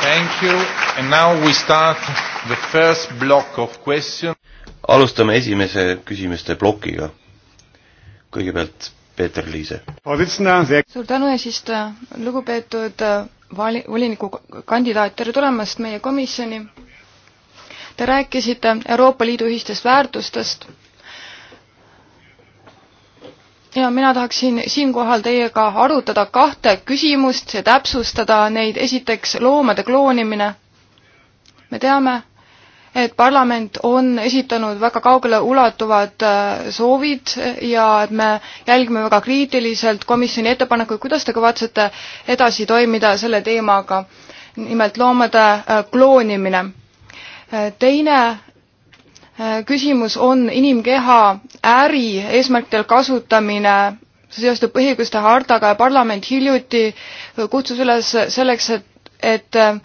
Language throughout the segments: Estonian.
Thank you and now we start the first block of question. alustame esimese küsimuste plokiga. kõigepealt Peeter Liise. suur tänu, eesistuja, lugupeetud vali-, volinikukandidaat, tere tulemast meie komisjoni. Te rääkisite Euroopa Liidu ühistest väärtustest ja mina tahaksin siinkohal teiega arutada kahte küsimust ja täpsustada neid. esiteks loomade kloonimine. me teame, et parlament on esitanud väga kaugele ulatuvad äh, soovid ja et me jälgime väga kriitiliselt komisjoni ettepanekuid, kuidas te kavatsete edasi toimida selle teemaga, nimelt loomade äh, kloonimine. Äh, teine Äh, küsimus on inimkeha äri eesmärkidel kasutamine, see seostub põhiõiguste hardaga ja parlament hiljuti äh, kutsus üles selleks, et, et äh,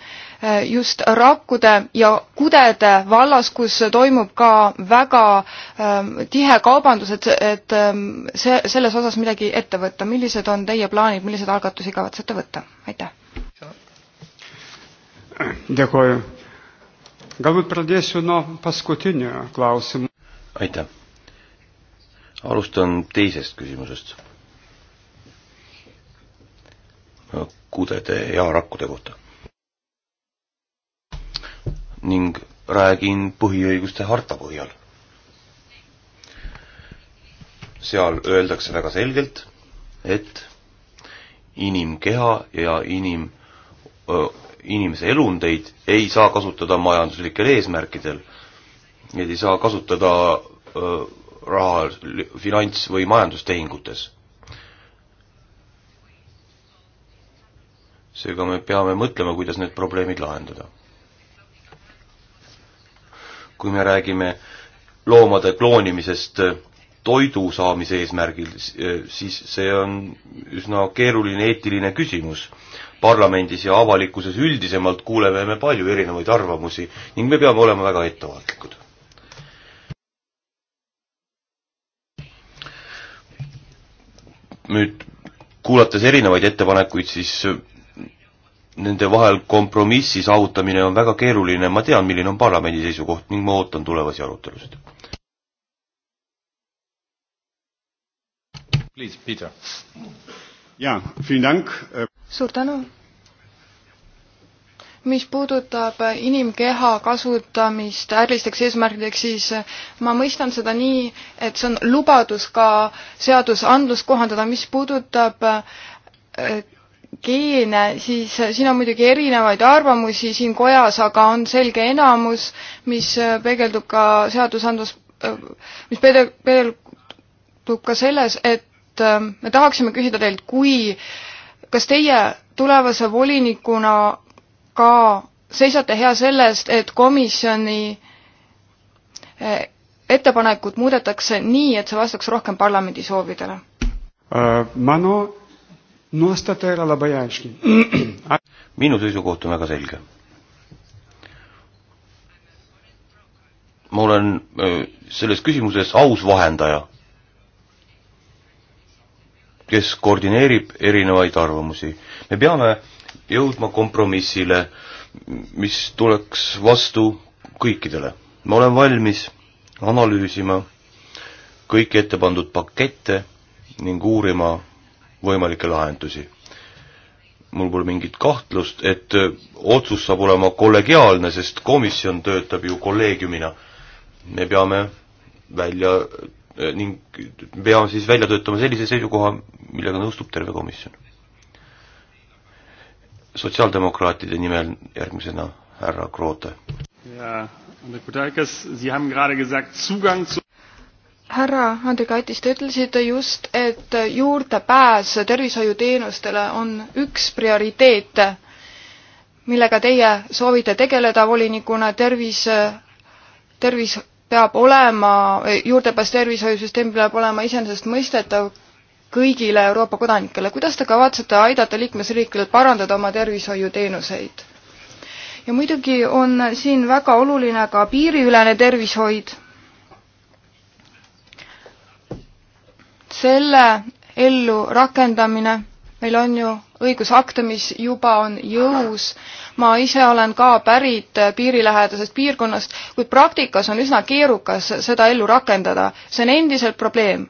just rakkude ja kudede vallas, kus toimub ka väga ähm, tihe kaubandus, et, et ähm, see, selles osas midagi ette võtta. millised on teie plaanid, milliseid algatusi kavatsete võtta? aitäh! Galbūt pradėsiu nuo paskutinio klausimo. aitäh. alustan teisest küsimusest. kudede ja rakkude kohta. ning räägin põhiõiguste harta põhjal. seal öeldakse väga selgelt, et inimkeha ja inim inimese elundeid ei saa kasutada majanduslikel eesmärkidel. Neid ei saa kasutada öö, raha, finants- või majandustehingutes. seega me peame mõtlema, kuidas need probleemid lahendada. kui me räägime loomade kloonimisest toidu saamise eesmärgil, siis see on üsna keeruline eetiline küsimus parlamendis ja avalikkuses üldisemalt kuuleme me palju erinevaid arvamusi ning me peame olema väga ettevaatlikud. nüüd kuulates erinevaid ettepanekuid, siis nende vahel kompromissi saavutamine on väga keeruline, ma tean, milline on parlamendi seisukoht ning ma ootan tulevasi arutelusid. Please, Peter. jaa, vielen Dank suur tänu. mis puudutab inimkeha kasutamist ärlisteks eesmärkideks, siis ma mõistan seda nii, et see on lubadus ka seadusandlust kohandada, mis puudutab äh, geene, siis siin on muidugi erinevaid arvamusi siin kojas, aga on selge enamus, mis peegeldub ka seadusandlus, äh, mis peegeldub ka selles, et äh, me tahaksime küsida teilt, kui äh, kas teie tulevase volinikuna ka seisate hea sellest, et komisjoni eh, ettepanekut muudetakse nii, et see vastaks rohkem parlamendi soovidele? Äh, minu seisukoht on väga selge. ma olen äh, selles küsimuses aus vahendaja kes koordineerib erinevaid arvamusi. me peame jõudma kompromissile, mis tuleks vastu kõikidele. ma olen valmis analüüsima kõiki ette pandud pakette ning uurima võimalikke lahendusi. mul pole mingit kahtlust, et otsus saab olema kollegiaalne, sest komisjon töötab ju kolleegiumina. me peame välja Äh, ning peame siis välja töötama sellise seisukoha, millega nõustub terve komisjon. sotsiaaldemokraatide nimel järgmisena härra Kroote. härra Andrikaitis, te ütlesite just, et juurdepääs tervishoiuteenustele on üks prioriteete, millega teie soovite tegeleda volinikuna tervis, tervis peab olema, juurdepääs tervishoiusüsteem peab olema iseenesestmõistetav kõigile Euroopa kodanikele. kuidas te kavatsete aidata liikmesriikidel parandada oma tervishoiuteenuseid? ja muidugi on siin väga oluline ka piiriülene tervishoid. selle ellu rakendamine meil on ju õigusakte, mis juba on jõus. ma ise olen ka pärit piirilähedasest piirkonnast, kuid praktikas on üsna keerukas seda ellu rakendada. see on endiselt probleem.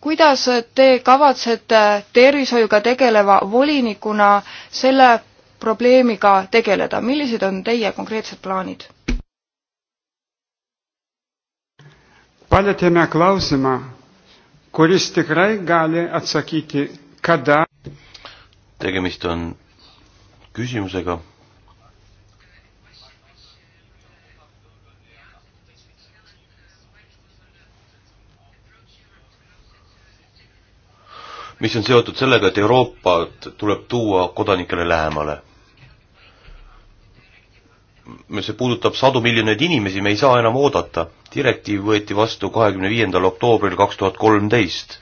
kuidas te kavatsete tervishoiuga tegeleva volinikuna selle probleemiga tegeleda, millised on teie konkreetsed plaanid? paljetėme klausimą, kuris tikrai gali atsakyti kada tegemist on küsimusega, mis on seotud sellega, et Euroopat tuleb tuua kodanikele lähemale. see puudutab sadu miljoneid inimesi, me ei saa enam oodata. direktiiv võeti vastu kahekümne viiendal oktoobril kaks tuhat kolmteist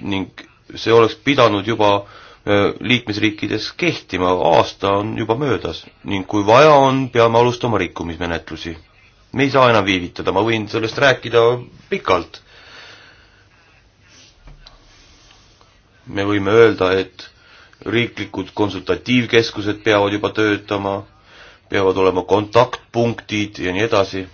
ning see oleks pidanud juba liikmesriikides kehtima, aasta on juba möödas ning kui vaja on, peame alustama rikkumismenetlusi. me ei saa enam viivitada, ma võin sellest rääkida pikalt. me võime öelda, et riiklikud konsultatiivkeskused peavad juba töötama, peavad olema kontaktpunktid ja nii edasi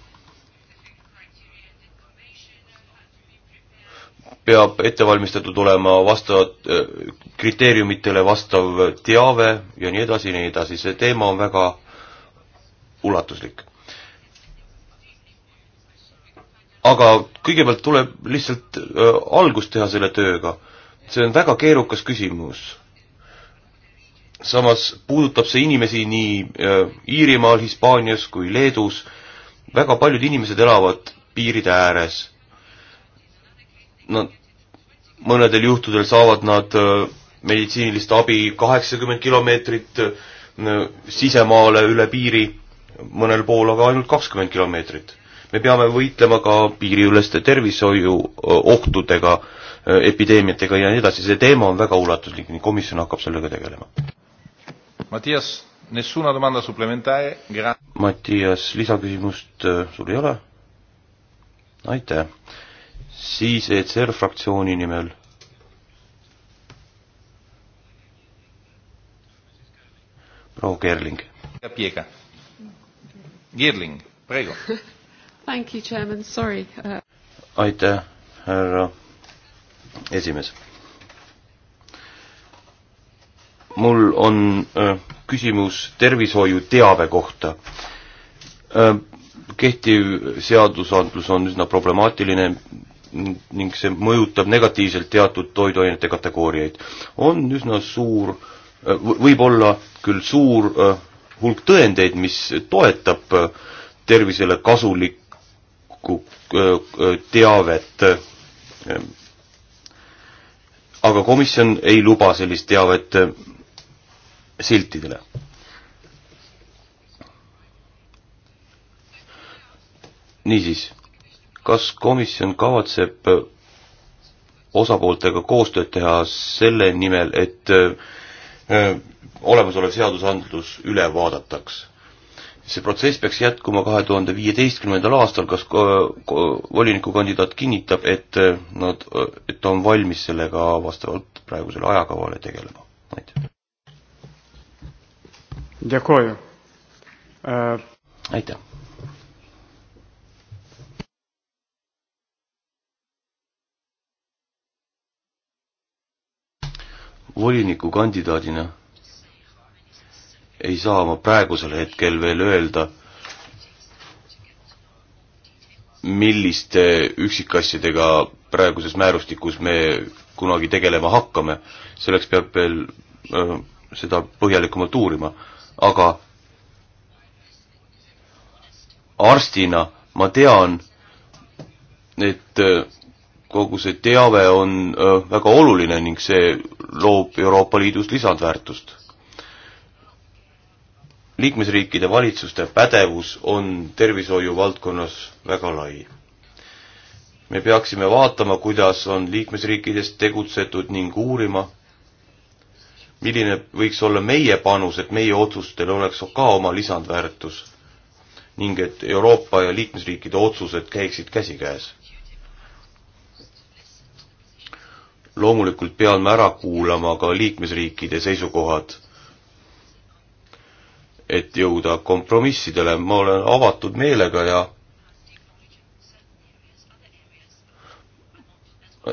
peab ettevalmistatud olema vastavad, äh, kriteeriumitele vastav teave ja nii edasi ja nii edasi, see teema on väga ulatuslik. aga kõigepealt tuleb lihtsalt äh, algust teha selle tööga. see on väga keerukas küsimus. samas puudutab see inimesi nii äh, Iirimaal, Hispaanias kui Leedus, väga paljud inimesed elavad piiride ääres nad mõnedel juhtudel saavad nad äh, meditsiinilist abi kaheksakümmend kilomeetrit äh, sisemaale üle piiri, mõnel pool aga ainult kakskümmend kilomeetrit. me peame võitlema ka piiriüleste tervishoiu äh, ohtudega, epideemiatega ja nii edasi, see teema on väga ulatuslik ning komisjon hakkab sellega tegelema. Mattias, nessuna domanda suplementare, gra-. Mattias, lisaküsimust sul ei ole? aitäh siis ECR fraktsiooni nimel proua Gerling. Gerling, praegu. Thank you, chairman, sorry uh.... aitäh, härra esimees. mul on äh, küsimus tervishoiuteabe kohta äh,. kehtiv seadusandlus on üsna problemaatiline, ning see mõjutab negatiivselt teatud toiduainete kategooriaid. on üsna suur, äh, võib olla küll suur äh, hulk tõendeid, mis toetab äh, tervisele kasulikku teavet, aga komisjon ei luba sellist teavet siltidele niisiis, kas komisjon kavatseb osapooltega koostööd teha selle nimel, et äh, olemasolev seadusandlus üle vaadataks? see protsess peaks jätkuma kahe tuhande viieteistkümnendal aastal, kas äh, volinikukandidaat kinnitab, et äh, nad, et ta on valmis sellega vastavalt praegusele ajakavale tegelema? aitäh. aitäh. volinikukandidaadina ei saa ma praegusel hetkel veel öelda, milliste üksikasjadega praeguses määrustikus me kunagi tegelema hakkame, selleks peab veel öö, seda põhjalikumalt uurima, aga arstina ma tean, et kogu see teave on väga oluline ning see loob Euroopa Liidus lisandväärtust. liikmesriikide valitsuste pädevus on tervishoiu valdkonnas väga lai. me peaksime vaatama, kuidas on liikmesriikides tegutsetud ning uurima, milline võiks olla meie panus, et meie otsustel oleks ka oma lisandväärtus ning et Euroopa ja liikmesriikide otsused käiksid käsikäes loomulikult peame ära kuulama ka liikmesriikide seisukohad, et jõuda kompromissidele, ma olen avatud meelega ja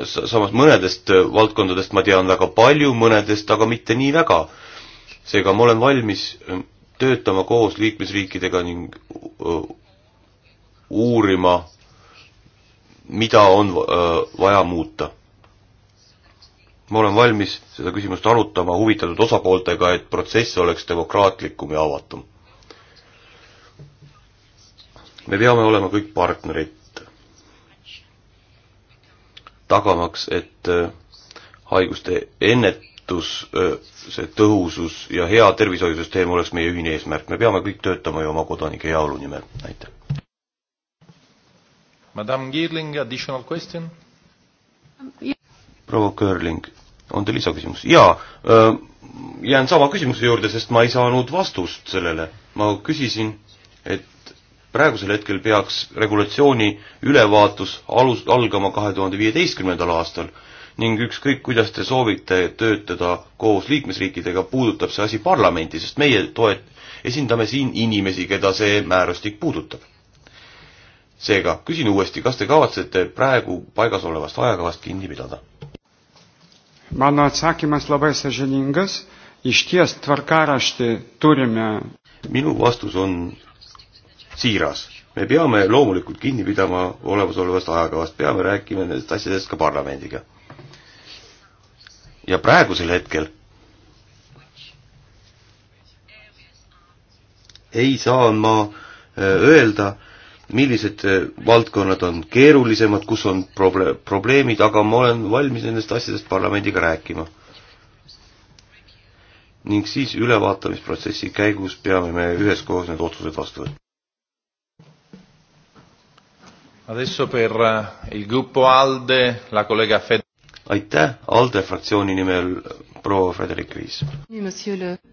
samas mõnedest valdkondadest ma tean väga palju, mõnedest aga mitte nii väga. seega ma olen valmis ähm, töötama koos liikmesriikidega ning uurima, mida on vaja muuta ma olen valmis seda küsimust arutama huvitatud osapooltega, et protsess oleks demokraatlikum ja avatum. me peame olema kõik partnerid, tagamaks, et äh, haiguste ennetus, äh, see tõhusus ja hea tervishoiusüsteem oleks meie ühine eesmärk, me peame kõik töötama ju oma kodanike heaolu nimel, aitäh. Madame Girling, additional question? Um, proua Körling, on teil lisaküsimus? jaa, äh, jään sama küsimuse juurde, sest ma ei saanud vastust sellele. ma küsisin, et praegusel hetkel peaks regulatsiooni ülevaatus alus, algama kahe tuhande viieteistkümnendal aastal ning ükskõik, kuidas te soovite töötada koos liikmesriikidega, puudutab see asi parlamenti, sest meie toet-, esindame siin inimesi, keda see määrustik puudutab. seega küsin uuesti, kas te kavatsete praegu paigas olevast ajakavast kinni pidada? Mano atsakymas labai sažiningas. Iš ties tvarkaraštį turime. minu vastus on siiras. me peame loomulikult kinni pidama olemasolevast ajakavast, peame rääkima nendest asjadest ka parlamendiga. ja praegusel hetkel ei saa ma äh, öelda, millised äh, valdkonnad on keerulisemad, kus on proble-, probleemid, aga ma olen valmis nendest asjadest parlamendiga rääkima. ning siis ülevaatamisprotsessi käigus peame me üheskoos need otsused vastu võtma. Adesso per äh, il gruppo ALDE la collega Fed- aitäh, ALDE fraktsiooni nimel proua Frederik Riis.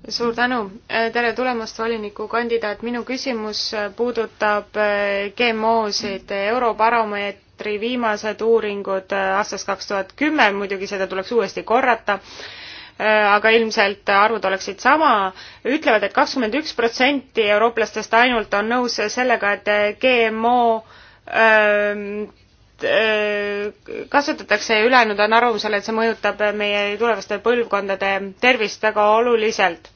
suur tänu, äh, tere tulemast, volinikukandidaat, minu küsimus äh, puudutab äh, GMO-sid, Eurobaromeetri viimased uuringud aastast kaks tuhat kümme, muidugi seda tuleks uuesti korrata, aga ilmselt arvud oleksid sama, ütlevad et, et kakskümmend üks protsenti eurooplastest ainult on nõus sellega, et GMO öö, ähm, Äh, kasvatatakse ja ülejäänud on arvamusel, et see mõjutab meie tulevaste põlvkondade tervist väga oluliselt.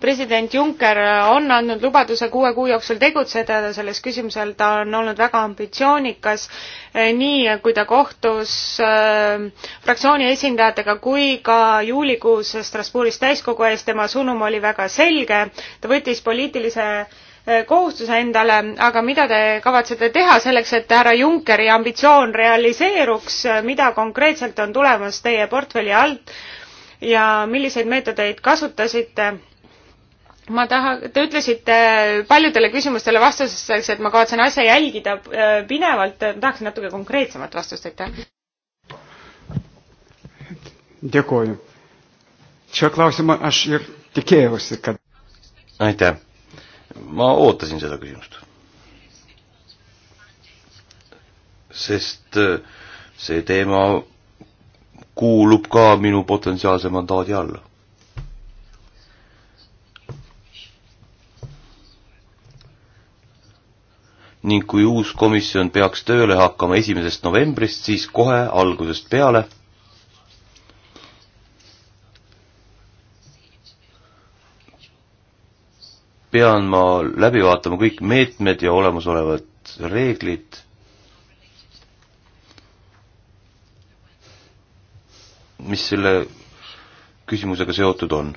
president Juncker on andnud lubaduse kuue kuu jooksul tegutseda selles küsimusel, ta on olnud väga ambitsioonikas, eh, nii kui ta kohtus äh, fraktsiooni esindajatega kui ka juulikuus Strasbourgis täiskogu ees, tema sõnum oli väga selge, ta võttis poliitilise Eh, kohustuse endale, aga mida te kavatsete teha selleks, et härra Junckeri ambitsioon realiseeruks, mida konkreetselt on tulemas teie portfelli alt ja milliseid meetodeid kasutasite? ma taha, te ütlesite paljudele küsimustele vastuseks, et ma kavatsen asja jälgida eh, pinevalt, tahaks natuke konkreetsemat vastust, aitäh. Dėkoju. Šio klausimo aš ir tikėjausi, kad. Aitäh ma ootasin seda küsimust. sest äh, see teema kuulub ka minu potentsiaalse mandaadi alla. ning kui uus komisjon peaks tööle hakkama esimesest novembrist, siis kohe algusest peale pean ma läbi vaatama kõik meetmed ja olemasolevad reeglid. mis selle küsimusega seotud on?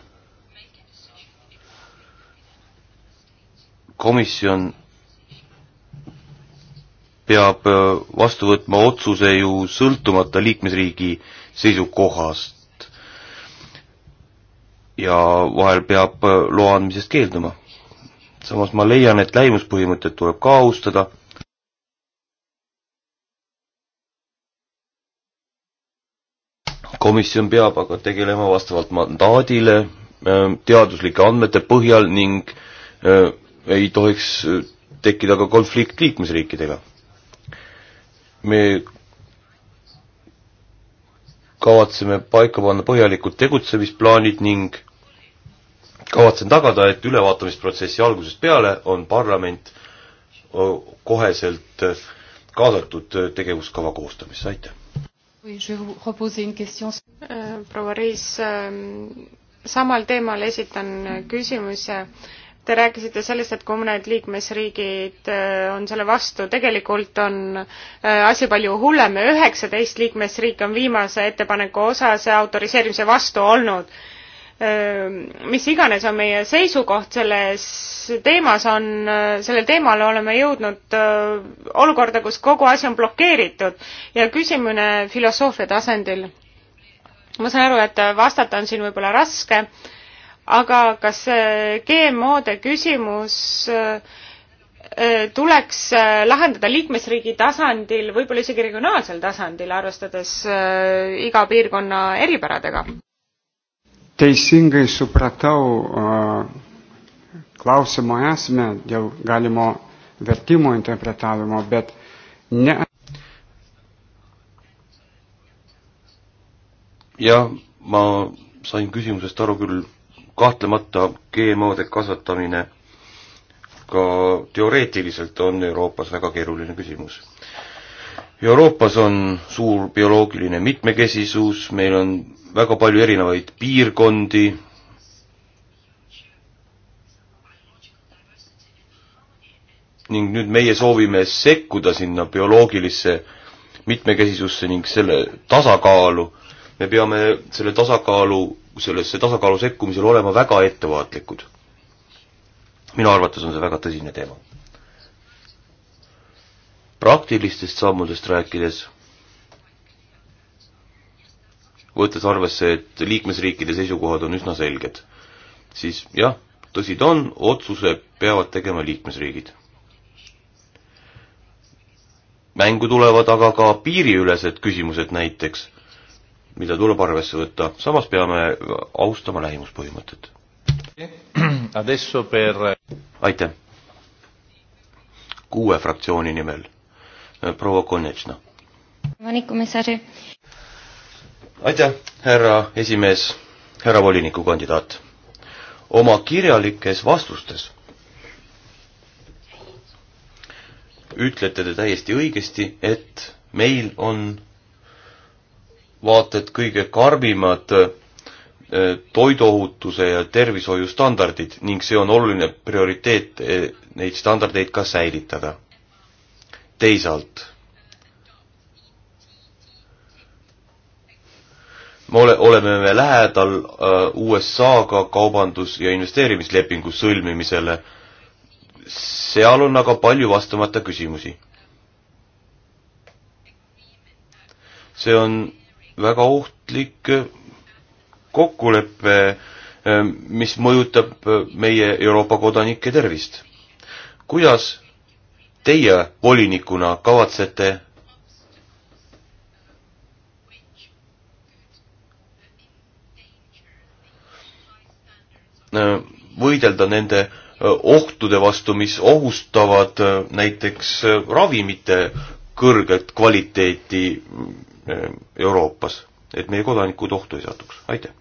komisjon peab äh, vastu võtma otsuse ju sõltumata liikmesriigi seisukohast ja vahel peab äh, loa andmisest keelduma samas ma leian, et lähimuspõhimõtet tuleb ka austada komisjon peab aga tegelema vastavalt mandaadile ähm, teaduslike andmete põhjal ning äh, ei tohiks äh, tekkida ka konflikt liikmesriikidega. me kavatseme paika panna põhjalikud tegutsemisplaanid ning kavatsen tagada, et ülevaatamisprotsessi algusest peale on parlament koheselt kaasatud tegevuskava koostamisse, aitäh! Äh, proua Riis, ähm, samal teemal esitan äh, küsimuse. Te rääkisite sellest, et kui mõned liikmesriigid äh, on selle vastu, tegelikult on asi palju hullem ja üheksateist liikmesriiki on viimase ettepaneku osas autoriseerimise vastu olnud Ehm, mis iganes on meie seisukoht selles teemas, on, äh, sellel teemal oleme jõudnud äh, olukorda, kus kogu asi on blokeeritud ja küsimine filosoofia tasandil. ma saan aru, et äh, vastata on siin võib-olla raske, aga kas GMO-de küsimus tuleks lahendada liikmesriigi tasandil, võib-olla isegi regionaalsel tasandil, arvestades iga piirkonna eripäradega? teisingai supratau klausimo esmę dėl galimo vertimo interpretavimo, bet ne. jah, ma sain küsimusest aru küll, kahtlemata GMO-de kasvatamine ka teoreetiliselt on Euroopas väga keeruline küsimus Euroopas on suur bioloogiline mitmekesisus, meil on väga palju erinevaid piirkondi, ning nüüd meie soovime sekkuda sinna bioloogilisse mitmekesisusse ning selle tasakaalu, me peame selle tasakaalu, sellesse tasakaalu sekkumisel olema väga ettevaatlikud. minu arvates on see väga tõsine teema praktilistest sammudest rääkides, võttes arvesse, et liikmesriikide seisukohad on üsna selged, siis jah, tõsi ta on, otsuse peavad tegema liikmesriigid. mängu tulevad aga ka piiriülesed küsimused näiteks, mida tuleb arvesse võtta, samas peame austama lähimuspõhimõtet. aitäh! kuue fraktsiooni nimel proua Konečna. aitäh, härra esimees, härra volinikukandidaat. oma kirjalikes vastustes ütlete te täiesti õigesti, et meil on vaata et kõige karmimad äh, toiduohutuse ja tervishoiustandardid ning see on oluline prioriteet äh, neid standardeid ka säilitada teisalt me ole, oleme me lähedal äh, USA-ga kaubandus- ja investeerimislepingu sõlmimisele. seal on aga palju vastamata küsimusi. see on väga ohtlik kokkulepe, äh, mis mõjutab äh, meie Euroopa kodanike tervist. kuidas teie volinikuna kavatsete äh, võidelda nende äh, ohtude vastu, mis ohustavad äh, näiteks ravimite kõrget kvaliteeti Euroopas, et meie kodanikud ohtu ei satuks. aitäh!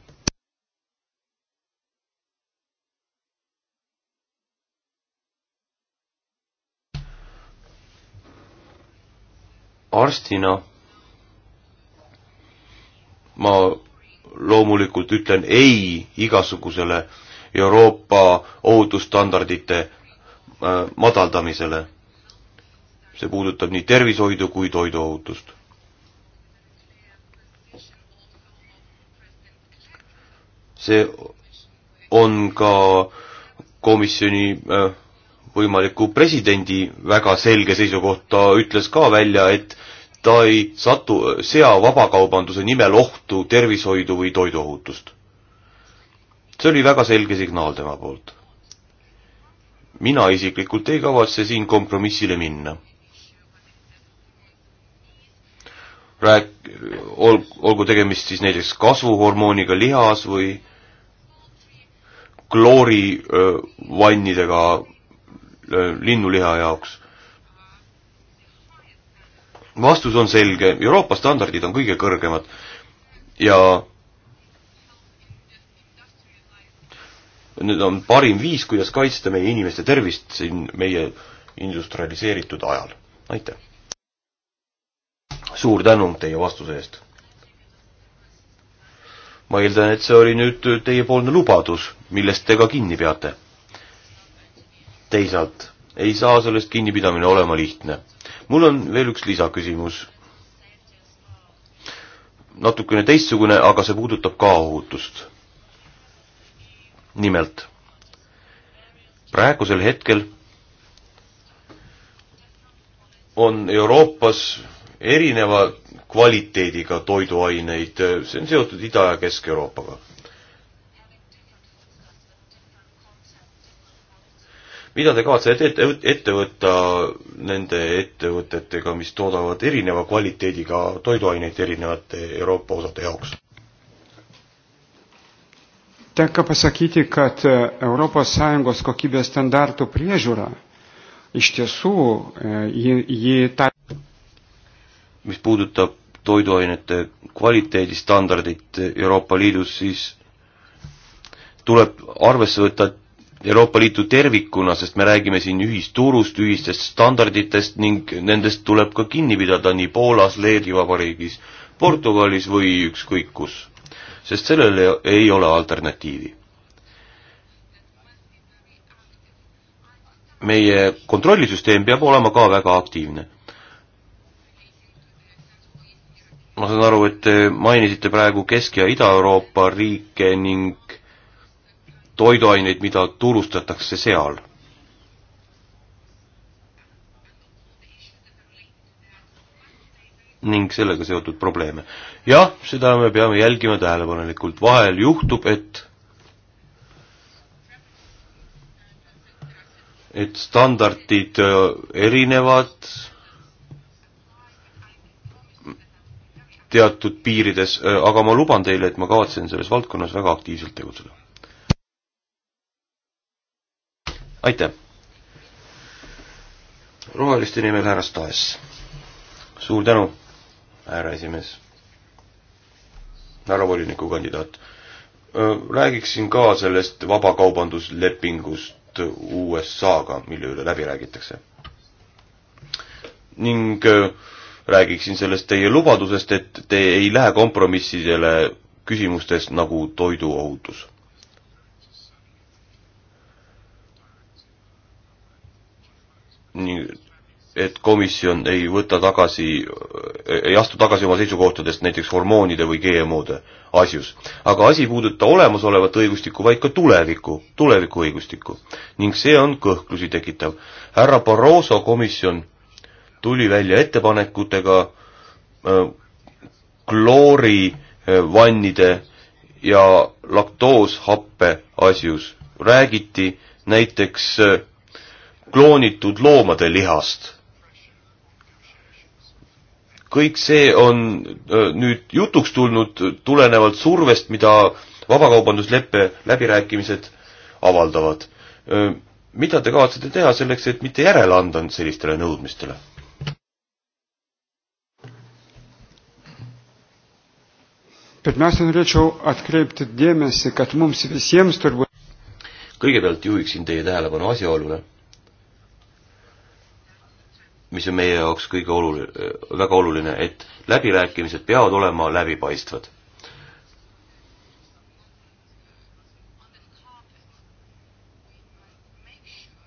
arstina ma loomulikult ütlen ei igasugusele Euroopa ohutusstandardite äh, madaldamisele. see puudutab nii tervishoidu kui toiduohutust. see on ka komisjoni äh, võimaliku presidendi väga selge seisukohta ütles ka välja, et ta ei satu, sea vabakaubanduse nimel ohtu tervishoidu või toiduohutust. see oli väga selge signaal tema poolt. mina isiklikult ei kavatse siin kompromissile minna. Rääk-, ol-, olgu tegemist siis näiteks kasvuhormooniga lihas või kloorivannidega Äh, linnuliha jaoks? vastus on selge, Euroopa standardid on kõige kõrgemad ja nüüd on parim viis, kuidas kaitsta meie inimeste tervist siin meie industrialiseeritud ajal. aitäh! suur tänu teie vastuse eest! ma eeldan, et see oli nüüd teiepoolne lubadus, millest te ka kinni peate teisalt ei saa sellest kinnipidamine olema lihtne. mul on veel üks lisaküsimus. natukene teistsugune, aga see puudutab ka ohutust. nimelt, praegusel hetkel on Euroopas erineva kvaliteediga toiduaineid, see on seotud Ida- ja Kesk-Euroopaga mida te kavatsete ette, ette võtta nende ettevõtetega, mis toodavad erineva kvaliteediga toiduaineid erinevate Euroopa osade jaoks? Tenka pasakyti, kad ES kokybės standartų priežiūra iš tiesų jį, e, jį ta... mis puudutab toiduainete kvaliteedistandardit Euroopa Liidus, siis tuleb arvesse võtta Euroopa Liitu tervikuna, sest me räägime siin ühisturust, ühistest standarditest ning nendest tuleb ka kinni pidada nii Poolas, Leedi Vabariigis, Portugalis või ükskõik kus, sest sellele ei ole alternatiivi. meie kontrollisüsteem peab olema ka väga aktiivne. ma saan aru, et te mainisite praegu Kesk- ja Ida-Euroopa riike ning toiduaineid, mida turustatakse seal. ning sellega seotud probleeme. jah, seda me peame jälgima tähelepanelikult, vahel juhtub, et et standardid äh, erinevad teatud piirides, äh, aga ma luban teile, et ma kavatsen selles valdkonnas väga aktiivselt tegutseda. aitäh! roheliste nimel härra Staes. suur tänu, härra esimees. härra volinikukandidaat. räägiksin ka sellest vabakaubanduslepingust USA-ga, mille üle läbi räägitakse. ning räägiksin sellest teie lubadusest, et te ei lähe kompromissidele küsimustes nagu toiduohutus nii et komisjon ei võta tagasi, ei astu tagasi oma seisukohtadest näiteks hormoonide või GMO-de asjus. aga asi ei puuduta olemasolevat õigustikku, vaid ka tulevikku, tuleviku õigustikku. ning see on kõhklusi tekitav. härra Barroso komisjon tuli välja ettepanekutega äh, kloorivannide äh, ja laktooshappe asjus. räägiti näiteks äh, kloonitud loomade lihast. kõik see on nüüd jutuks tulnud tulenevalt survest, mida vabakaubandusleppe läbirääkimised avaldavad. mida te kavatsete teha selleks, et mitte järele anda sellistele nõudmistele? Pirmiausia, norėčiau atkreipti dėmesį, kad mums visiems turbūt kõigepealt juhiksin teie tähelepanu asjaolule, mis on meie jaoks kõige oluline, väga oluline, et läbirääkimised peavad olema läbipaistvad.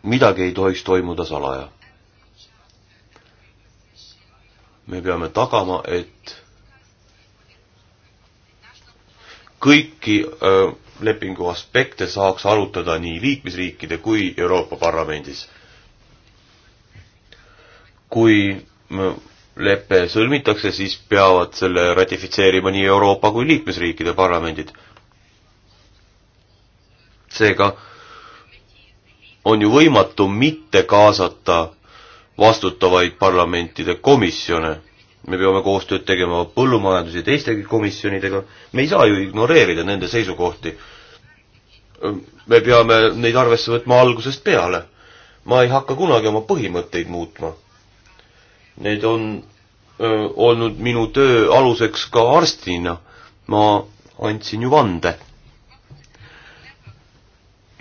midagi ei tohiks toimuda salaja. me peame tagama, et kõiki öö, äh, lepingu aspekte saaks arutada nii liikmesriikide kui Euroopa Parlamendis kui lepe sõlmitakse, siis peavad selle ratifitseerima nii Euroopa kui liikmesriikide parlamendid. seega on ju võimatu mitte kaasata vastutavaid parlamentide komisjone. me peame koostööd tegema põllumajandus- ja teistegi komisjonidega, me ei saa ju ignoreerida nende seisukohti. me peame neid arvesse võtma algusest peale. ma ei hakka kunagi oma põhimõtteid muutma Need on öö, olnud minu töö aluseks ka arstina. ma andsin ju vande,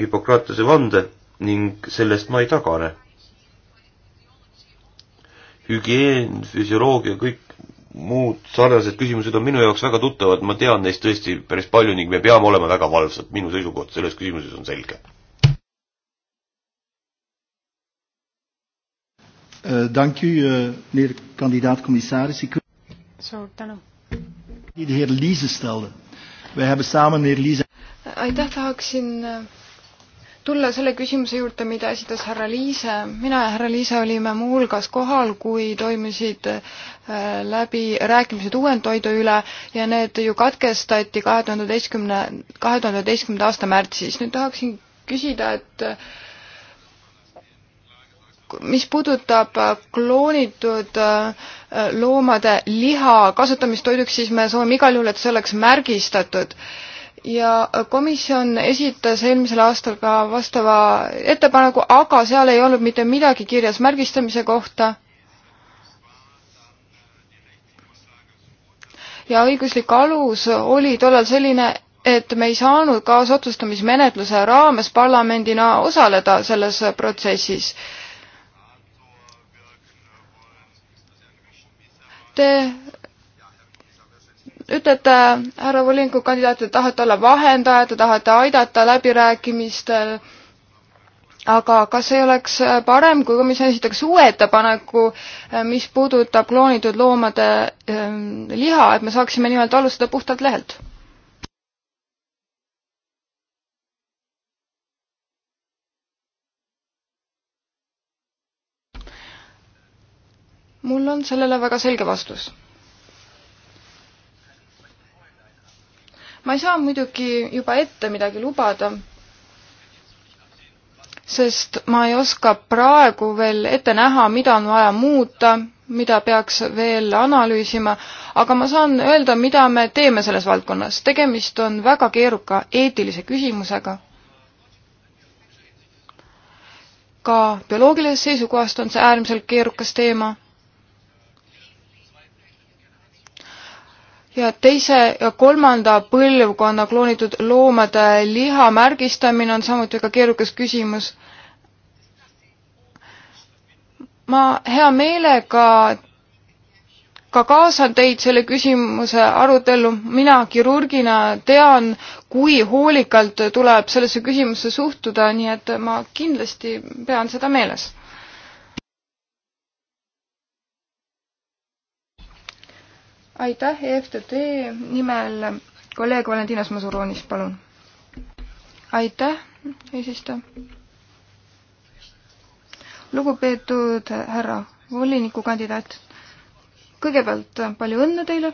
Hippokratese vande ning sellest ma ei tagane. hügieen, füsioloogia, kõik muud sarnased küsimused on minu jaoks väga tuttavad, ma tean neist tõesti päris palju ning me peame olema väga valvsad, minu seisukoht selles küsimuses on selge. Eh, dank u, eh, meneer kandidaat-commissaris. suur tänu. die de heer Liese stelde. Wij hebben samen meneer Liese. aitäh, tahaksin eh, tulla selle küsimuse juurde, mida esitas härra Liise. mina ja härra Liise olime muuhulgas kohal, kui toimusid läbirääkimised uuendtoidu üle ja need ju katkestati kahe tuhande üheteistkümne, kahe tuhande üheteistkümnenda aasta märtsis. nüüd tahaksin küsida, et mis puudutab äh, kloonitud äh, loomade liha kasutamist toiduks, siis me soovime igal juhul, et see oleks märgistatud. ja äh, komisjon esitas eelmisel aastal ka vastava ettepaneku, aga seal ei olnud mitte midagi kirjas märgistamise kohta. ja õiguslik alus oli tollal selline, et me ei saanud kaasotsustamismenetluse raames parlamendina osaleda selles protsessis Te ütlete, härra Volinko kandidaat, te tahate olla vahendaja, te tahate aidata läbirääkimistel, aga kas ei oleks parem, kui komisjon esitaks uue ettepaneku, mis puudutab kloonitud loomade ehm, liha, et me saaksime nimelt alustada puhtalt lehelt? mul on sellele väga selge vastus. ma ei saa muidugi juba ette midagi lubada, sest ma ei oska praegu veel ette näha, mida on vaja muuta, mida peaks veel analüüsima, aga ma saan öelda, mida me teeme selles valdkonnas. tegemist on väga keeruka eetilise küsimusega ka bioloogilisest seisukohast on see äärmiselt keerukas teema. ja teise ja kolmanda põlvkonna kloonitud loomade liha märgistamine on samuti väga keerukas küsimus. ma hea meelega ka kaasan teid selle küsimuse arutellu, mina kirurgina tean, kui hoolikalt tuleb sellesse küsimusse suhtuda, nii et ma kindlasti pean seda meeles aitäh EFTT nimel kolleeg Valentinas Masuronis, palun. aitäh, eesistuja. lugupeetud härra volinikukandidaat, kõigepealt palju õnne teile.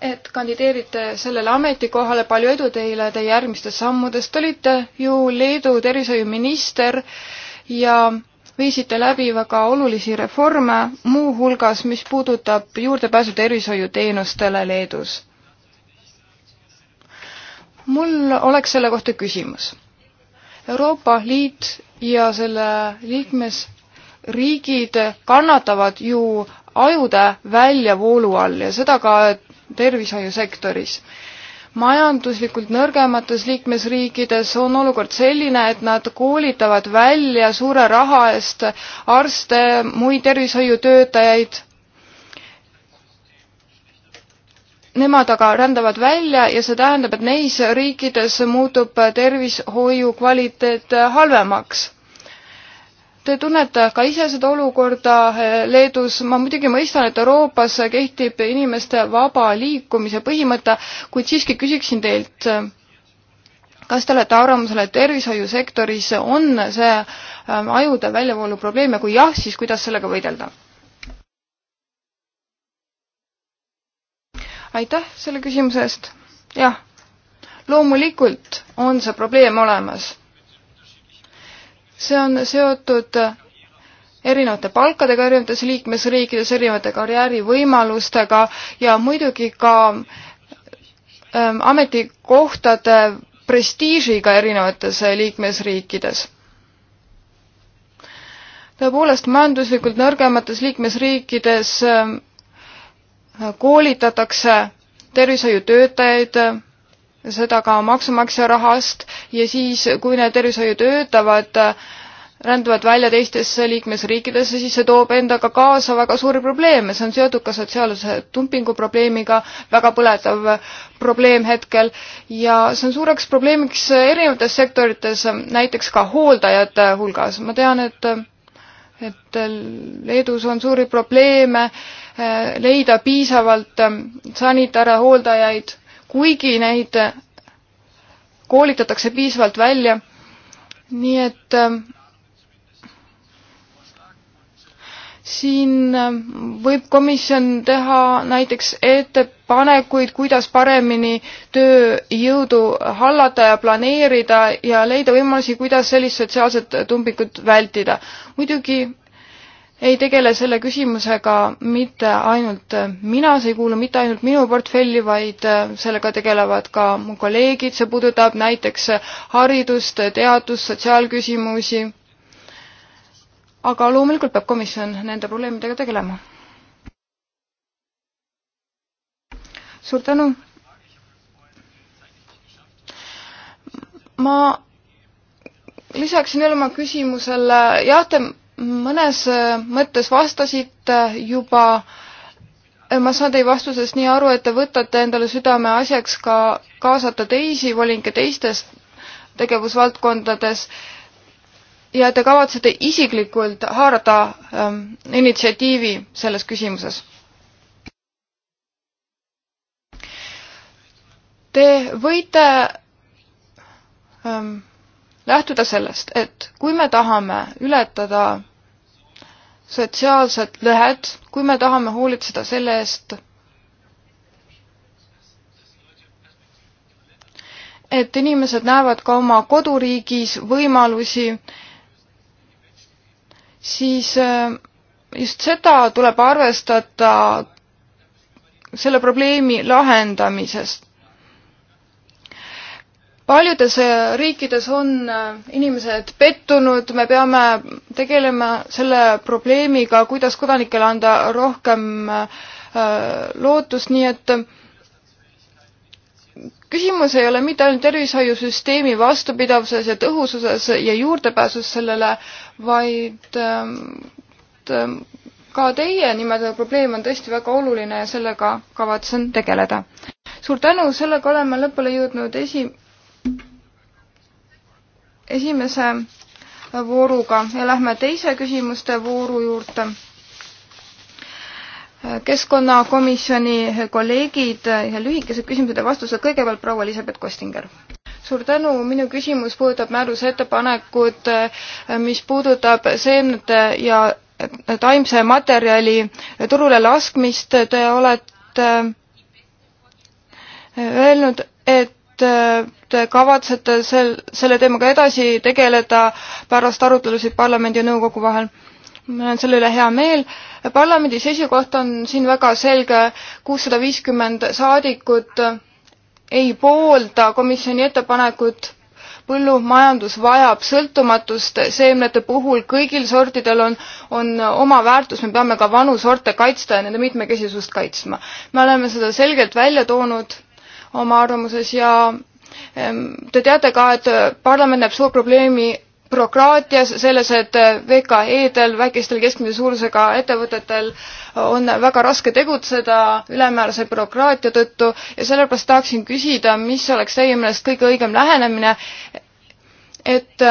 et kandideerite sellele ametikohale, palju edu teile teie järgmistes sammudest, olite ju Leedu tervishoiuminister ja viisite läbi väga olulisi reforme, muuhulgas mis puudutab juurdepääsu tervishoiuteenustele Leedus. mul oleks selle kohta küsimus. Euroopa Liit ja selle liikmesriigid kannatavad ju ajude väljavoolu all ja seda ka tervishoiusektoris majanduslikult nõrgemates liikmesriikides on olukord selline, et nad koolitavad välja suure raha eest arste, muid tervishoiutöötajaid. Nemad aga rändavad välja ja see tähendab, et neis riikides muutub tervishoiu kvaliteet halvemaks Te tunnete ka ise seda olukorda eh, Leedus, ma muidugi mõistan, et Euroopas kehtib inimeste vaba liikumise põhimõte, kuid siiski küsiksin teilt, kas te olete arvamusel, et tervishoiusektoris on see eh, ajude väljavoolu probleem ja kui jah, siis kuidas sellega võidelda? aitäh selle küsimuse eest. jah, loomulikult on see probleem olemas see on seotud erinevate palkadega erinevates liikmesriikides, erinevate karjäärivõimalustega ja muidugi ka ähm, ametikohtade prestiižiga erinevates liikmesriikides. tõepoolest, majanduslikult nõrgemates liikmesriikides ähm, koolitatakse tervishoiutöötajaid seda ka maksumaksja rahast ja siis, kui need tervishoiutöötavad ränduvad välja teistesse liikmesriikidesse, siis see toob endaga kaasa väga suuri probleeme, see on seotud ka sotsiaalse dumpingu probleemiga, väga põletav probleem hetkel ja see on suureks probleemiks erinevates sektorites, näiteks ka hooldajate hulgas. ma tean, et et Leedus on suuri probleeme eh, leida piisavalt sanitaare, hooldajaid kuigi neid koolitatakse piisavalt välja. nii et ähm, siin ähm, võib komisjon teha näiteks ettepanekuid, kuidas paremini tööjõudu hallata ja planeerida ja leida võimalusi, kuidas sellist sotsiaalset tumbikut vältida. muidugi ei tegele selle küsimusega mitte ainult mina, see ei kuulu mitte ainult minu portfelli, vaid äh, sellega tegelevad ka mu kolleegid, see puudutab näiteks haridust, teadust, sotsiaalküsimusi. aga loomulikult peab komisjon nende probleemidega tegelema. suur tänu. ma lisaksin veel oma küsimusele, jah, te mõnes äh, mõttes vastasite äh, juba äh, ma saan teie vastusest nii aru, et te võtate endale südameasjaks ka kaasata teisi volinike teistes tegevusvaldkondades ja te kavatsete isiklikult haarata ähm, initsiatiivi selles küsimuses. Te võite ähm, lähtuda sellest, et kui me tahame ületada sotsiaalsed lõhed, kui me tahame hoolitseda selle eest, et inimesed näevad ka oma koduriigis võimalusi, siis äh, just seda tuleb arvestada selle probleemi lahendamisest paljudes äh, riikides on äh, inimesed pettunud, me peame tegelema selle probleemiga, kuidas kodanikele anda rohkem äh, lootust, nii et küsimus ei ole mitte ainult tervishoiusüsteemi vastupidavuses ja tõhususes ja juurdepääsus sellele, vaid ka teie nimetatud probleem on tõesti väga oluline ja sellega kavatsen tegeleda. suur tänu, sellega oleme lõpule jõudnud esi-, esimese vooruga ja lähme teise küsimuste vooru juurde. keskkonnakomisjoni kolleegid ja lühikesed küsimused ja vastused. kõigepealt proua Elisabeth Kostinger suur tänu, minu küsimus puudutab määruse ettepanekut, mis puudutab seemnete ja taimse materjali turule laskmist. Te olete öelnud, et te kavatsete sel, selle teemaga edasi tegeleda pärast arutelusid parlamendi ja nõukogu vahel? mul on selle üle hea meel. parlamendi seisukoht on siin väga selge, kuussada viiskümmend saadikut ei poolda komisjoni ettepanekut põllumajandus vajab sõltumatust seemnete puhul, kõigil sortidel on, on oma väärtus, me peame ka vanu sorte kaitsta ja nende mitmekesisust kaitsma. me oleme seda selgelt välja toonud oma arvamuses ja ehm, te teate ka, et parlament näeb suur probleemi bürokraatias, selles, et VKE-del, väikestel keskmise suurusega ettevõtetel on väga raske tegutseda ülemäärase bürokraatia tõttu ja sellepärast tahaksin küsida, mis oleks teie meelest kõige õigem lähenemine, et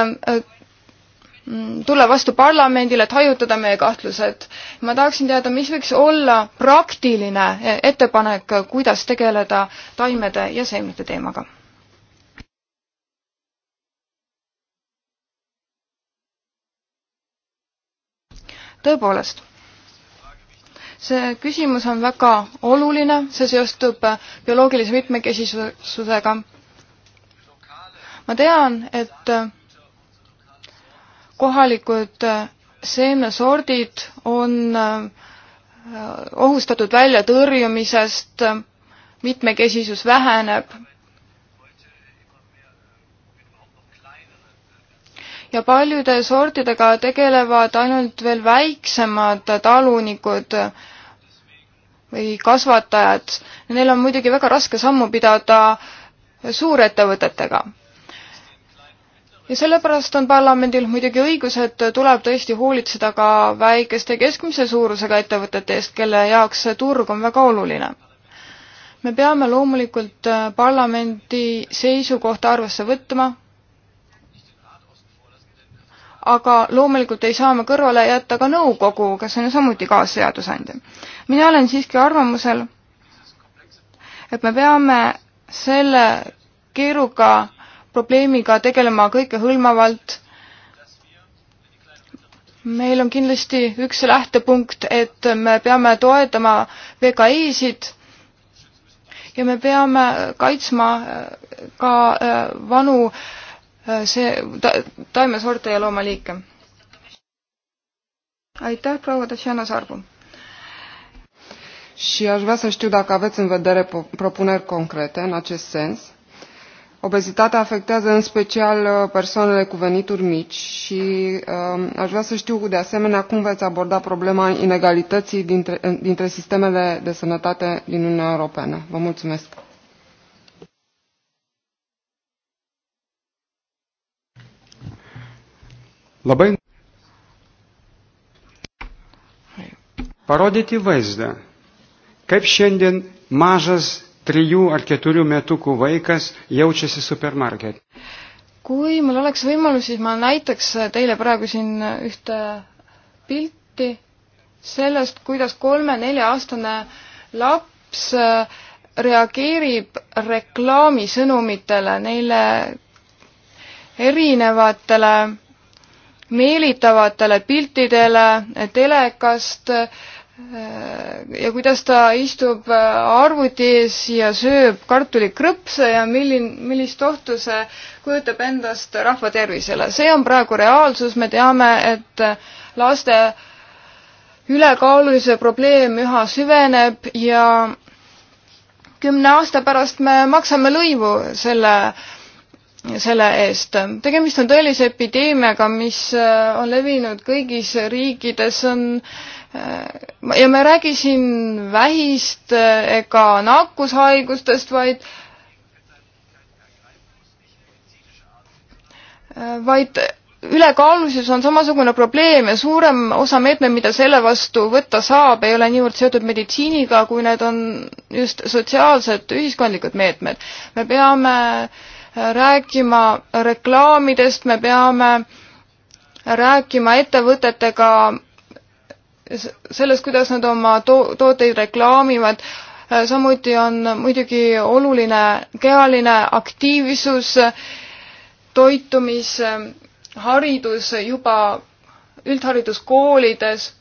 Mm, tulla vastu parlamendile, et hajutada meie kahtlused. ma tahaksin teada, mis võiks olla praktiline ettepanek, kuidas tegeleda taimede ja seemnete teemaga? tõepoolest, see küsimus on väga oluline, see seostub bioloogilise mitmekesisusega. ma tean, et kohalikud äh, seemnesordid on äh, ohustatud väljatõrjumisest, äh, mitmekesisus väheneb. ja paljude sordidega tegelevad ainult veel väiksemad talunikud või kasvatajad. Neil on muidugi väga raske sammu pidada suurettevõtetega ja sellepärast on parlamendil muidugi õigus, et tuleb tõesti hoolitseda ka väikeste keskmise suurusega ettevõtete eest, kelle jaoks see turg on väga oluline. me peame loomulikult äh, parlamendi seisukohta arvesse võtma, aga loomulikult ei saa me kõrvale jätta ka nõukogu, kes on ju samuti kaasseadusandja. mina olen siiski arvamusel, et me peame selle keeruka probleemiga tegelema kõikehõlmavalt. meil on kindlasti üks lähtepunkt, et me peame toetama VKI-sid ja me peame kaitsma ka äh, vanu äh, see ta, taimesorte ja loomaliike. aitäh, proua Tatjana Sarbu. Și aș vrea să știu dacă aveți în vedere propuneri concrete în acest sens Obezitatea afectează în special uh, persoanele cu venituri mici și uh, aș vrea să știu de asemenea cum veți aborda problema inegalității dintre, dintre sistemele de sănătate din Uniunea Europeană. Vă mulțumesc. Labai parodyti vaizdą, kaip šiandien mažas trijų ar keturių metukų vaikas jaučiasi supermarket. kui mul oleks võimalus, siis ma näitaks teile praegu siin ühte pilti sellest, kuidas kolme-nelja-aastane laps reageerib reklaamisõnumitele, neile erinevatele meelitavatele piltidele telekast äh, ja kuidas ta istub äh, arvuti ees ja sööb kartulikrõpse ja milline, millist ohtu see kujutab endast rahva tervisele. see on praegu reaalsus, me teame, et äh, laste ülekaalulisuse probleem üha süveneb ja kümne aasta pärast me maksame lõivu selle, selle eest. tegemist on tõelise epideemiaga, mis äh, on levinud kõigis riikides, on äh, Äh, ja ma ei räägi siin vähist äh, ega nakkushaigustest, vaid äh, vaid ülekaalulisus on samasugune probleem ja suurem osa meetmeid, mida selle vastu võtta saab, ei ole niivõrd seotud meditsiiniga, kui need on just sotsiaalsed, ühiskondlikud meetmed. me peame rääkima reklaamidest, me peame rääkima ettevõtetega selles, kuidas nad oma to-, tooteid reklaamivad, äh, samuti on muidugi oluline kehaline aktiivsus, toitumisharidus juba üldhariduskoolides.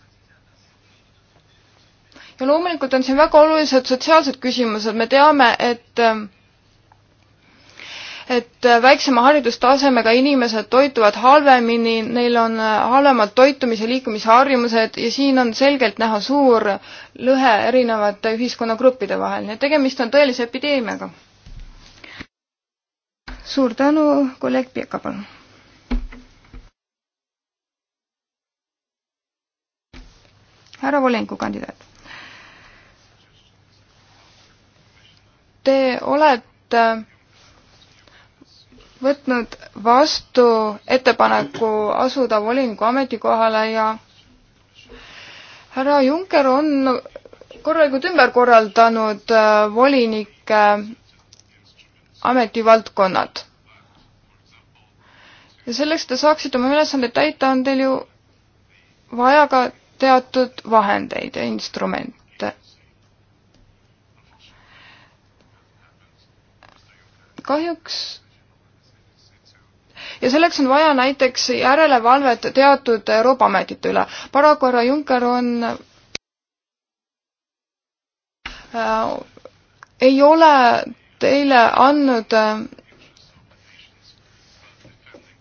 ja loomulikult on siin väga olulised sotsiaalsed küsimused, me teame, et äh, et väiksema haridustasemega inimesed toituvad halvemini, neil on äh, halvemad toitumis- ja liikumisharjumused ja siin on selgelt näha suur lõhe erinevate ühiskonnagruppide vahel, nii et tegemist on tõelise epideemiaga. suur tänu, kolleeg Pieka, palun. härra Volenko kandidaat. Te olete võtnud vastu ettepaneku asuda voliniku ametikohale ja härra Juncker on korralikult ümber korraldanud äh, volinike ametivaldkonnad. ja selleks, et te saaksite oma ülesandeid täita, on teil ju vaja ka teatud vahendeid ja instrumente. kahjuks ja selleks on vaja näiteks järelevalvet teatud Euroopa ametite üle. paraku härra Juncker on äh, ei ole teile andnud äh,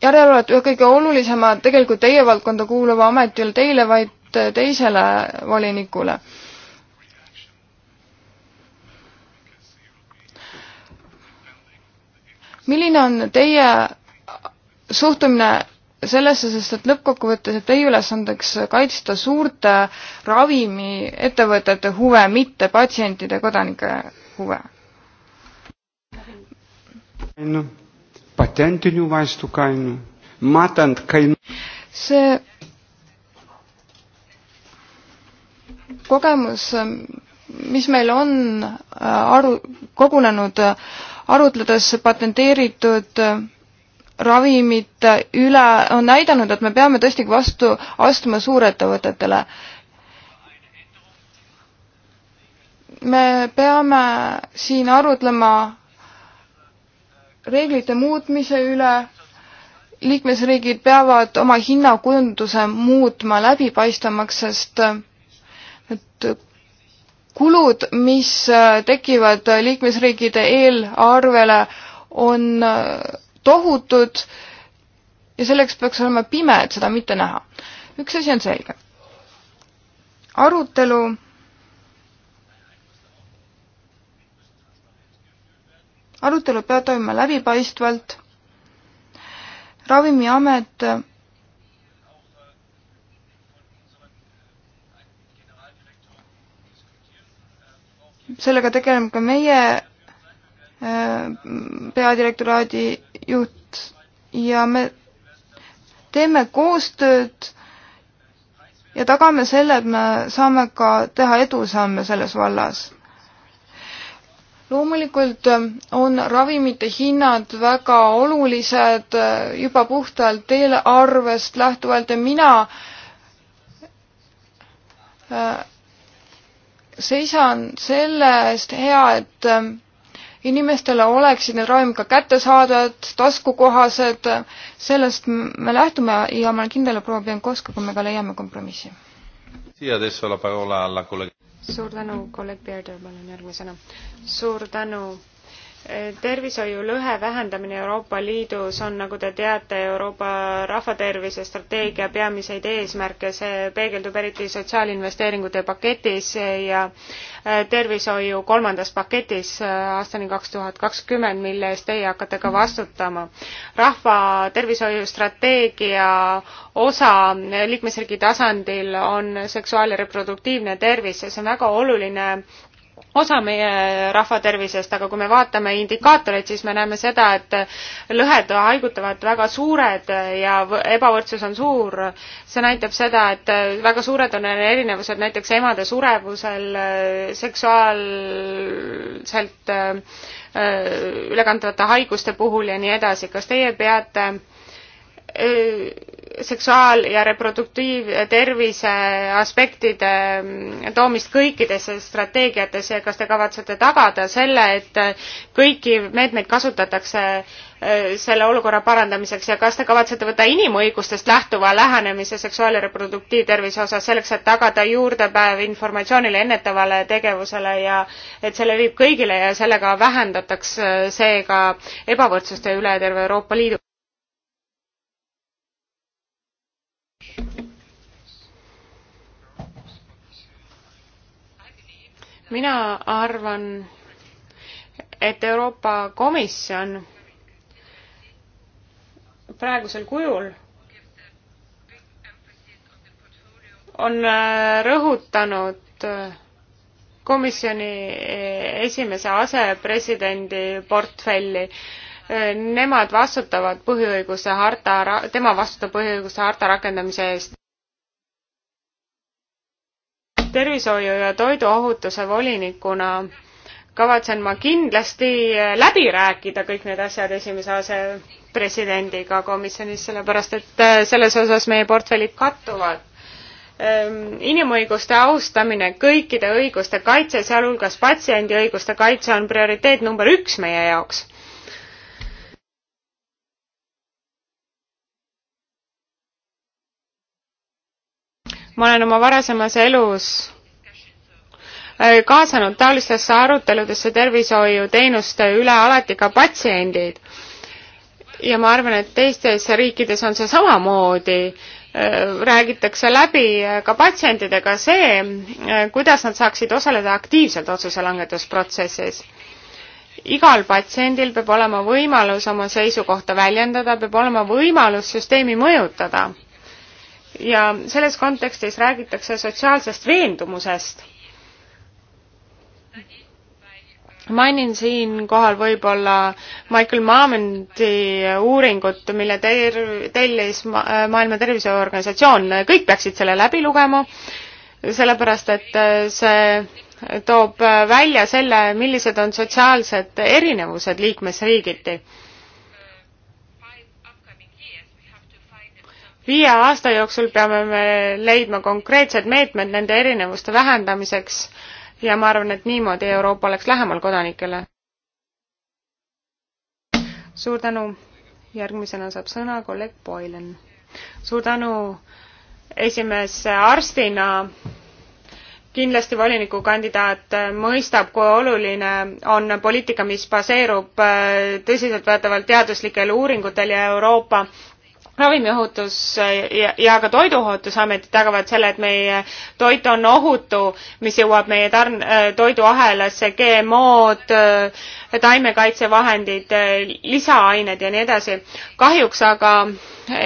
järelevalvet ühe kõige olulisema, tegelikult teie valdkonda kuuluva ameti üle teile, vaid teisele volinikule milline on teie suhtumine sellesse, sest et lõppkokkuvõttes, et teie ülesandeks kaitsta suurte ravimiettevõtete huve, mitte patsientide, kodanike huve. patentinių vaistų kainų, matant kainų. see kogemus, mis meil on äh, aru, kogunenud arutledes patenteeritud ravimite üle on näidanud, et me peame tõesti vastu astuma suurettevõtetele. me peame siin arutlema reeglite muutmise üle, liikmesriigid peavad oma hinnakujunduse muutma läbipaistvamaks, sest et kulud, mis tekivad liikmesriikide eelarvele, on tohutud ja selleks peaks olema pime, et seda mitte näha. üks asi on selge. arutelu arutelud peavad toimuma läbipaistvalt. ravimiamet sellega tegeleme ka meie äh, peadirektoraadi juht ja me teeme koostööd ja tagame selle, et me saame ka teha edusamme selles vallas. loomulikult on ravimite hinnad väga olulised juba puhtalt eelarvest lähtuvalt ja mina äh, seisan selle eest hea, et inimestele oleksid need ravimid ka kättesaadavad, taskukohased, sellest me lähtume ja ma olen kindel, et proua Pienkovskaga me ka leiame kompromissi. suur tänu, kolleeg Peeter, palun järgmisena. suur tänu tervishoiulõhe vähendamine Euroopa Liidus on, nagu te teate, Euroopa rahvatervise strateegia peamiseid eesmärke, see peegeldub eriti sotsiaalinvesteeringute paketis ja äh, tervishoiu kolmandas paketis äh, aastani kaks tuhat kakskümmend, mille eest teie hakkate ka vastutama. rahva tervishoiustrateegia osa liikmesriigi tasandil on seksuaal- ja reproduktiivne tervis ja see on väga oluline osa meie rahvatervisest, aga kui me vaatame indikaatoreid, siis me näeme seda, et lõhed haigutavad väga suured ja ebavõrdsus on suur. see näitab seda, et väga suured on erinevused näiteks emade surevusel, seksuaalselt äh, ülekantavate haiguste puhul ja nii edasi. kas teie peate äh, seksuaal- ja reproduktiivtervise aspektide mm, toomist kõikidesse strateegiatesse ja kas te kavatsete tagada selle, et kõiki meetmeid kasutatakse äh, selle olukorra parandamiseks ja kas te kavatsete võtta inimõigustest lähtuva lähenemise seksuaal- ja reproduktiivtervise osas selleks, et tagada juurdepäev informatsioonile, ennetavale tegevusele ja et see levib kõigile ja sellega vähendataks äh, seega ebavõrdsust üle terve Euroopa Liidu? mina arvan, et Euroopa Komisjon praegusel kujul on äh, rõhutanud äh, komisjoni äh, esimese asepresidendi portfelli. Nemad vastutavad põhiõiguse harta, tema vastutab põhiõiguse harta rakendamise eest tervishoiu ja toiduohutuse volinikuna kavatsen ma kindlasti eh, läbi rääkida kõik need asjad esimese asepresidendiga komisjonis, sellepärast et eh, selles osas meie portfellid kattuvad. Ehm, inimõiguste austamine, kõikide õiguste kaitse, sealhulgas patsiendi õiguste kaitse on prioriteet number üks meie jaoks ma olen oma varasemas elus äh, kaasanud taolistesse aruteludesse tervishoiuteenuste üle alati ka patsiendid. ja ma arvan, et teistes riikides on see samamoodi, äh, räägitakse läbi ka patsientidega see, äh, kuidas nad saaksid osaleda aktiivselt otsuse langetusprotsessis. igal patsiendil peab olema võimalus oma seisukohta väljendada, peab olema võimalus süsteemi mõjutada ja selles kontekstis räägitakse sotsiaalsest veendumusest. mainin siinkohal võib-olla Michael Marmondi uuringut, mille ter-, tellis Maailma Terviseorganisatsioon, kõik peaksid selle läbi lugema, sellepärast et see toob välja selle, millised on sotsiaalsed erinevused liikmesriigiti viie aasta jooksul peame me leidma konkreetsed meetmed nende erinevuste vähendamiseks ja ma arvan, et niimoodi Euroopa oleks lähemal kodanikele. suur tänu. järgmisena saab sõna kolleeg Boylen. suur tänu esimees arstina kindlasti volinikukandidaat mõistab, kui oluline on poliitika, mis baseerub äh, tõsiseltvõetaval teaduslikel uuringutel ja Euroopa ravimiohutus äh, ja, ja ka Toiduohutusamet tagavad selle, et meie toit on ohutu, mis jõuab meie tarn-, äh, toiduahelasse, GMO-d, äh, taimekaitsevahendid, lisaained ja nii edasi. kahjuks aga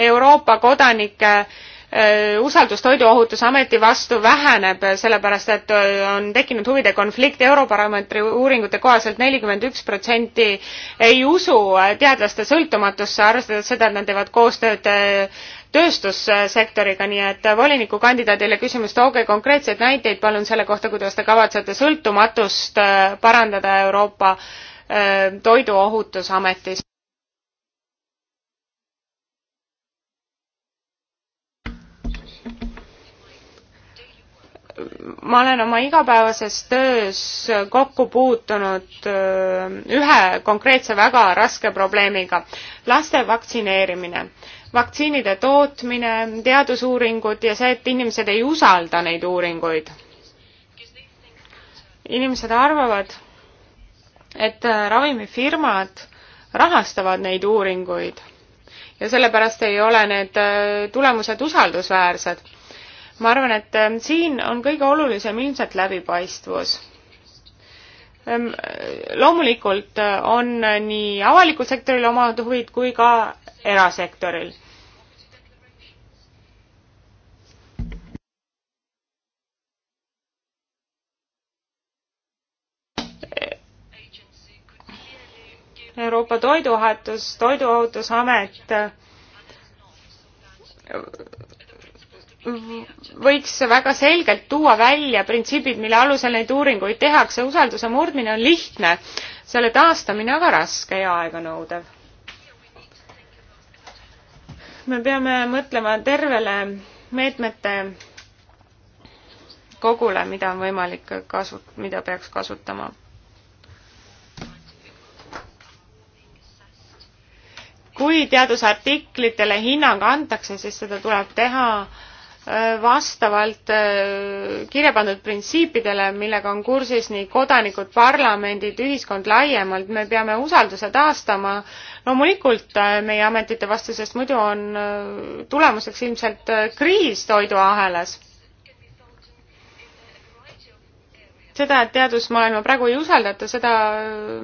Euroopa kodanike äh, Äh, usaldus Toiduohutusameti vastu väheneb, sellepärast et äh, on tekkinud huvide konflikt. Eurobaromeetri uuringute kohaselt nelikümmend üks protsenti ei usu teadlaste sõltumatusse, arvestades seda, et nad teevad koostööd äh, tööstussektoriga, nii et volinikukandidaadile küsimus, tooge konkreetseid näiteid palun selle kohta, kuidas te kavatsete sõltumatust parandada Euroopa Toiduohutusametis. ma olen oma igapäevases töös kokku puutunud äh, ühe konkreetse väga raske probleemiga, laste vaktsineerimine. vaktsiinide tootmine, teadusuuringud ja see, et inimesed ei usalda neid uuringuid. inimesed arvavad, et äh, ravimifirmad rahastavad neid uuringuid ja sellepärast ei ole need äh, tulemused usaldusväärsed ma arvan, et ähm, siin on kõige olulisem ilmselt läbipaistvus. Ähm, loomulikult äh, on äh, nii avalikul sektoril omad huvid kui ka erasektoril. Euroopa Toiduohutus, Toiduohutusamet võiks väga selgelt tuua välja printsiibid, mille alusel neid uuringuid tehakse. usalduse murdmine on lihtne, selle taastamine aga raske ja aeganõudev. me peame mõtlema tervele meetmete kogule, mida on võimalik kasu-, mida peaks kasutama. kui teadusartiklitele hinnang antakse, siis seda tuleb teha äh, Äh, vastavalt äh, kirja pandud printsiipidele, millega on kursis nii kodanikud, parlamendid, ühiskond laiemalt, me peame usalduse taastama loomulikult äh, meie ametite vastu, sest muidu on tulemuseks ilmselt kriis toiduahelas. seda, et teadusmaailma praegu ei usaldata, seda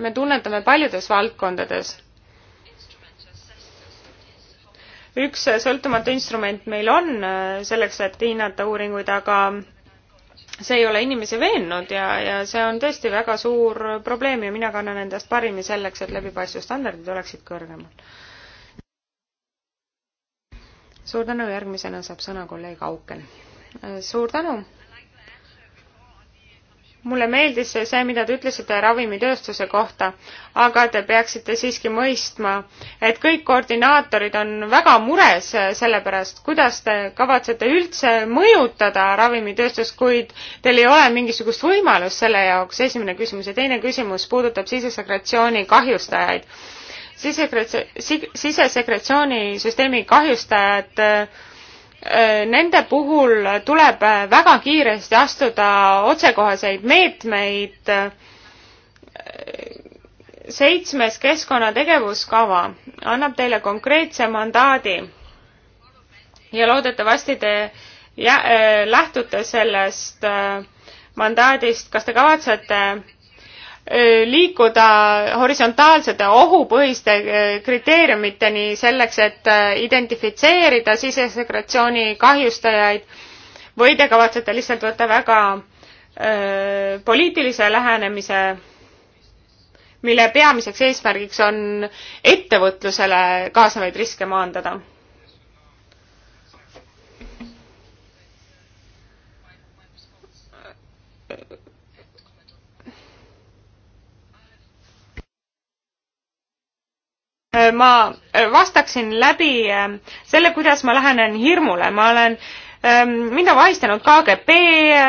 me tunnetame paljudes valdkondades üks sõltumatu instrument meil on äh, selleks, et hinnata uuringuid, aga see ei ole inimesi veennud ja, ja see on tõesti väga suur probleem ja mina kannan endast parimi selleks, et läbipaistvusstandardid oleksid kõrgemad. suur tänu, järgmisena saab sõna kolleeg Auken. Äh, suur tänu mulle meeldis see, mida te ütlesite ravimitööstuse kohta, aga te peaksite siiski mõistma, et kõik koordinaatorid on väga mures selle pärast, kuidas te kavatsete üldse mõjutada ravimitööstust, kuid teil ei ole mingisugust võimalust selle jaoks, esimene küsimus. ja teine küsimus puudutab sisesekretsiooni kahjustajaid. sisesekretsiooni süsteemi kahjustajad Äh, nende puhul tuleb äh, väga kiiresti astuda otsekoheseid meetmeid. Äh, seitsmes keskkonnategevuskava annab teile konkreetse mandaadi ja loodetavasti te jä, lähtute sellest mandaadist, kas te kavatsete liikuda horisontaalsete ohupõhiste kriteeriumiteni selleks, et identifitseerida sisesegratsiooni kahjustajaid või te kavatsete lihtsalt võtta väga öö, poliitilise lähenemise, mille peamiseks eesmärgiks on ettevõtlusele kaasnevaid riske maandada? Äh, ma äh, vastaksin läbi ähm, selle, kuidas ma lähenen hirmule, ma olen ähm, mind on vahistanud KGB,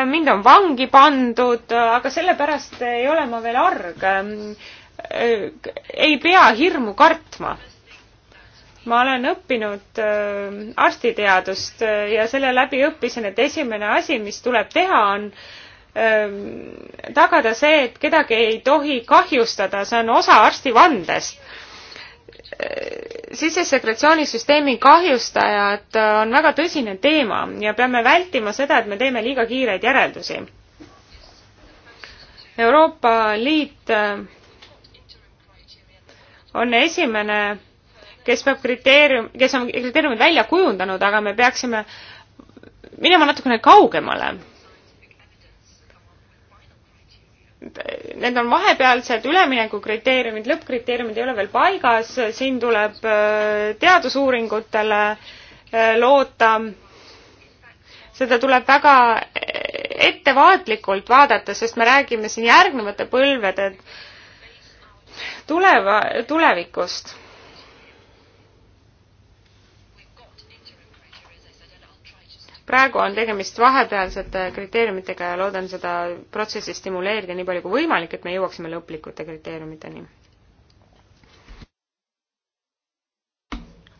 mind on vangi pandud, äh, aga sellepärast ei ole ma veel arg. Ähm, ei pea hirmu kartma. ma olen õppinud arstiteadust ja selle läbi õppisin, et esimene asi, mis tuleb teha, on tagada see, et kedagi ei tohi kahjustada, see on osa arstivandest sisesekretsioonisüsteemi kahjustajad äh, on väga tõsine teema ja peame vältima seda, et me teeme liiga kiireid järeldusi. Euroopa Liit äh, on esimene, kes peab kriteerium, kes on kriteeriumid välja kujundanud, aga me peaksime minema natukene kaugemale need on vahepealsed üleminekukriteeriumid, lõppkriteeriumid ei ole veel paigas, siin tuleb äh, teadusuuringutele äh, loota. seda tuleb väga äh, ettevaatlikult vaadata, sest me räägime siin järgnevate põlvede tuleva, tulevikust praegu on tegemist vahepealsete kriteeriumitega ja loodan seda protsessi stimuleerida nii palju kui võimalik, et me jõuaksime lõplikute kriteeriumiteni.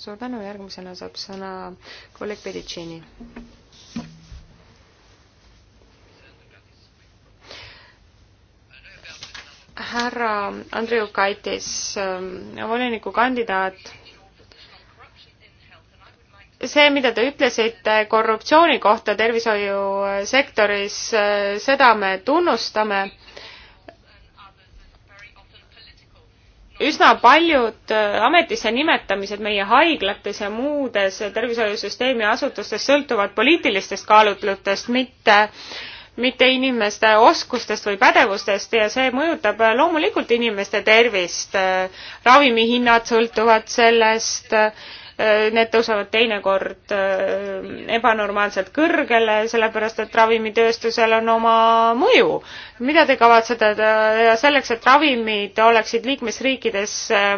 suur tänu, järgmisena saab sõna kolleeg Pedicini. härra Andrei Ukaitis, ähm, volinikukandidaat see, mida te ütlesite korruptsiooni kohta tervishoiusektoris, seda me tunnustame. üsna paljud ametisse nimetamised meie haiglates ja muudes tervishoiusüsteemi asutustes sõltuvad poliitilistest kaalutlustest, mitte mitte inimeste oskustest või pädevustest ja see mõjutab loomulikult inimeste tervist. ravimihinnad sõltuvad sellest äh,, Äh, need tõusevad teinekord äh, ebanormaalselt kõrgele, sellepärast et ravimitööstusel on oma mõju. mida te kavatsete teha selleks, et ravimid oleksid liikmesriikides äh,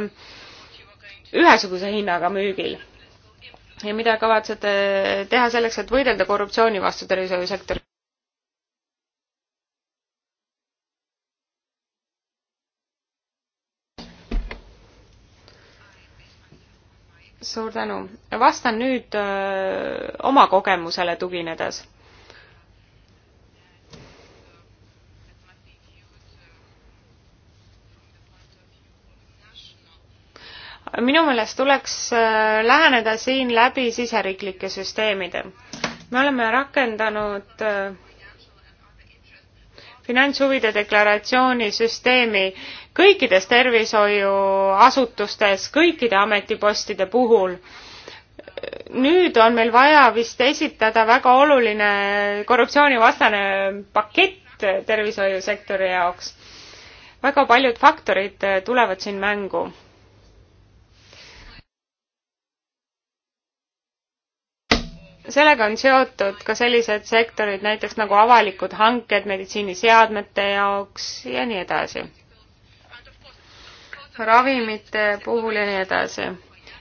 ühesuguse hinnaga müügil? ja mida kavatsete teha selleks, et võidelda korruptsiooni vastu tervishoiusektoris? suur tänu. vastan nüüd öö, oma kogemusele tuginedes. minu meelest tuleks läheneda siin läbi siseriiklike süsteemide. me oleme rakendanud öö, finantshuvide deklaratsiooni süsteemi kõikides tervishoiuasutustes, kõikide ametipostide puhul. nüüd on meil vaja vist esitada väga oluline korruptsioonivastane pakett tervishoiusektori jaoks. väga paljud faktorid tulevad siin mängu sellega on seotud ka sellised sektorid, näiteks nagu avalikud hanked meditsiiniseadmete jaoks ja nii edasi. ravimite puhul ja nii edasi.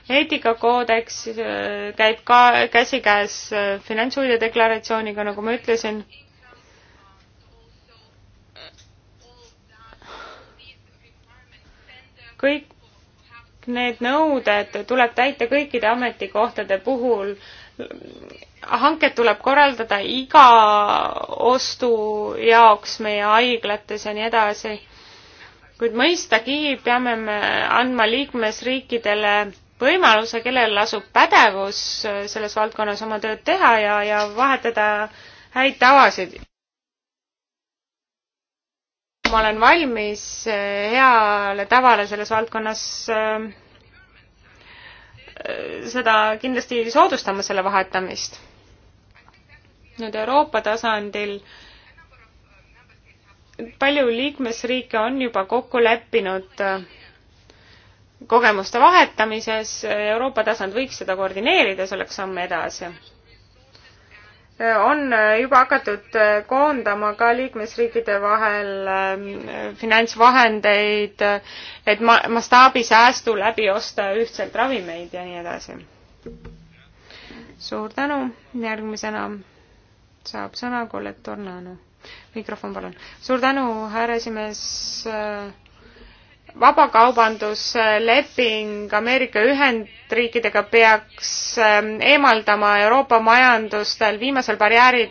eetikakoodeks äh, käib ka käsikäes äh, finantshuvide deklaratsiooniga, nagu ma ütlesin. kõik need nõuded tuleb täita kõikide ametikohtade puhul hanked tuleb korraldada iga ostu jaoks meie haiglates ja nii edasi. kuid mõistagi peame me andma liikmesriikidele võimaluse, kellel lasub pädevus selles valdkonnas oma tööd teha ja, ja vahetada häid tavasid. ma olen valmis heale tavale selles valdkonnas äh, seda kindlasti soodustama, selle vahetamist. nüüd Euroopa tasandil palju liikmesriike on juba kokku leppinud kogemuste vahetamises, Euroopa tasand võiks seda koordineerida, see oleks samm edasi on juba hakatud äh, koondama ka liikmesriikide vahel ähm, finantsvahendeid, et ma-, mastaabisäästu läbi osta ühtselt ravimeid ja nii edasi. suur tänu, järgmisena saab sõna Colette Tornano. mikrofon palun. suur tänu, härra esimees äh, vabakaubandusleping Ameerika Ühendriikidega peaks ähm, eemaldama Euroopa majandustel viimasel barjäärid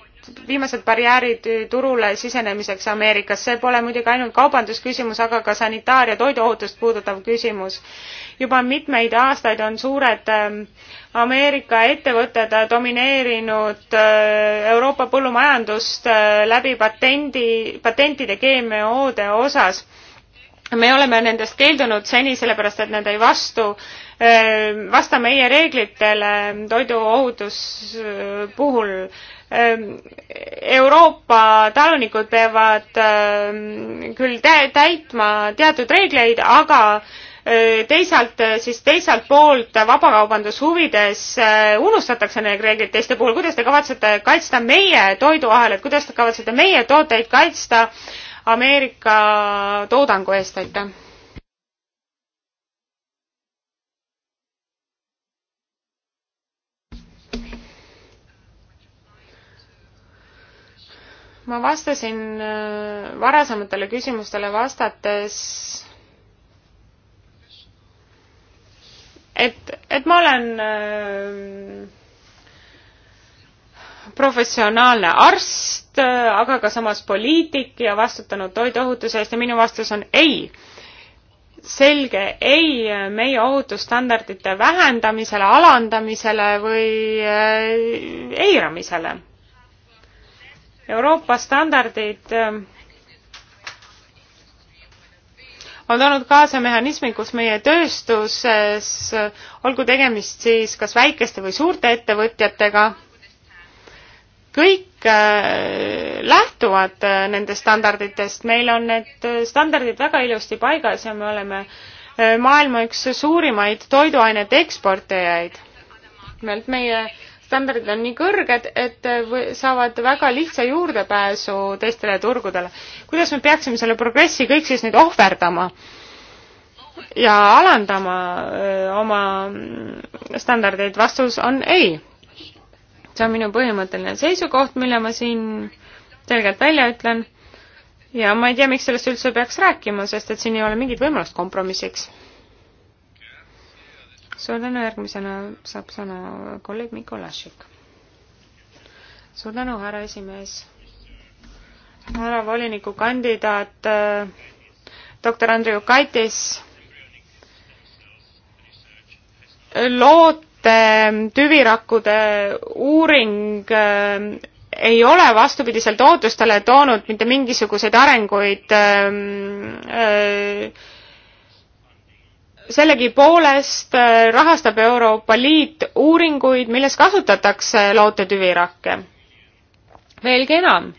viimased barjäärid turule sisenemiseks Ameerikas. see pole muidugi ainult kaubandusküsimus, aga ka sanitaar- ja toiduohutust puudutav küsimus. juba mitmeid aastaid on suured ähm, Ameerika ettevõtted domineerinud äh, Euroopa põllumajandust äh, läbi patendi, patentide GMO-de osas me oleme nendest keeldunud seni sellepärast, et nad ei vastu, ehm, vasta meie reeglitele toiduohutus ehm, puhul. Ehm, Euroopa talunikud peavad küll täitma teatud reegleid, aga teisalt siis teiselt poolt vabakaubandushuvides unustatakse need reeglid teiste puhul, kuidas te kavatsete kaitsta meie toiduahelat, kuidas te kavatsete meie tooteid kaitsta äh, Ameerika toodangu eest, aitäh! ma vastasin äh, varasematele küsimustele vastates, et, et ma olen äh, professionaalne arst, äh, aga ka samas poliitik ja vastutanud toiduohutuse eest ja minu vastus on ei. selge ei meie ohutusstandardite vähendamisele, alandamisele või äh, eiramisele. Euroopa standardid äh, on toonud kaasa mehhanismi, kus meie tööstuses, olgu tegemist siis kas väikeste või suurte ettevõtjatega, kõik äh, lähtuvad äh, nendest standarditest, meil on need äh, standardid väga ilusti paigas ja me oleme maailma üks suurimaid toiduainete eksportijaid. nimelt meie standardid on nii kõrged, et saavad väga lihtsa juurdepääsu teistele turgudele. kuidas me peaksime selle progressi kõik siis nüüd ohverdama? ja alandama öö, oma standardeid, vastus on ei see on minu põhimõtteline seisukoht, mille ma siin selgelt välja ütlen. ja ma ei tea, miks sellest üldse peaks rääkima, sest et siin ei ole mingit võimalust kompromissiks. suur tänu, järgmisena saab sõna kolleeg Mikolašik. suur tänu, härra esimees. härra volinikukandidaat äh, doktor Andriukaitis loot-, et ähm, tüvirakkude uuring ähm, ei ole vastupidiselt ootustele toonud mitte mingisuguseid arenguid ähm, äh, sellegipoolest äh, rahastab Euroopa Liit uuringuid, milles kasutatakse lootetüvirakke. veelgi enam,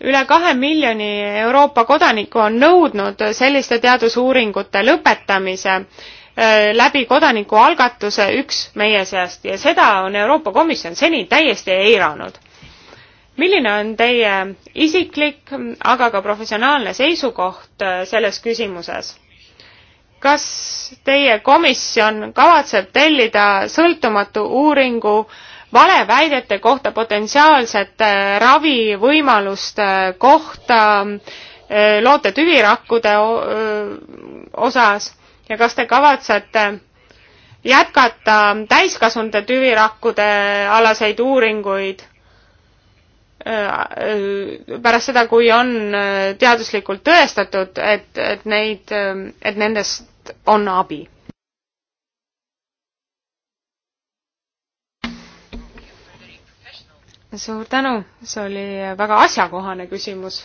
üle kahe miljoni Euroopa kodaniku on nõudnud selliste teadusuuringute lõpetamise Äh, läbi kodanikualgatuse üks meie seast ja seda on Euroopa Komisjon seni täiesti eiranud. milline on teie isiklik, aga ka professionaalne seisukoht äh, selles küsimuses? kas teie komisjon kavatseb tellida sõltumatu uuringu valeväidete kohta, potentsiaalsete äh, ravivõimaluste kohta loote tüvirakkude osas ja kas te kavatsete jätkata täiskasvanute tüvirakkude alaseid uuringuid äh, äh, pärast seda, kui on äh, teaduslikult tõestatud, et, et neid, et nendest on abi. suur tänu, see oli väga asjakohane küsimus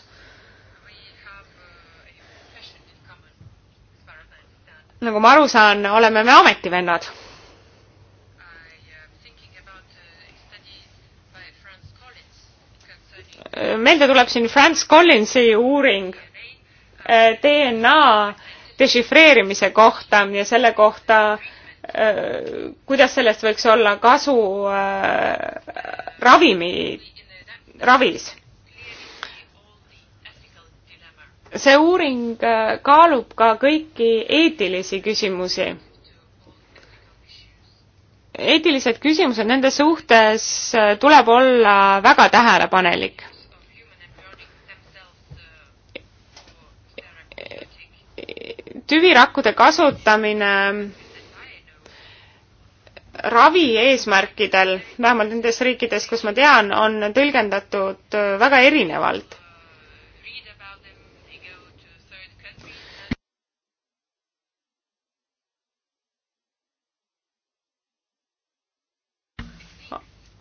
nagu ma aru saan, oleme me ametivennad. meelde tuleb siin Franz Collinsi uuring äh, DNA dešifreerimise kohta ja selle kohta, äh, kuidas sellest võiks olla kasu äh, ravimi, ravis see uuring äh, kaalub ka kõiki eetilisi küsimusi. eetilised küsimused, nende suhtes äh, tuleb olla väga tähelepanelik. tüvirakkude kasutamine ravi eesmärkidel, vähemalt nendes riikides, kus ma tean, on tõlgendatud väga erinevalt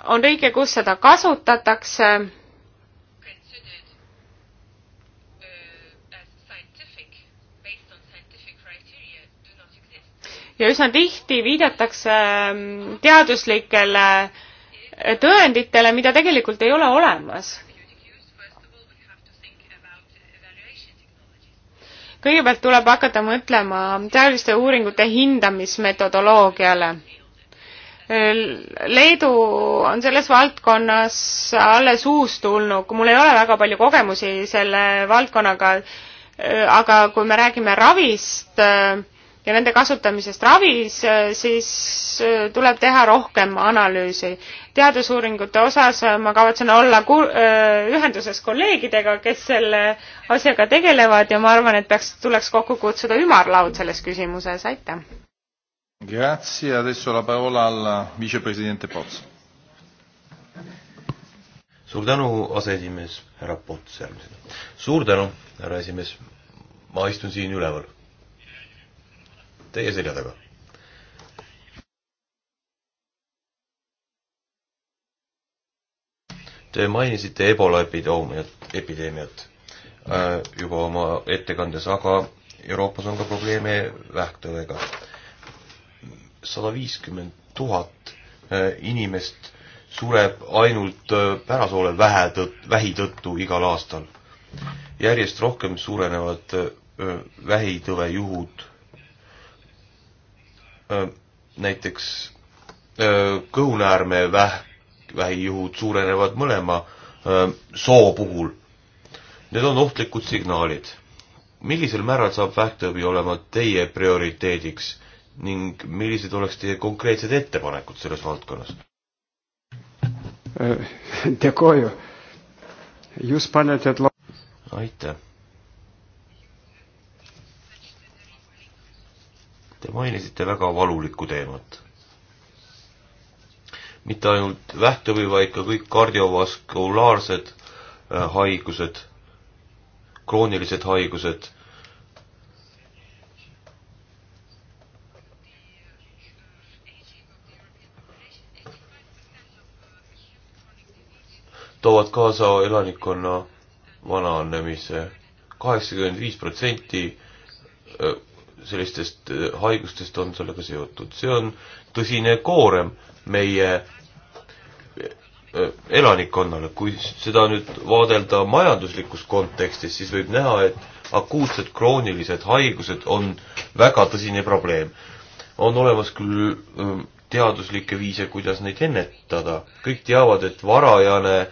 on riike, kus seda kasutatakse ja üsna tihti viidatakse ähm, teaduslikele äh, tõenditele, mida tegelikult ei ole olemas. kõigepealt tuleb hakata mõtlema teaduste uuringute hindamismetodoloogiale. Leedu on selles valdkonnas alles uustulnuk, mul ei ole väga palju kogemusi selle valdkonnaga, äh, aga kui me räägime ravist äh, ja nende kasutamisest ravis, äh, siis tuleb teha rohkem analüüsi. teadusuuringute osas ma kavatsen olla ku-, ühenduses kolleegidega, kes selle asjaga tegelevad ja ma arvan, et peaks, tuleks kokku kutsuda ümarlaud selles küsimuses, aitäh! Grazie, adesso la parola alla vicepresidente Pots. suur tänu, aseesimees härra Pots järgmisena. suur tänu, härra esimees. ma istun siin üleval. Teie selja taga. Te mainisite ebola epideemiat, epideemiat äh, juba oma ettekandes, aga Euroopas on ka probleeme vähktõvega sada viiskümmend tuhat eh, inimest sureb ainult eh, pärasoole vähe tõtt-, vähi tõttu igal aastal. järjest rohkem suurenevad eh, vähitõve juhud. näiteks kõhunäärme väh-, vähijuhud suurenevad mõlema soo puhul. Need on ohtlikud signaalid. millisel määral saab vähktõbi olema teie prioriteediks? ning millised oleks teie konkreetsed ettepanekud selles valdkonnas? Äh, Dėkoju. Jūs panetėt la-. aitäh. Te mainisite väga valulikku teemat. mitte ainult vähktõvi, vaid ka kõik kardiovaskulaarsed äh, haigused, kroonilised haigused toovad kaasa elanikkonna vananemise. kaheksakümmend viis protsenti sellistest haigustest on sellega seotud. see on tõsine koorem meie elanikkonnale, kui seda nüüd vaadelda majanduslikus kontekstis, siis võib näha, et akuutsed kroonilised haigused on väga tõsine probleem. on olemas küll teaduslikke viise, kuidas neid ennetada, kõik teavad, et varajane äh,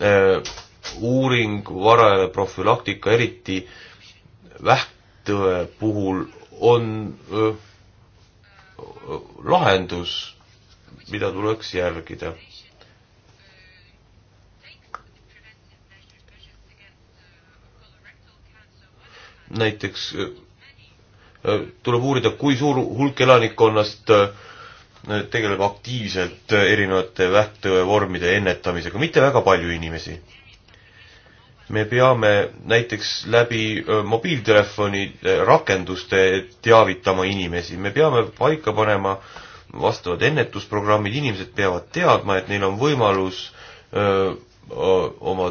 Äh, uuring, varajane profülaktika, eriti vähktõe puhul on öö, lahendus, mida tuleks järgida. näiteks öö, tuleb uurida, kui suur hulk elanikkonnast öö, tegeleb aktiivselt erinevate vähktõevormide ennetamisega, mitte väga palju inimesi. me peame näiteks läbi mobiiltelefoni rakenduste teavitama inimesi, me peame paika panema vastavad ennetusprogrammid, inimesed peavad teadma, et neil on võimalus öö, öö, oma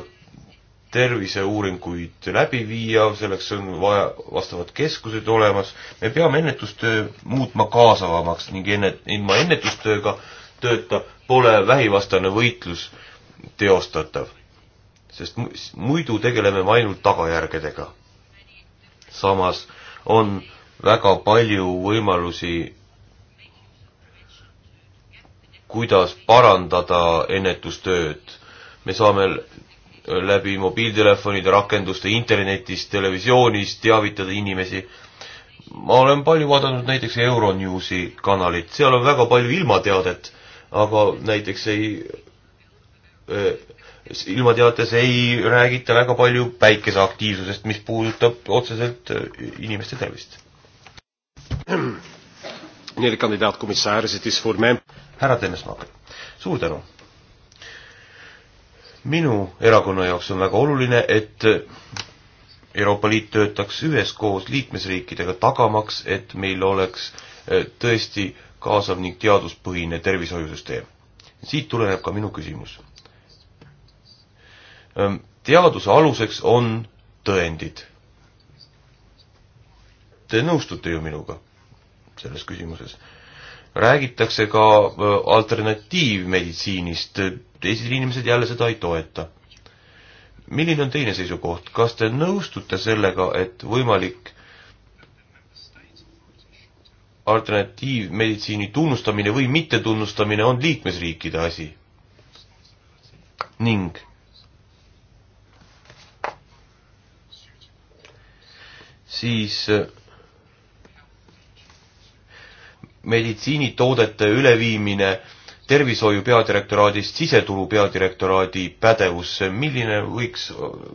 terviseuuringuid läbi viia, selleks on vaja vastavad keskused olemas, me peame ennetustöö muutma kaasavamaks ning enne, ilma ennetustööga tööta pole vähivastane võitlus teostatav. sest muidu tegeleme me ainult tagajärgedega. samas on väga palju võimalusi, kuidas parandada ennetustööd. me saame läbi mobiiltelefonide, rakenduste, internetist, televisioonist teavitada inimesi. ma olen palju vaadanud näiteks Euronewsi kanalit, seal on väga palju ilmateadet, aga näiteks ei eh, ilmateates ei räägita väga palju päikeseaktiivsusest, mis puudutab otseselt eh, inimeste tervist. Meneer de kandidaat-commissaris, het is voor mij... Härra Tennismaa, suur tänu minu erakonna jaoks on väga oluline, et Euroopa Liit töötaks üheskoos liikmesriikidega, tagamaks, et meil oleks eh, tõesti kaasav ning teaduspõhine tervishoiusüsteem. siit tuleneb ka minu küsimus. Ehm, teaduse aluseks on tõendid. Te nõustute ju minuga selles küsimuses? räägitakse ka eh, alternatiivmeditsiinist, teised inimesed jälle seda ei toeta. milline on teine seisukoht, kas te nõustute sellega, et võimalik alternatiivmeditsiini tunnustamine või mittetunnustamine on liikmesriikide asi? ning siis äh, meditsiinitoodete üleviimine tervishoiu peadirektoraadist siseturu peadirektoraadi pädevusse, milline võiks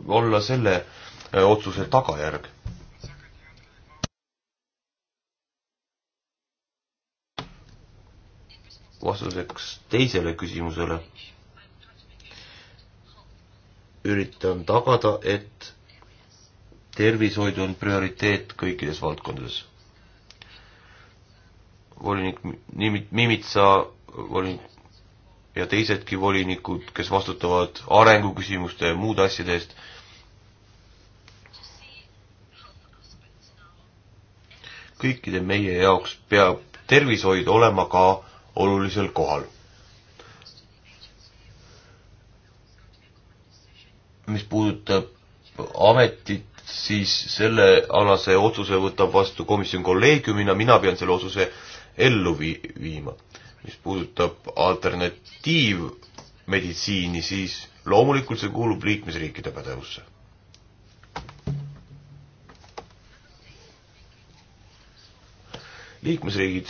olla selle äh, otsuse tagajärg? vastuseks teisele küsimusele üritan tagada, et tervishoid on prioriteet kõikides valdkondades. volinik Mimitsa volin- ja teisedki volinikud, kes vastutavad arenguküsimuste ja muude asjade eest. kõikide meie jaoks peab tervishoid olema ka olulisel kohal. mis puudutab ametit, siis sellealase otsuse võtab vastu komisjon kolleegiumina, mina pean selle otsuse ellu vii-, viima mis puudutab alternatiivmeditsiini, siis loomulikult see kuulub liikmesriikide pädevusse. liikmesriigid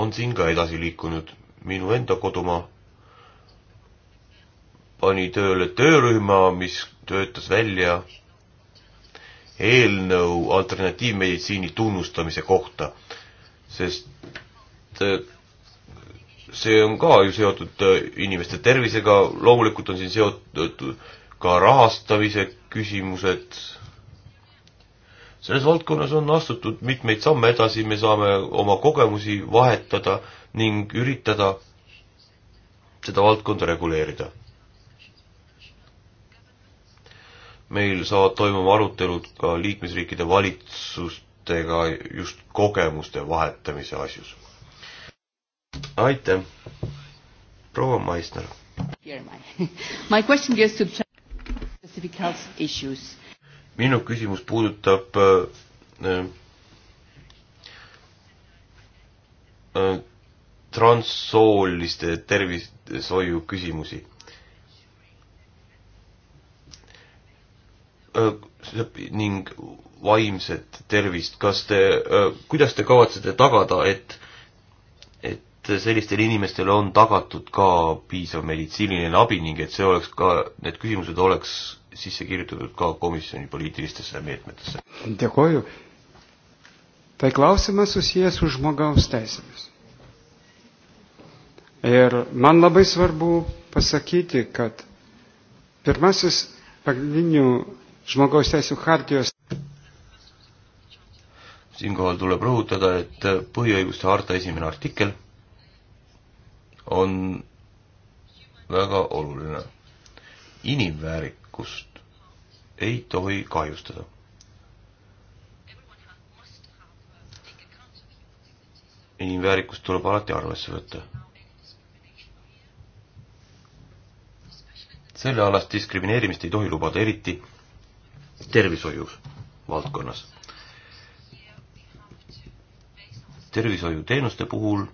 on siin ka edasi liikunud. minu enda kodumaa pani tööle töörühma, mis töötas välja eelnõu alternatiivmeditsiini tunnustamise kohta, sest sest see on ka ju seotud äh, inimeste tervisega, loomulikult on siin seotud ka rahastamise küsimused. selles valdkonnas on astutud mitmeid samme edasi, me saame oma kogemusi vahetada ning üritada seda valdkonda reguleerida. meil saavad toimuma arutelud ka liikmesriikide valitsustega just kogemuste vahetamise asjus aitäh, proua Maisner. minu küsimus puudutab äh, äh, transsooliste tervishoiu küsimusi äh, ning vaimset tervist, kas te, äh, kuidas te kavatsete tagada, et et sellistele inimestele on tagatud ka piisav meditsiiniline abi ning et see oleks ka, need küsimused oleks sisse kirjutatud ka komisjoni poliitilistesse meetmetesse. Dėkoju. Tai klausimas susijęs su žmogaus teisėmis. Ir man labai svarbu pasakyti, kad pirmasis pagrindinių žmogaus teisų hartijos siinkohal tuleb rõhutada, et põhiõiguste harta esimene artikkel on väga oluline. inimväärikust ei tohi kahjustada. inimväärikust tuleb alati arvesse võtta. sellealast diskrimineerimist ei tohi lubada, eriti tervishoius valdkonnas. tervishoiuteenuste puhul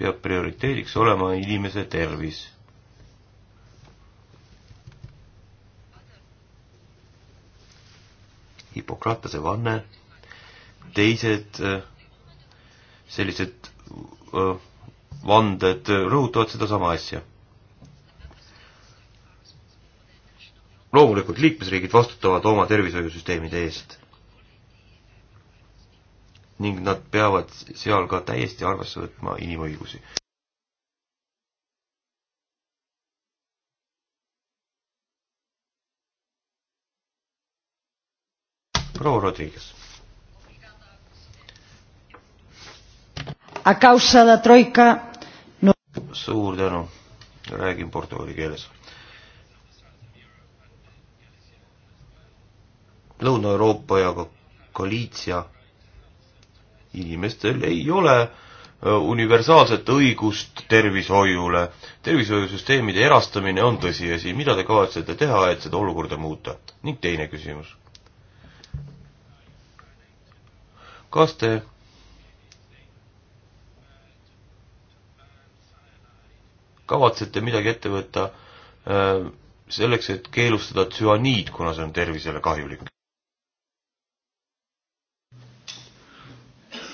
peab prioriteediks olema inimese tervis. Hippokratase vanne, teised äh, sellised äh, vanded rõhutavad sedasama asja. loomulikult liikmesriigid vastutavad oma tervishoiusüsteemide eest ning nad peavad seal ka täiesti arvesse võtma inimõigusi. proua Rodriguez. A causa da troika no... suur tänu, räägin portugali keeles. Lõuna-Euroopa ja ka Galiitsia inimestel ei ole universaalset õigust tervishoiule. tervishoiusüsteemide erastamine on tõsiasi, mida te kavatsete teha, et seda olukorda muuta? ning teine küsimus. kas te kavatsete midagi ette võtta selleks, et keelustada tsüaniid, kuna see on tervisele kahjulik?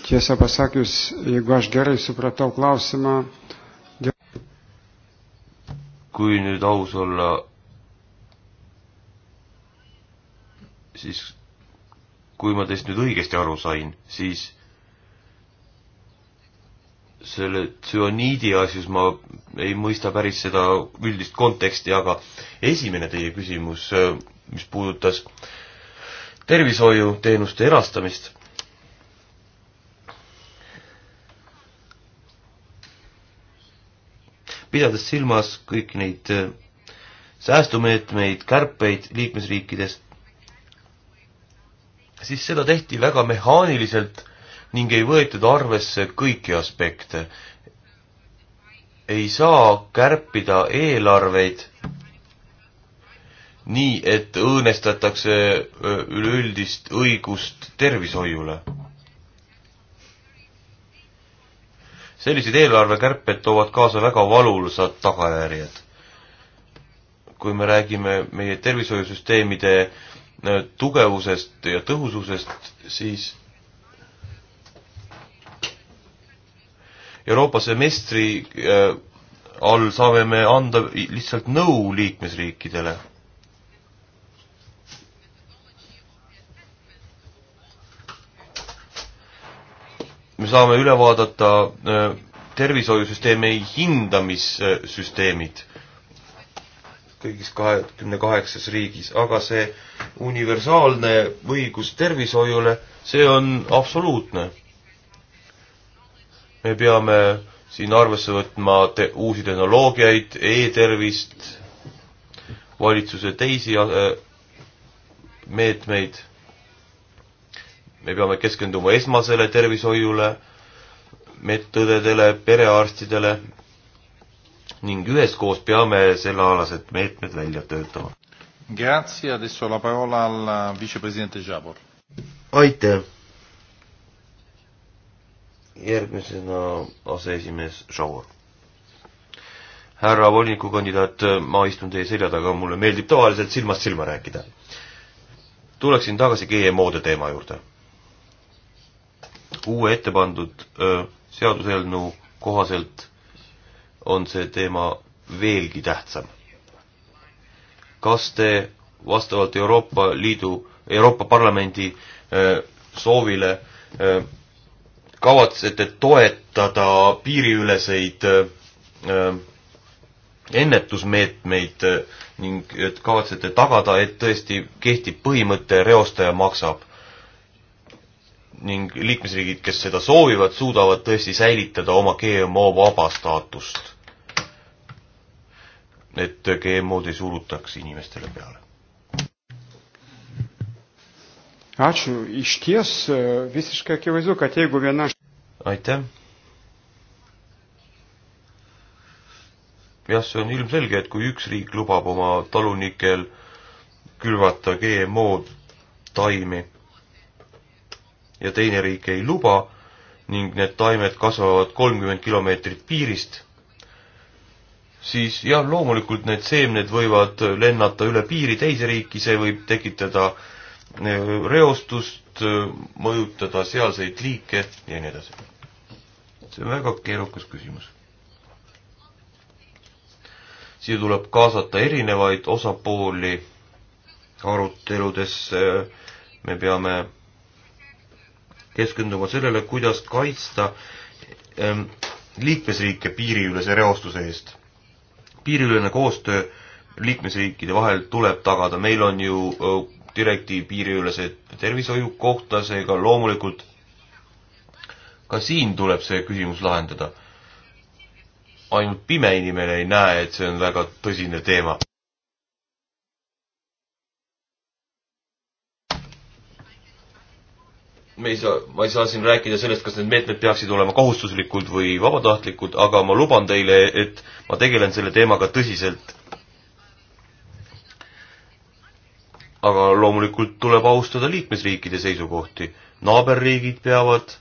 Tiesą pasakius, jeigu aš gerai supratau klausimą. Dėl... Kui nüüd aus olla, siis kui ma teist nüüd õigesti aru sain, siis selle tsüaniidi asjus ma ei mõista päris seda üldist konteksti, aga esimene teie küsimus, mis puudutas tervishoiuteenuste erastamist pidades silmas kõiki neid äh, säästumeetmeid, kärpeid liikmesriikides, siis seda tehti väga mehaaniliselt ning ei võetud arvesse kõiki aspekte. ei saa kärpida eelarveid nii, et õõnestatakse äh, üleüldist õigust tervishoiule sellised eelarvekärped toovad kaasa väga valulisad tagajärjed. kui me räägime meie tervishoiusüsteemide äh, tugevusest ja tõhususest, siis Euroopa semestri äh, all saame me anda lihtsalt nõu liikmesriikidele me saame üle vaadata äh, tervishoiusüsteemi hindamissüsteemid kõigis kahekümne kaheksas riigis, aga see universaalne õigus tervishoiule, see on absoluutne. me peame siin arvesse võtma te uusi tehnoloogiaid e, e-tervist, valitsuse teisi äh, meetmeid me peame keskenduma esmasele tervishoiule, medõdedele, perearstidele ning üheskoos peame sellealased meetmed välja töötama. aitäh! järgmisena aseesimees Žavor. härra volinikukandidaat, ma istun teie selja taga, mulle meeldib tavaliselt silmast silma rääkida. tuleksin tagasi GMO-de teema juurde uue ette pandud seaduseelnõu kohaselt on see teema veelgi tähtsam. kas te vastavalt Euroopa Liidu, Euroopa Parlamendi soovile kavatsete toetada piiriüleseid ennetusmeetmeid ning et kavatsete tagada, et tõesti kehtib põhimõte reostaja maksab ning liikmesriigid, kes seda soovivad, suudavad tõesti säilitada oma GMO-vaba staatust. et GMO-d ei surutaks inimestele peale. Ačiū, iš ties e, visiškai akivaizdu, kad jeigu viena. aitäh. jah, see on ilmselge, et kui üks riik lubab oma talunikel külvata GMO taimi ja teine riik ei luba ning need taimed kasvavad kolmkümmend kilomeetrit piirist, siis jah, loomulikult need seemned võivad lennata üle piiri teise riiki, see võib tekitada äh, reostust, äh, mõjutada sealseid liike ja nii edasi. see on väga keerukas küsimus. siia tuleb kaasata erinevaid osapooli aruteludesse, me peame keskenduma sellele, kuidas kaitsta ähm, liikmesriike piiriülese reostuse eest. piiriülene koostöö liikmesriikide vahel tuleb tagada, meil on ju äh, direktiiv piiriülese tervishoiu kohta, seega loomulikult ka siin tuleb see küsimus lahendada. ainult pime inimene ei näe, et see on väga tõsine teema. me ei saa, ma ei saa siin rääkida sellest, kas need meetmed peaksid olema kohustuslikud või vabatahtlikud, aga ma luban teile, et ma tegelen selle teemaga tõsiselt. aga loomulikult tuleb austada liikmesriikide seisukohti. naaberriigid peavad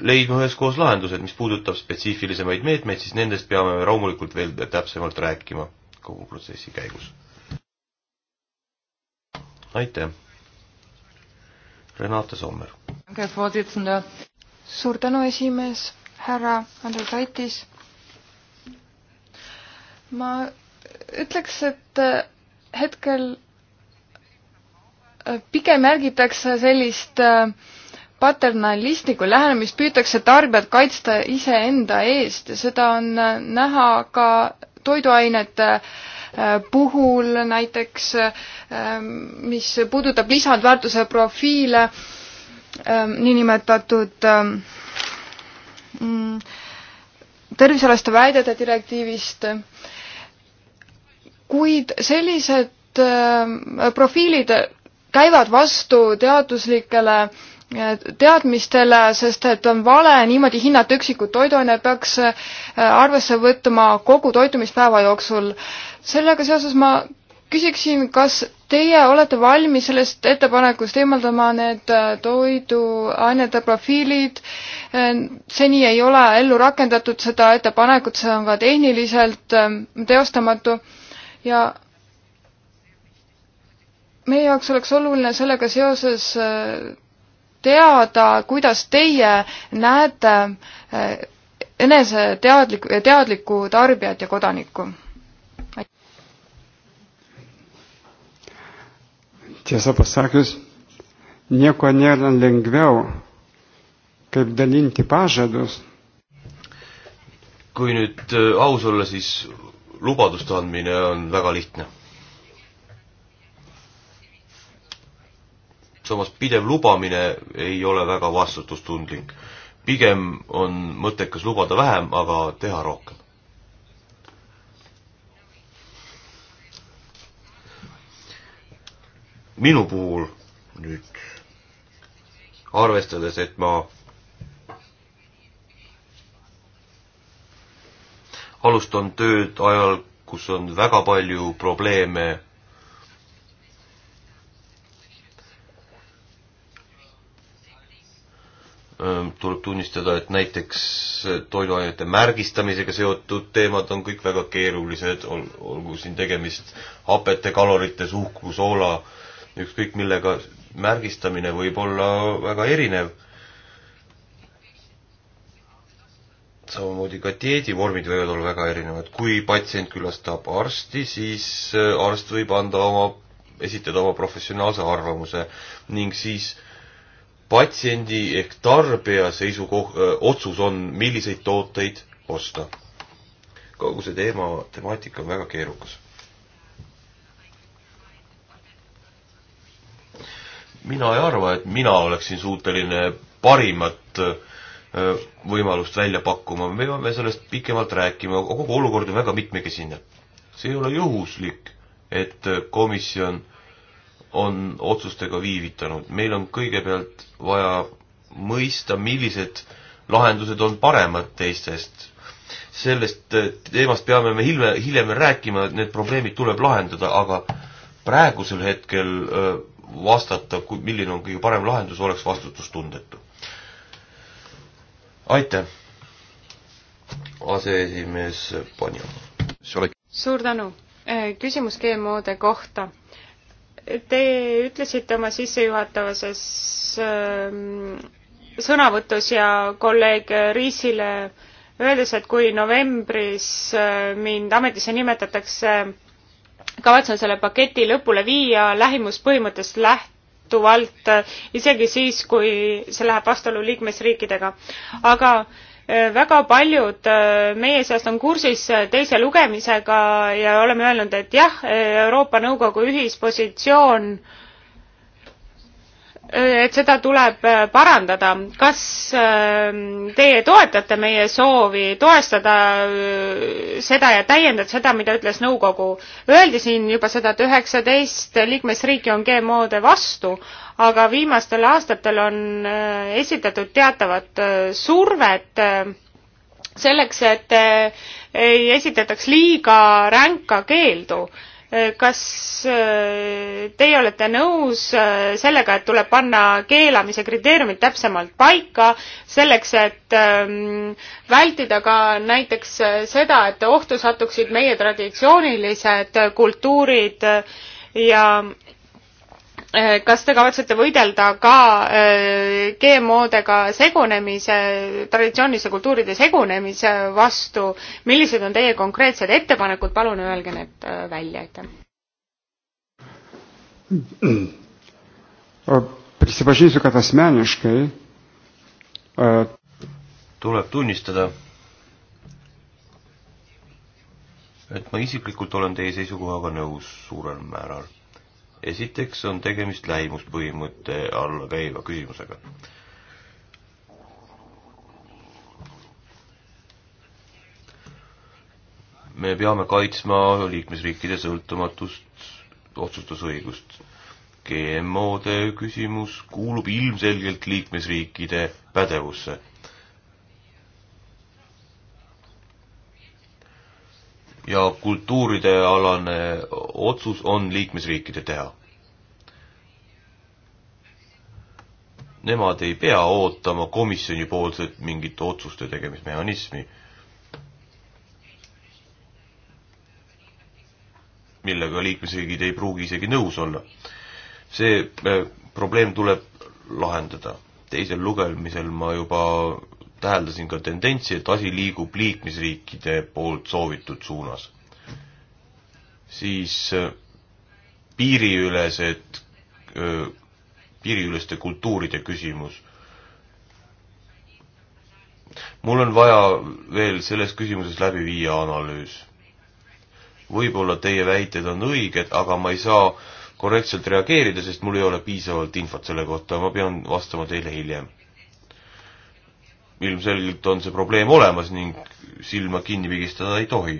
leidma üheskoos lahendused, mis puudutab spetsiifilisemaid meetmeid, siis nendest peame loomulikult veel täpsemalt rääkima kogu protsessi käigus aitäh. Renate Sommer. suur tänu, esimees, härra Andrus Aitis. ma ütleks, et äh, hetkel äh, pigem järgitakse sellist äh, paternalistlikku lähenemist, püütakse tarbijat kaitsta iseenda eest ja seda on näha ka toiduainete äh, Äh, puhul näiteks, ähm, mis puudutab lisandväärtuse profiile, ähm, niinimetatud ähm, mm, tervisealaste väidete direktiivist, kuid sellised profiilid käivad vastu teaduslikele äh, teadmistele, sest et on vale niimoodi hinnata üksikut toiduainet, peaks äh, arvesse võtma kogu toitumispäeva jooksul äh, sellega seoses ma küsiksin, kas teie olete valmis sellest ettepanekust eemaldama need äh, toiduainete profiilid? Äh, seni ei ole ellu rakendatud seda ettepanekut, see on ka tehniliselt ähm, teostamatu ja meie jaoks oleks oluline sellega seoses äh, teada, kuidas teie näete enese teadliku, teadlikku tarbijat ja kodanikku Tiesą pasakius, nieko nėra lengviau, kaip dalinti pažadus. kui nüüd e, aus olla, siis lubaduste andmine on väga lihtne. samas pidev lubamine ei ole väga vastutustundlik. pigem on mõttekas lubada vähem, aga teha rohkem. minu puhul nüüd arvestades, et ma alustan tööd ajal, kus on väga palju probleeme. Ähm, tuleb tunnistada, et näiteks toiduainete märgistamisega seotud teemad on kõik väga keerulised, olgu siin tegemist hapete, kalorite, suhkru, soola äh, ükskõik millega märgistamine võib olla väga erinev. samamoodi ka dieedivormid võivad olla väga erinevad. kui patsient külastab arsti, siis äh, arst võib anda oma, esitada oma professionaalse arvamuse ning siis patsiendi ehk tarbija seisukoht, äh, otsus on, milliseid tooteid osta. kogu see teema, temaatika on väga keerukas mina ei arva, et mina oleksin suuteline parimat äh, võimalust välja pakkuma, me peame sellest pikemalt rääkima, kogu olukord on väga mitmekesine. see ei ole juhuslik, et äh, komisjon on otsustega viivitanud, meil on kõigepealt vaja mõista, millised lahendused on paremad teistest. sellest äh, teemast peame me hiljem, hiljem rääkima, et need probleemid tuleb lahendada, aga praegusel hetkel öö, vastata, kui, milline on kõige parem lahendus, oleks vastutustundetu. aitäh, aseesimees Panja. suur tänu. Äh, küsimus GMO-de kohta. Te ütlesite oma sissejuhatavases ähm, sõnavõtus ja kolleeg Riisile öeldes, et kui novembris äh, mind ametisse nimetatakse kavatsen selle paketi lõpule viia lähimuspõhimõttest lähtuvalt, äh, isegi siis, kui see läheb vastuollu liikmesriikidega. aga äh, väga paljud äh, meie seast on kursis teise lugemisega ja oleme öelnud, et jah, Euroopa Nõukogu ühispositsioon äh, et seda tuleb äh, parandada. kas ähm, teie toetate meie soovi toestada äh, seda ja täiendada seda, mida ütles nõukogu? Öeldi siin juba seda, et üheksateist liikmesriiki on GMO-de vastu, aga viimastel aastatel on äh, esitatud teatavat survet selleks, et ei esitataks liiga ränka keeldu kas äh, teie olete nõus äh, sellega, et tuleb panna keelamise kriteeriumid täpsemalt paika selleks, et ähm, vältida ka näiteks äh, seda, et ohtu satuksid meie traditsioonilised kultuurid ja Äh, kas te kavatsete võidelda ka äh, GMO-dega segunemise, traditsiooniliste kultuuride segunemise vastu, millised on teie konkreetsed ettepanekud, palun öelge need äh, välja, aitäh. Prisipažinsiu, kad asmeniškai e, tuleb tunnistada, et ma isiklikult olen teie seisukohaga nõus suurel määral esiteks on tegemist lähimuspõhimõtte alla käiva küsimusega. me peame kaitsma liikmesriikide sõltumatust, otsustusõigust. GMO-de küsimus kuulub ilmselgelt liikmesriikide pädevusse ja kultuuride alane otsus on liikmesriikide teha. Nemad ei pea ootama komisjoni poolset mingit otsuste tegemismehhanismi, millega liikmesriigid ei pruugi isegi nõus olla. see eh, probleem tuleb lahendada. teisel lugemisel ma juba täheldasin ka tendentsi, et asi liigub liikmesriikide poolt soovitud suunas. siis äh, piiriülesed, äh, piiriüleste kultuuride küsimus. mul on vaja veel selles küsimuses läbi viia analüüs. võib-olla teie väited on õiged, aga ma ei saa korrektselt reageerida, sest mul ei ole piisavalt infot selle kohta, ma pean vastama teile hiljem ilmselgelt on see probleem olemas ning silma kinni pigistada ei tohi.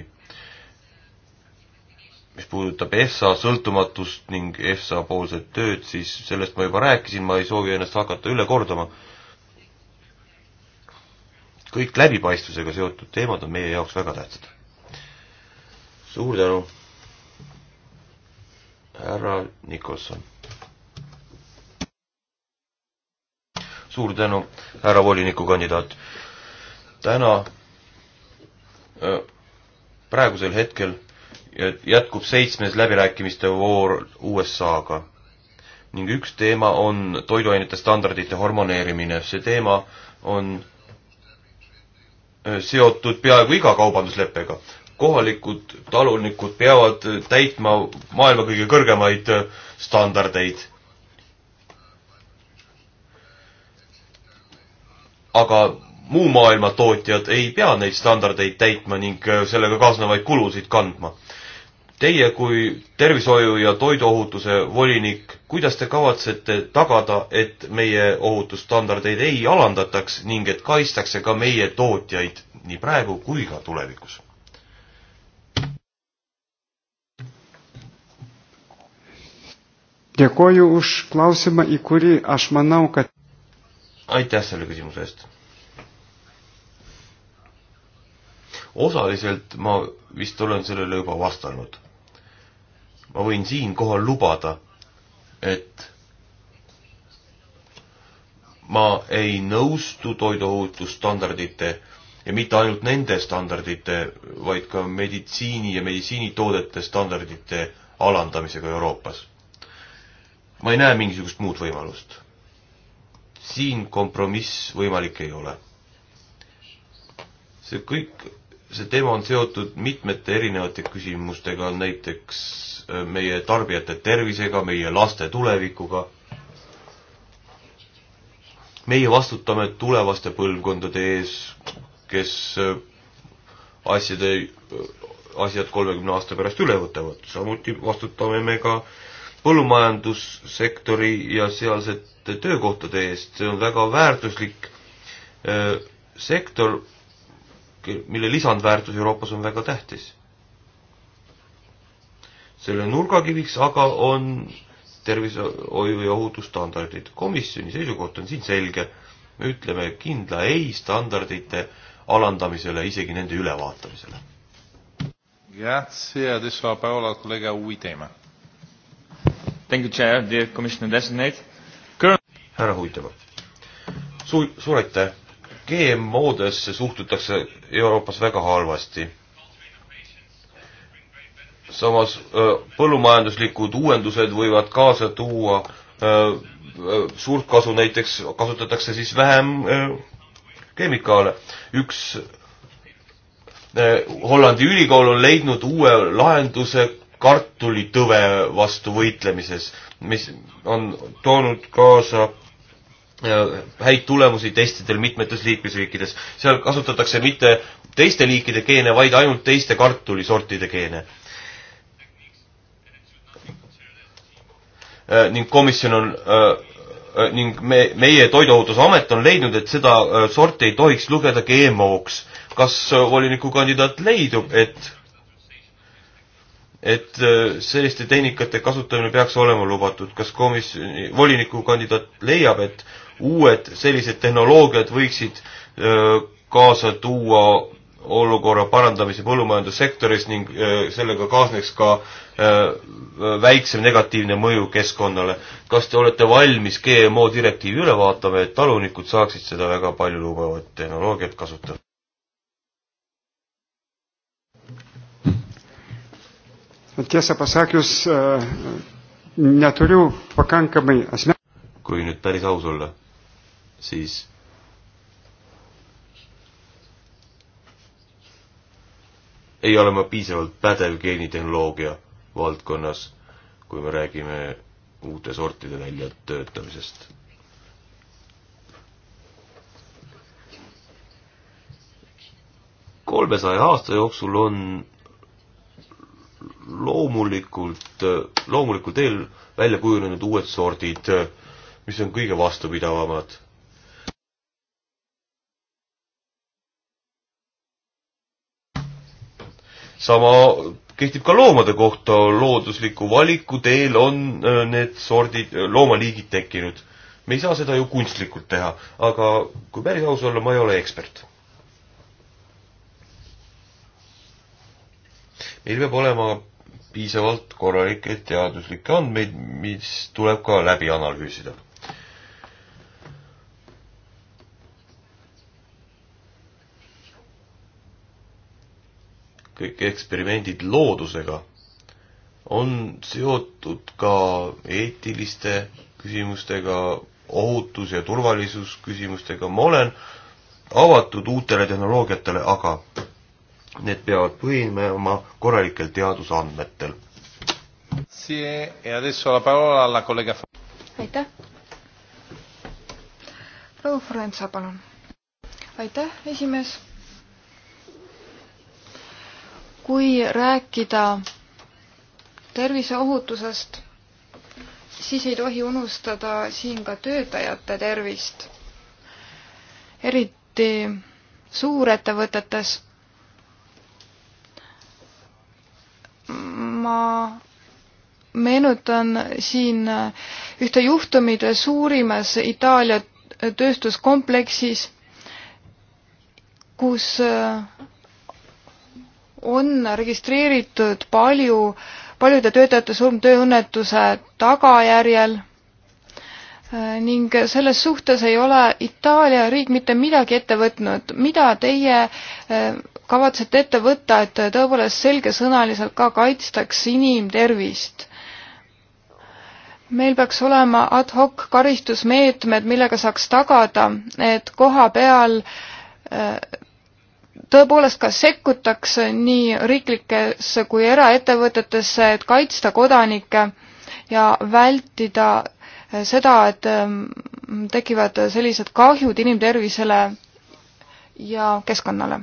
mis puudutab EFSA sõltumatust ning EFSA poolset tööd, siis sellest ma juba rääkisin, ma ei soovi ennast hakata üle kordama. kõik läbipaistvusega seotud teemad on meie jaoks väga tähtsad. suur tänu, härra Nikolson suur tänu, härra volinikukandidaat. täna, äh, praegusel hetkel jätkub seitsmes läbirääkimiste voor USA-ga ning üks teema on toiduainete standardite hormoneerimine. see teema on äh, seotud peaaegu iga kaubandusleppega. kohalikud talunikud peavad täitma maailma kõige kõrgemaid äh, standardeid aga muu maailma tootjad ei pea neid standardeid täitma ning äh, sellega kaasnevaid kulusid kandma. Teie kui tervishoiu ja toiduohutuse volinik, kuidas te kavatsete tagada, et meie ohutusstandardeid ei alandataks ning et kaitstakse ka meie tootjaid nii praegu kui ka tulevikus? Dėkoju už klausimą, į kurį aš manau, kad aitäh selle küsimuse eest. osaliselt ma vist olen sellele juba vastanud. ma võin siinkohal lubada, et ma ei nõustu toiduohutusstandardite ja mitte ainult nende standardite, vaid ka meditsiini ja meditsiinitoodete standardite alandamisega Euroopas. ma ei näe mingisugust muud võimalust siin kompromiss võimalik ei ole. see kõik, see teema on seotud mitmete erinevate küsimustega, näiteks äh, meie tarbijate tervisega, meie laste tulevikuga. meie vastutame tulevaste põlvkondade ees, kes äh, asjade, äh, asjad kolmekümne aasta pärast üle võtavad, samuti vastutame me ka põllumajandussektori ja sealset uute töökohtade eest, see on väga väärtuslik sektor, mille lisandväärtus Euroopas on väga tähtis. selle nurgakiviks aga on tervishoiu ja ohutusstandardid. komisjoni seisukoht on siin selge, me ütleme kindla ei standardite alandamisele, isegi nende ülevaatamisele. Grazie, adesso la parola al collega Uitema. Thank you, Chair, dear Commissioner Designate härra Huitova. Su-, suur aitäh! GMO-desse suhtutakse Euroopas väga halvasti. samas põllumajanduslikud uuendused võivad kaasa tuua suurt kasu, näiteks kasutatakse siis vähem kemikaale. üks Hollandi ülikool on leidnud uue lahenduse kartulitõve vastu võitlemises, mis on toonud kaasa häid tulemusi testidel mitmetes liikmesriikides. seal kasutatakse mitte teiste liikide geene, vaid ainult teiste kartulisortide geene. Äh, ning komisjon on äh, äh, ning me, meie Toiduohutusamet on leidnud, et seda sorti ei tohiks lugeda GMO-ks. kas volinikukandidaat leidub, et et selliste tehnikate kasutamine peaks olema lubatud, kas komisjoni, volinikukandidaat leiab, et uued sellised tehnoloogiad võiksid kaasa tuua olukorra parandamise põllumajandussektoris ning sellega kaasneks ka väiksem negatiivne mõju keskkonnale. kas te olete valmis GMO direktiivi üle vaatama, et talunikud saaksid seda väga palju lubavat tehnoloogiat kasutada? tiesą pasakius, e, neturiu pakankamai asme-. kui nüüd päris aus olla siis ei ole ma piisavalt pädev geenitehnoloogia valdkonnas, kui me räägime uute sortide väljatöötamisest. kolmesaja aasta jooksul on loomulikult, loomulikul teel välja kujunenud uued sordid, mis on kõige vastupidavamad sama kehtib ka loomade kohta, loodusliku valiku teel on äh, need sordid, äh, loomaliigid tekkinud. me ei saa seda ju kunstlikult teha, aga kui päris aus olla, ma ei ole ekspert. meil peab olema piisavalt korralikke teaduslikke andmeid, mis tuleb ka läbi analüüsida kõik eksperimendid loodusega on seotud ka eetiliste küsimustega, ohutus- ja turvalisusküsimustega, ma olen avatud uutele tehnoloogiatele, aga need peavad põhinema korralikel teadusandmetel. E aitäh. proua Forenza, palun. aitäh, esimees kui rääkida terviseohutusest, siis ei tohi unustada siin ka töötajate tervist. eriti suurettevõtetes. ma meenutan siin ühte juhtumit suurimas Itaalia tööstuskompleksis, kus on registreeritud palju, paljude töötajate surm tööõnnetuse tagajärjel ning selles suhtes ei ole Itaalia riik mitte midagi ette võtnud. mida teie eh, kavatsete ette võtta, et tõepoolest selgesõnaliselt ka kaitstaks inimtervist? meil peaks olema ad hoc karistusmeetmed, millega saaks tagada, et koha peal eh, tõepoolest ka sekkutakse nii riiklikesse kui eraettevõtetesse, et kaitsta kodanikke ja vältida eh, seda, et ehm, tekivad sellised kahjud inimtervisele ja keskkonnale.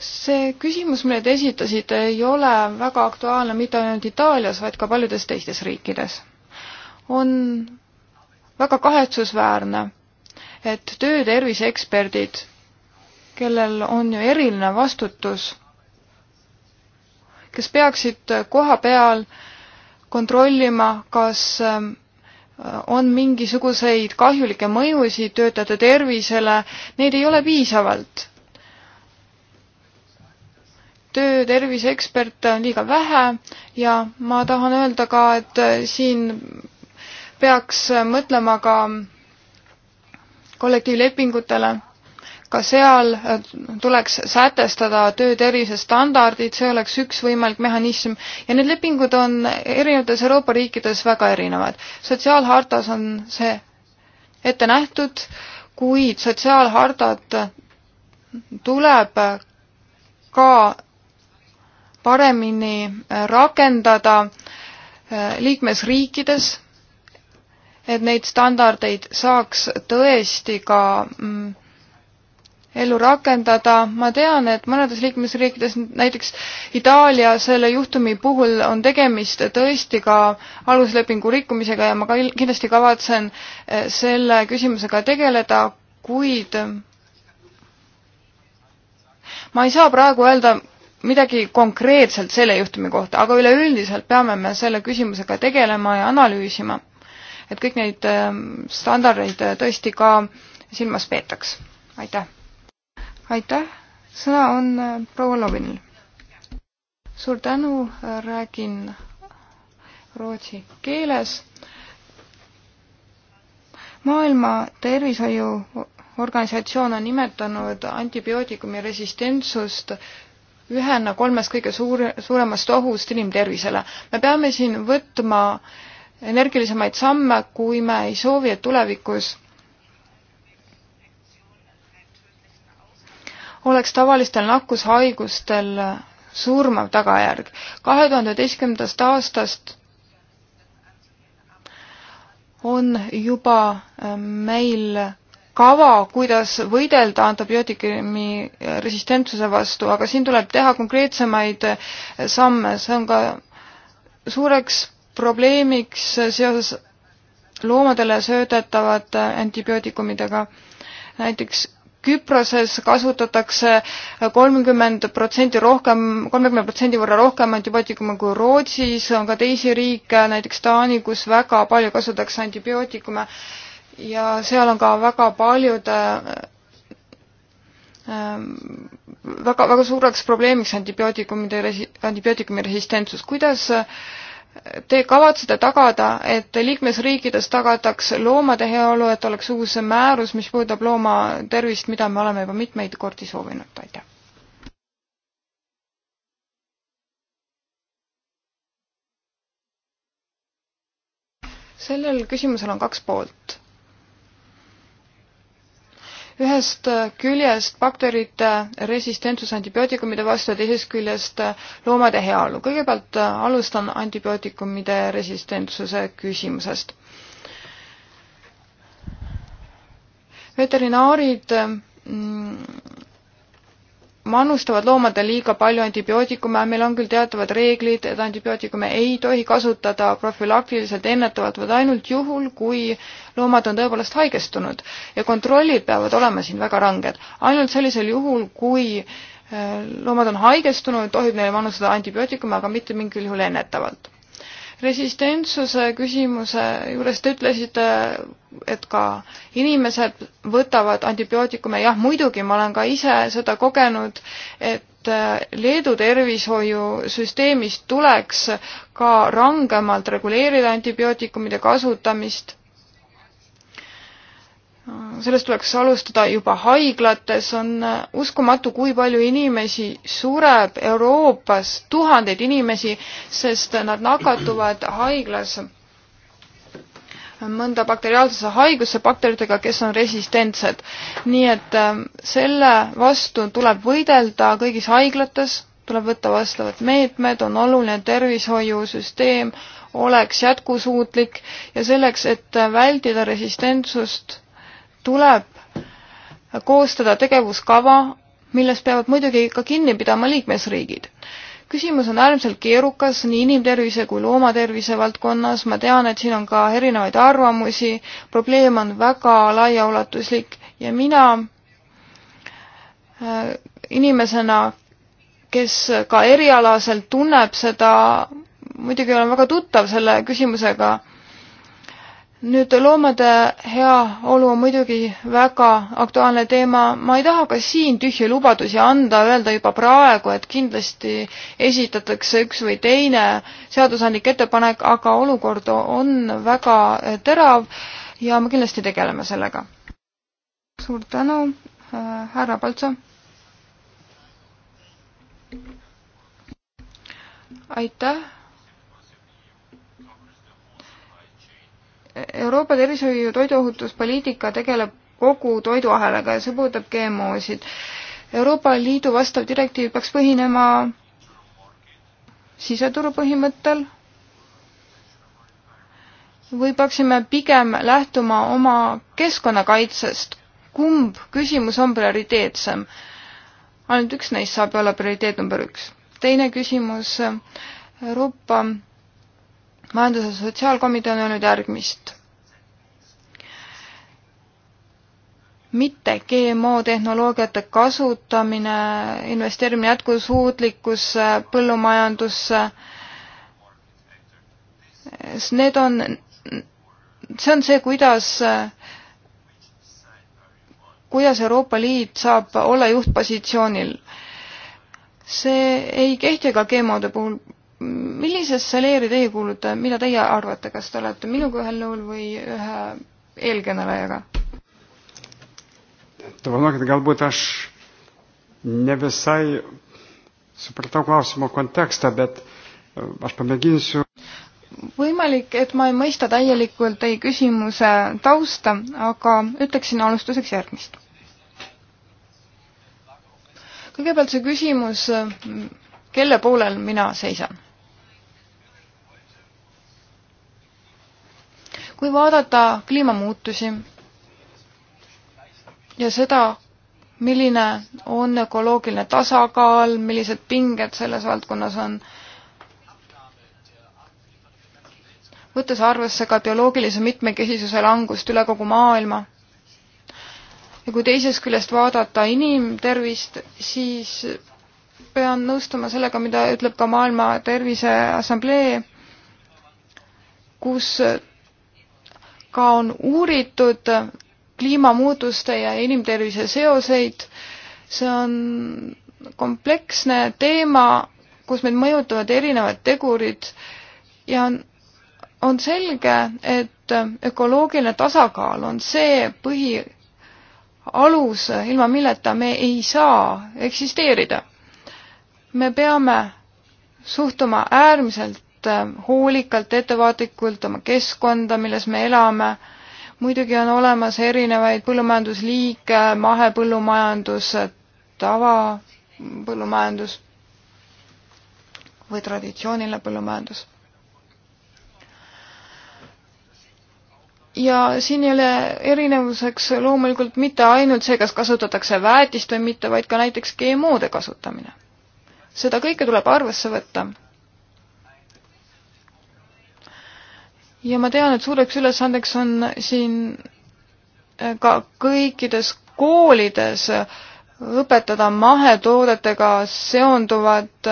see küsimus, mille te esitasite, ei ole väga aktuaalne mitte ainult Itaalias, vaid ka paljudes teistes riikides. on väga kahetsusväärne, et tööterviseeksperdid kellel on ju eriline vastutus, kes peaksid koha peal kontrollima, kas ähm, on mingisuguseid kahjulikke mõjusid töötajate tervisele, neid ei ole piisavalt. töötervise eksperte on liiga vähe ja ma tahan öelda ka, et äh, siin peaks mõtlema ka kollektiivlepingutele ka seal tuleks sätestada töötervise standardid, see oleks üks võimalik mehhanism ja need lepingud on erinevates Euroopa riikides väga erinevad. sotsiaalhartas on see ette nähtud, kuid sotsiaalhartat tuleb ka paremini rakendada liikmesriikides, et neid standardeid saaks tõesti ka mm, ellu rakendada. ma tean, et mõnedes liikmesriikides, näiteks Itaalia selle juhtumi puhul on tegemist tõesti ka aluslepingu rikkumisega ja ma ka kindlasti kavatsen eh, selle küsimusega tegeleda, kuid ma ei saa praegu öelda midagi konkreetselt selle juhtumi kohta, aga üleüldiselt peame me selle küsimusega tegelema ja analüüsima, et kõik neid eh, standardeid tõesti ka silmas peetaks. aitäh! aitäh, sõna on äh, proua Lovinil. suur tänu, äh, räägin rootsi keeles. maailma Tervishoiuorganisatsioon on nimetanud antibiootikumi resistentsust ühena kolmest kõige suur, suuremast ohust inimtervisele. me peame siin võtma energilisemaid samme, kui me ei soovi, et tulevikus oleks tavalistel nakkushaigustel surmav tagajärg. kahe tuhande üheteistkümnendast aastast on juba äh, meil kava, kuidas võidelda antibiootikumi resistentsuse vastu, aga siin tuleb teha konkreetsemaid äh, samme, see on ka suureks probleemiks äh, seoses loomadele söödetavate antibiootikumidega. näiteks Küproses kasutatakse kolmkümmend protsenti rohkem, kolmekümne protsendi võrra rohkem antibiootikume kui Rootsis, on ka teisi riike, näiteks Taani, kus väga palju kasutatakse antibiootikume ja seal on ka väga paljude ähm, väga, väga suureks probleemiks antibiootikumide, antibiootikumi resistentsus. kuidas äh, Te kavatsete tagada, et liikmesriikides tagataks loomade heaolu, et oleks uus määrus, mis puudutab looma tervist, mida me oleme juba mitmeid kordi soovinud, aitäh. sellel küsimusel on kaks poolt ühest küljest bakterite resistentsus antibiootikumide vastu ja teisest küljest loomade heaolu. kõigepealt alustan antibiootikumide resistentsuse küsimusest. veterinaarid mm, manustavad loomadele liiga palju antibiootikume, meil on küll teatavad reeglid, et antibiootikume ei tohi kasutada profülaktiliselt ennetavalt, vaid ainult juhul, kui loomad on tõepoolest haigestunud. ja kontrollid peavad olema siin väga ranged. ainult sellisel juhul, kui äh, loomad on haigestunud, tohib neile manustada antibiootikume, aga mitte mingil juhul ennetavalt resistentsuse küsimuse juures te ütlesite, et ka inimesed võtavad antibiootikume, jah, muidugi, ma olen ka ise seda kogenud, et äh, Leedu tervishoiusüsteemis tuleks ka rangemalt reguleerida antibiootikumide kasutamist sellest tuleks alustada juba haiglates, on uskumatu, kui palju inimesi sureb Euroopas, tuhandeid inimesi, sest nad nakatuvad haiglas mõnda bakteriaalsesse haigusse bakteritega, kes on resistentsed. nii et ähm, selle vastu tuleb võidelda kõigis haiglates, tuleb võtta vastavad meetmed, on oluline tervishoiusüsteem oleks jätkusuutlik ja selleks, et vältida resistentsust tuleb koostada tegevuskava, millest peavad muidugi ka kinni pidama liikmesriigid. küsimus on äärmiselt keerukas nii inimtervise kui loomatervise valdkonnas, ma tean, et siin on ka erinevaid arvamusi, probleem on väga laiaulatuslik ja mina äh, inimesena, kes ka erialaselt tunneb seda, muidugi olen väga tuttav selle küsimusega nüüd loomade heaolu on muidugi väga aktuaalne teema, ma ei taha ka siin tühje lubadusi anda, öelda juba praegu, et kindlasti esitatakse üks või teine seadusandlik ettepanek, aga olukord on väga terav ja me kindlasti tegeleme sellega. suur tänu, härra Paltso. aitäh Euroopa tervishoiu ja toiduohutuspoliitika tegeleb kogu toiduahelaga ja see puudutab GMO-sid. Euroopa Liidu vastav direktiiv peaks põhinema siseturu põhimõttel või peaksime pigem lähtuma oma keskkonnakaitsest, kumb küsimus on prioriteetsem? ainult üks neist saab olla prioriteet number üks. teine küsimus, Euroopa majandus- ja sotsiaalkomitee on öelnud järgmist. mitte GMO tehnoloogiate kasutamine, investeerimine jätkusuutlikkusse, põllumajandusse, need on, see on see, kuidas kuidas Euroopa Liit saab olla juhtpositsioonil. see ei kehti ka GMO-de puhul millisesse leeri teie kuulute, mida teie arvate, kas te olete minuga ühel nõul või ühe eelkõnelejaga? Dovanokit, galbūt aš ne visai supratau klausimo kontekstą, bet e, aš pamėginsiu. Võimalik, et ma ei mõista täielikult teie küsimuse tausta, aga ütleksin alustuseks järgmist. kõigepealt see küsimus, kelle poolel mina seisan kui vaadata kliimamuutusi ja seda, milline on ökoloogiline tasakaal, millised pinged selles valdkonnas on, võttes arvesse ka bioloogilise mitmekesisuse langust üle kogu maailma. ja kui teisest küljest vaadata inimtervist, siis pean nõustuma sellega, mida ütleb ka Maailma Terviseassamblee, kus ka on uuritud kliimamuutuste ja inimtervise seoseid. see on kompleksne teema, kus meid mõjutavad erinevad tegurid ja on, on selge, et ökoloogiline tasakaal on see põhialus, ilma milleta me ei saa eksisteerida. me peame suhtuma äärmiselt Äh, hoolikalt, ettevaatlikult oma keskkonda, milles me elame. muidugi on olemas erinevaid põllumajandusliike, mahepõllumajandus, tavapõllumajandus või traditsiooniline põllumajandus. ja siin ei ole erinevuseks loomulikult mitte ainult see, kas kasutatakse väetist või mitte, vaid ka näiteks GMO-de kasutamine. seda kõike tuleb arvesse võtta ja ma tean, et suureks ülesandeks on siin äh, ka kõikides koolides õpetada mahetoodetega seonduvat,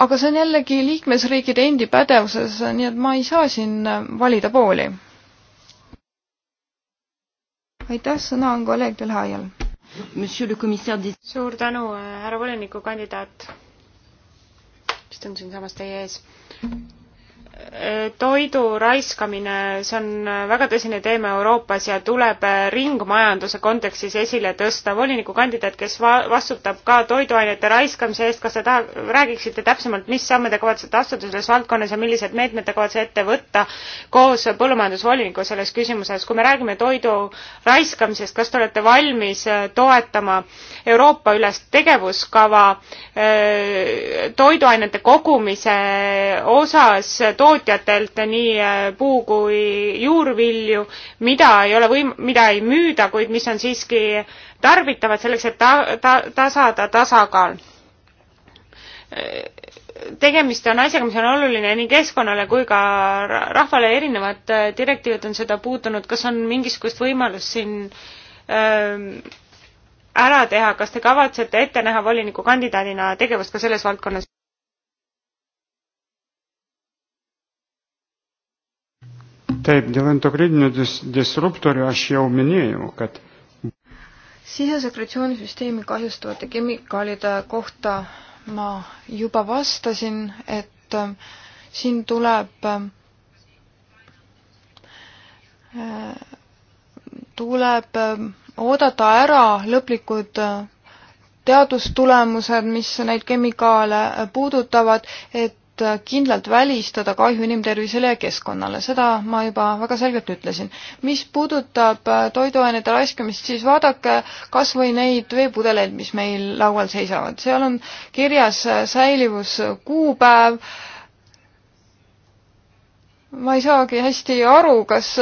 aga see on jällegi liikmesriikide endi pädevuses, nii et ma ei saa siin äh, valida pooli. aitäh, sõna on kolleeg Delhaial. suur tänu, äh, härra volinikukandidaat. istun siinsamas teie ees toidu raiskamine, see on väga tõsine teema Euroopas ja tuleb ringmajanduse kontekstis esile tõsta. volinikukandidaat, kes va-, vastutab ka toiduainete raiskamise eest, kas te taha-, räägiksite täpsemalt, mis samme te kavatsete astuda selles valdkonnas ja millised meetmed te kavatsete ette võtta koos põllumajandusvoliniku selles küsimuses? kui me räägime toidu raiskamisest, kas te olete valmis äh, toetama Euroopa üles tegevuskava äh, toiduainete kogumise osas, tootjatelt nii äh, puu kui juurvilju, mida ei ole võim-, mida ei müüda, kuid mis on siiski tarbitavad selleks, et ta-, ta-, tasada tasakaal tegemist on asjaga, mis on oluline nii keskkonnale kui ka rahvale, erinevad äh, direktiivid on seda puutunud, kas on mingisugust võimalust siin ähm, ära teha, kas te kavatsete ette näha volinikukandidaadina tegevust ka selles valdkonnas? Taip, dėl endokrininių dis disruptorių aš jau minėjau, kad sisesekretsioonisüsteemi kahjustavate kemikaalide kohta ma juba vastasin, et äh, siin tuleb äh, tuleb äh, oodata ära lõplikud teadustulemused, mis neid kemikaale puudutavad, et et kindlalt välistada kahju inimtervisele ja keskkonnale, seda ma juba väga selgelt ütlesin. mis puudutab äh, toiduainete raiskamist, siis vaadake kas või neid veepudeleid, mis meil laual seisavad, seal on kirjas äh, säilivuskuupäev, äh, ma ei saagi hästi aru, kas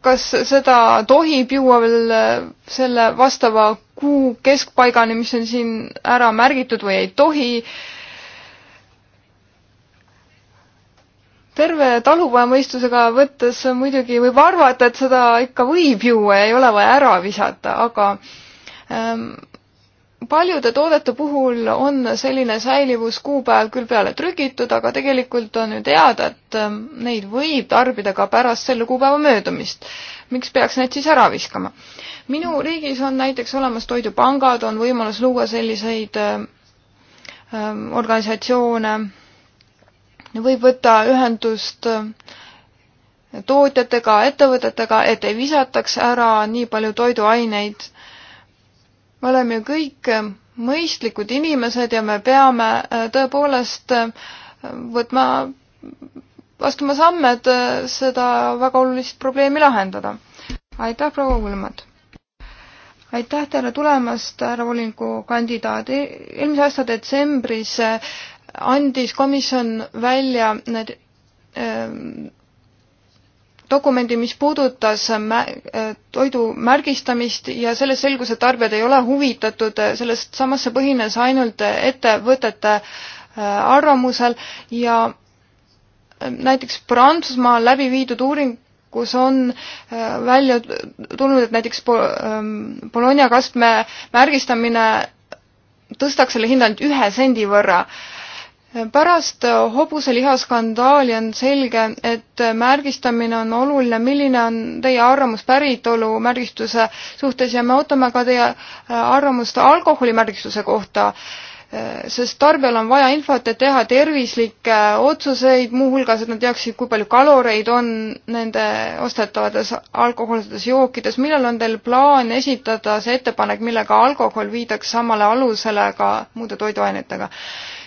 kas seda tohib juua veel selle vastava kuu keskpaigani, mis on siin ära märgitud või ei tohi äh, terve talupojamõistusega võttes muidugi võib arvata, et seda ikka võib juua ja ei ole vaja ära visata, aga ähm, paljude toodete puhul on selline säilivuskuupäev küll peale trükitud, aga tegelikult on ju teada, et ähm, neid võib tarbida ka pärast selle kuupäeva möödumist. miks peaks need siis ära viskama? minu riigis on näiteks olemas toidupangad, on võimalus luua selliseid ähm, ähm organisatsioone võib võtta ühendust äh, tootjatega, ettevõtetega, et ei visataks ära nii palju toiduaineid. me oleme ju kõik äh, mõistlikud inimesed ja me peame äh, tõepoolest võtma, astuma samme, et seda väga olulist probleemi lahendada. aitäh, proua Kulmat! aitäh teile tulemast, härra voliniku kandidaat. eelmise aasta detsembris andis komisjon välja need ähm, dokumendi, mis puudutas äh, toidu märgistamist ja selles selgus, et tarbijad ei ole huvitatud äh, sellest, samas see põhines ainult ettevõtete äh, arvamusel ja näiteks Prantsusmaal läbi viidud uuringus on välja tulnud, et näiteks ähm, Bologna kastme märgistamine tõstaks selle hinda ainult ühe sendi võrra pärast hobuselihaskandaali on selge, et märgistamine on oluline, milline on teie arvamus päritolu märgistuse suhtes ja me ootame ka teie arvamust alkoholimärgistuse kohta, sest tarbijal on vaja infot, et teha tervislikke otsuseid, muuhulgas, et nad teaksid, kui palju kaloreid on nende ostetavates alkohoolsetes jookides. millal on teil plaan esitada see ettepanek, millega alkohol viidaks samale alusele ka muude toiduainetega?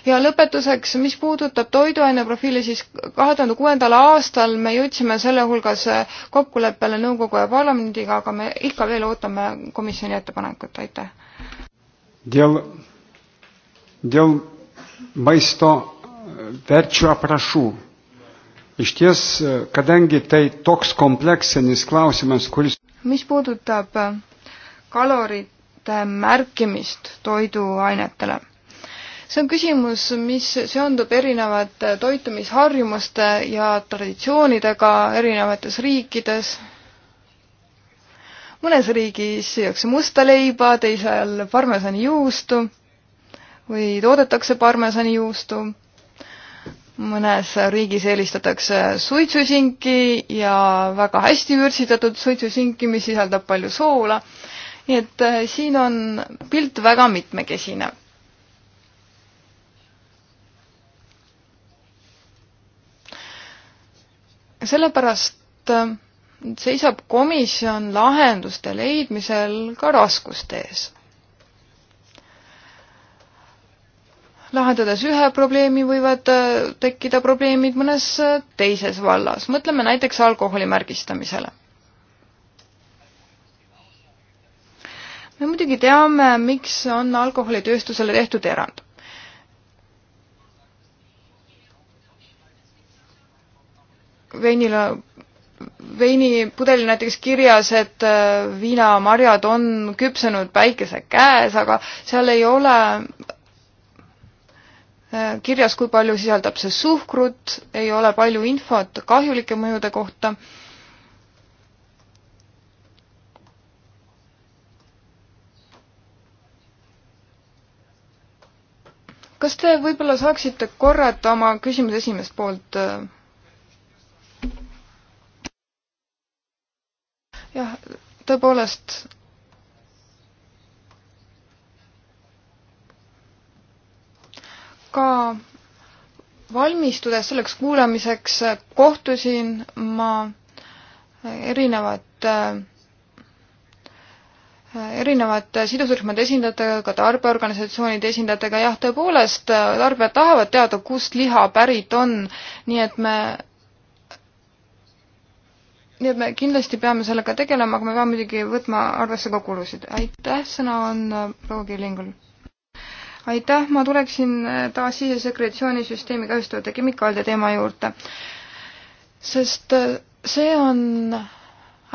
ja lõpetuseks, mis puudutab toiduaineprofiili, siis kahe tuhande kuuendal aastal me jõudsime selle hulgas kokkuleppele nõukogu ja parlamendiga, aga me ikka veel ootame komisjoni ettepanekut, aitäh. Dėl, dėl maisto verčių aprašų. Iš ties, kadangi tai toks kompleksinis klausimas, kuris. mis puudutab kalorite märkimist toiduainetele see on küsimus, mis seondub erinevate toitumisharjumuste ja traditsioonidega erinevates riikides. mõnes riigis süüakse musta leiba, teisel parmesanijuustu või toodetakse parmesanijuustu. mõnes riigis eelistatakse suitsusinki ja väga hästi vürtsitatud suitsusinki, mis sisaldab palju soola. nii et äh, siin on pilt väga mitmekesine sellepärast äh, seisab komisjon lahenduste leidmisel ka raskuste ees. lahendades ühe probleemi, võivad äh, tekkida probleemid mõnes äh, teises vallas. mõtleme näiteks alkoholi märgistamisele. me muidugi teame, miks on alkoholitööstusele tehtud erand. veinile veinipudelil näiteks kirjas, et äh, viinamarjad on küpsenud päikese käes, aga seal ei ole äh, kirjas, kui palju sisaldab see suhkrut, ei ole palju infot kahjulike mõjude kohta. kas te võib-olla saaksite korrata oma küsimuse esimest poolt äh, jah, tõepoolest ka valmistudes selleks kuulamiseks kohtusin ma erinevate erinevate sidusrühmade esindajatega, ka tarbijaorganisatsioonide esindajatega, jah, tõepoolest, tarbijad tahavad teada, kust liha pärit on, nii et me nii et me kindlasti peame sellega tegelema, aga me peame muidugi võtma arvesse ka kulusid. aitäh, sõna on äh, proua Kiilingul. aitäh, ma tuleksin äh, taas sisesekretsioonisüsteemi kahjustavate kemikaalide teema juurde, sest äh, see on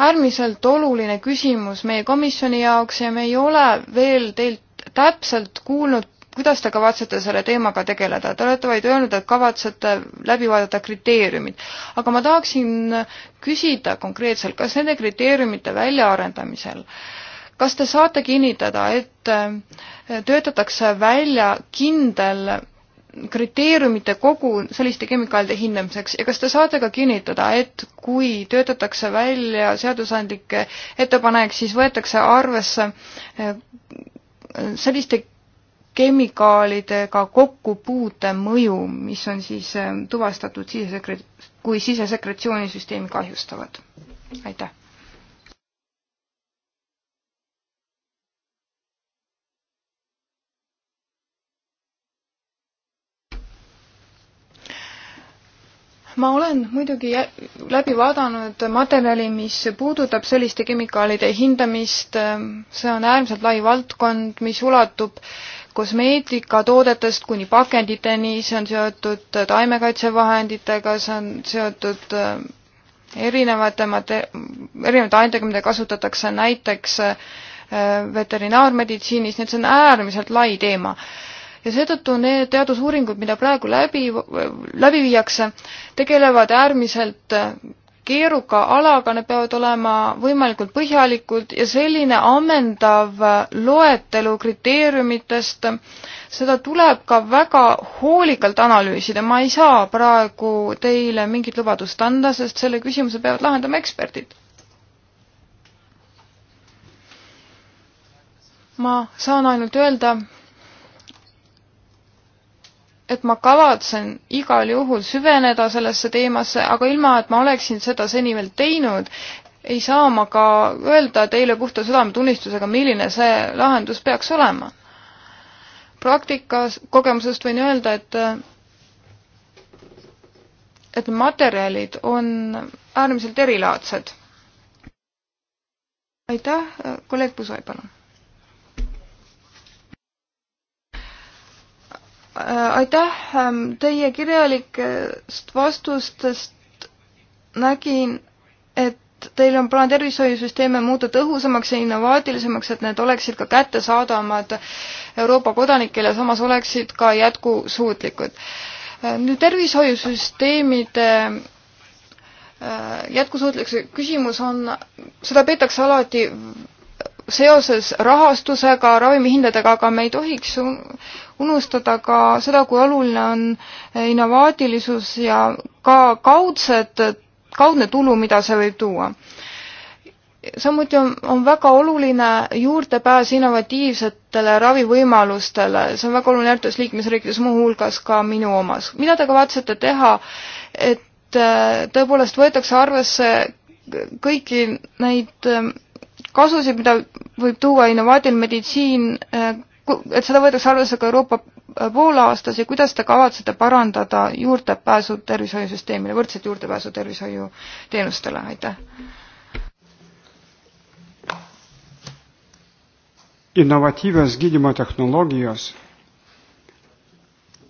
äärmiselt oluline küsimus meie komisjoni jaoks ja me ei ole veel teilt täpselt kuulnud kuidas te kavatsete selle teemaga tegeleda? Te olete vaid öelnud, et kavatsete läbi vaadata kriteeriumid. aga ma tahaksin küsida konkreetselt, kas nende kriteeriumite väljaarendamisel kas te saate kinnitada, et äh, töötatakse välja kindel kriteeriumite kogu selliste kemikaalide hindamiseks ja kas te saate ka kinnitada, et kui töötatakse välja seadusandlik ettepanek, siis võetakse arvesse äh, selliste kemikaalidega kokkupuute mõju, mis on siis eh, tuvastatud sisesekret-, kui sisesekretsioonisüsteemi kahjustavad. aitäh! ma olen muidugi läbi vaadanud materjali, mis puudutab selliste kemikaalide hindamist, see on äärmiselt lai valdkond, mis ulatub äh, kosmeetikatoodetest kuni pakenditeni, see on seotud taimekaitsevahenditega, see on seotud äh, erinevate mate-, erinevate ainetega, mida kasutatakse näiteks äh, veterinaarmeditsiinis, nii et see on äärmiselt lai teema. ja seetõttu need teadusuuringud, mida praegu läbi, läbi viiakse, tegelevad äärmiselt äh, keeruka alaga, need peavad olema võimalikult põhjalikud ja selline ammendav loetelu kriteeriumitest, seda tuleb ka väga hoolikalt analüüsida, ma ei saa praegu teile mingit lubadust anda, sest selle küsimuse peavad lahendama eksperdid. ma saan ainult öelda, et ma kavatsen igal juhul süveneda sellesse teemasse, aga ilma, et ma oleksin seda seni veel teinud, ei saa ma ka öelda teile puhta südametunnistusega, milline see lahendus peaks olema. praktikas, kogemusest võin öelda, et et materjalid on äärmiselt erilaadsed. aitäh, kolleeg Pusoi, palun Äh, aitäh, ähm, teie kirjalikest vastustest nägin, et teil on plaan tervishoiusüsteeme muuta tõhusamaks ja innovaatilisemaks, et need oleksid ka kättesaadavamad Euroopa kodanikele, samas oleksid ka jätkusuutlikud. Äh, nüüd tervishoiusüsteemide äh, jätkusuutlikkuse küsimus on, seda peetakse alati seoses rahastusega, ravimihindadega, aga me ei tohiks unustada ka seda, kui oluline on innovaatilisus ja ka kaudsed, kaudne tulu, mida see võib tuua. samuti on, on väga oluline juurdepääs innovatiivsetele ravivõimalustele, see on väga oluline järgmistes liikmesriikides, muuhulgas ka minu omas. mida te kavatsete teha, et äh, tõepoolest võetakse arvesse kõiki neid äh, kasusid, mida võib tuua innovaatiline meditsiin äh, et seda võetakse arvesse ka Euroopa äh, poolaastas ja kuidas te kavatsete parandada juurdepääsu tervishoiusüsteemile, võrdset juurdepääsu tervishoiuteenustele, aitäh! Innovatyvios gydymo technologijos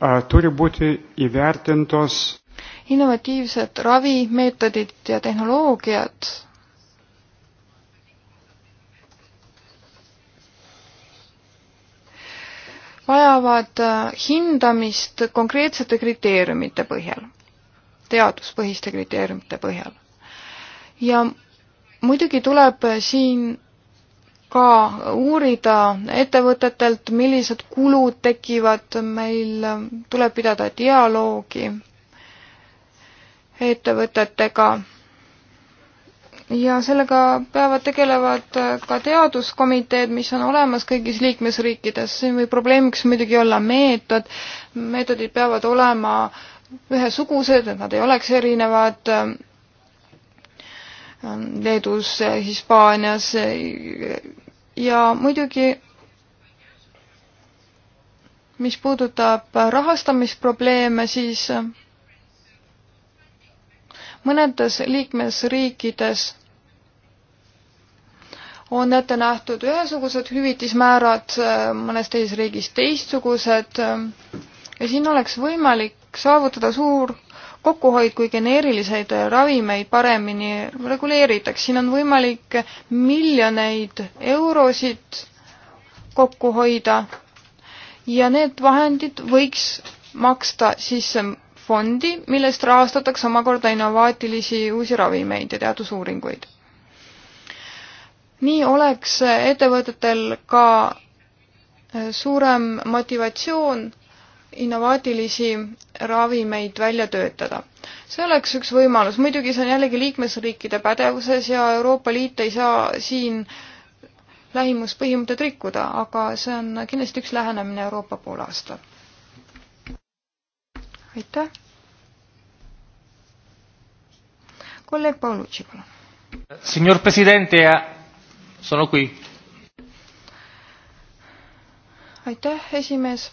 e, turi būti įvertintos innovatiivsed ravimeetodid ja tehnoloogiad vajavad äh, hindamist konkreetsete kriteeriumite põhjal, teaduspõhiste kriteeriumite põhjal. ja muidugi tuleb äh, siin ka uurida ettevõtetelt, millised kulud tekivad, meil äh, tuleb pidada dialoogi ettevõtetega ja sellega peavad tegelevad äh, ka teaduskomiteed, mis on olemas kõigis liikmesriikides või probleemiks muidugi olla meetod, meetodid peavad olema ühesugused, et nad ei oleks erinevad äh, Leedus, Hispaanias äh, ja muidugi mis puudutab rahastamisprobleeme, siis mõnedes liikmesriikides on ette nähtud ühesugused hüvitismäärad, äh, mõnes teises riigis teistsugused ja siin oleks võimalik saavutada suur kokkuhoid, kui geneeriliseid ravimeid paremini reguleeritaks. siin on võimalik miljoneid eurosid kokku hoida ja need vahendid võiks maksta sisse fondi, millest rahastatakse omakorda innovaatilisi uusi ravimeid ja teadusuuringuid nii oleks ettevõtetel ka äh, suurem motivatsioon innovaatilisi ravimeid välja töötada. see oleks üks võimalus, muidugi see on jällegi liikmesriikide pädevuses ja Euroopa Liit ei saa siin lähimuspõhimõtteid rikkuda, aga see on kindlasti üks lähenemine Euroopa poolaastal. aitäh. kolleeg Paulucci, palun. Signor Presidente ja Sono qui. aitäh, esimees.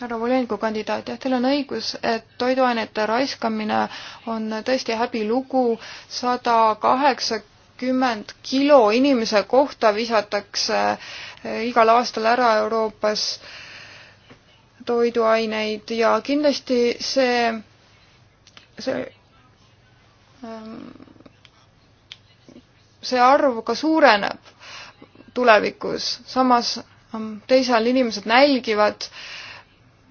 härra Volenko kandidaat, jah, teil on õigus, et toiduainete raiskamine on tõesti häbilugu, sada kaheksakümmend kilo inimese kohta visatakse eh, igal aastal ära Euroopas toiduaineid ja kindlasti see, see ähm, see arv ka suureneb tulevikus, samas ähm, teisal inimesed nälgivad,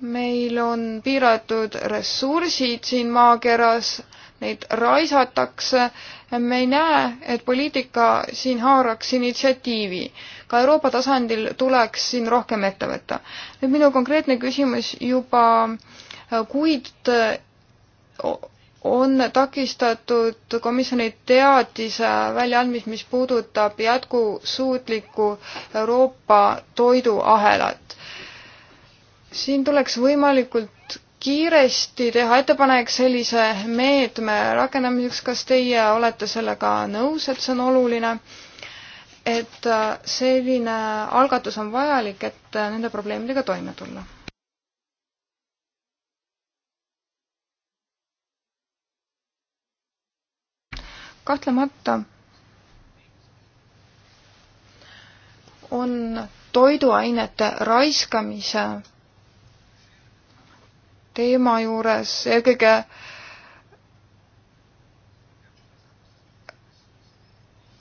meil on piiratud ressursid siin maakeras, neid raisatakse, me ei näe, et poliitika siin haaraks initsiatiivi. ka Euroopa tasandil tuleks siin rohkem ette võtta. nüüd minu konkreetne küsimus juba äh, kuid äh, on takistatud komisjoni teadise väljaandmist, mis puudutab jätkusuutlikku Euroopa toiduahelat. siin tuleks võimalikult kiiresti teha ettepanek sellise meetme rakendamiseks, kas teie olete sellega nõus, et see on oluline? et selline algatus on vajalik, et nende probleemidega toime tulla kahtlemata on toiduainete raiskamise teema juures eelkõige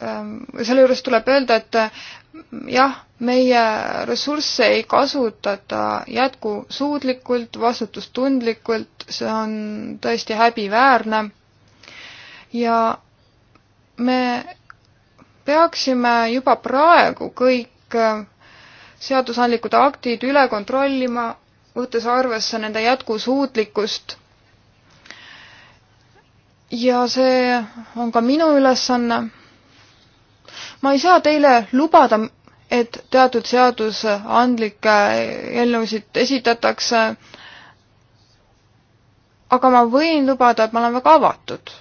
ähm, selle juures tuleb öelda, et äh, jah, meie ressursse ei kasutata jätkusuutlikult, vastutustundlikult, see on tõesti häbiväärne ja me peaksime juba praegu kõik äh, seadusandlikud aktid üle kontrollima, võttes arvesse nende jätkusuutlikkust. ja see on ka minu ülesanne. ma ei saa teile lubada, et teatud seadusandlikke eelnõusid esitatakse, aga ma võin lubada, et ma olen väga avatud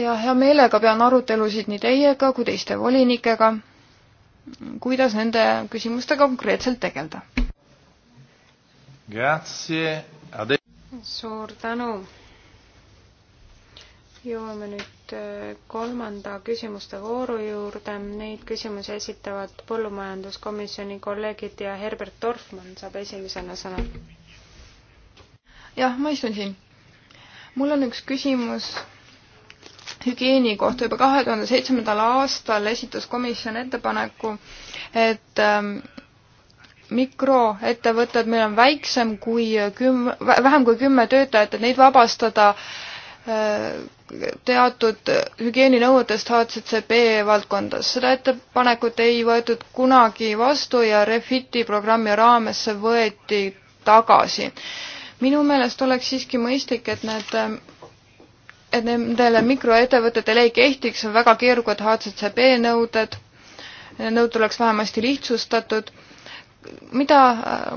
ja hea meelega pean arutelusid nii teiega kui teiste volinikega, kuidas nende küsimustega konkreetselt tegeleda. suur tänu. jõuame nüüd äh, kolmanda küsimuste vooru juurde. Neid küsimusi esitavad põllumajanduskomisjoni kolleegid ja Herbert Dorfmann saab esimesena sõna. jah, ma istun siin. mul on üks küsimus hügieeni kohta juba kahe tuhande seitsmendal aastal esitas komisjon ettepaneku, et ähm, mikroettevõtted, meil on väiksem kui küm-, vähem kui kümme töötajat, et neid vabastada äh, teatud hügieeninõuetest HCCP valdkondas. seda ettepanekut ei võetud kunagi vastu ja Refiti programmi raames see võeti tagasi. minu meelest oleks siiski mõistlik, et need ähm, et nendele mikroettevõtetele ei kehtiks väga keerukad HCCB nõuded, nõud tuleks vähemasti lihtsustatud. mida,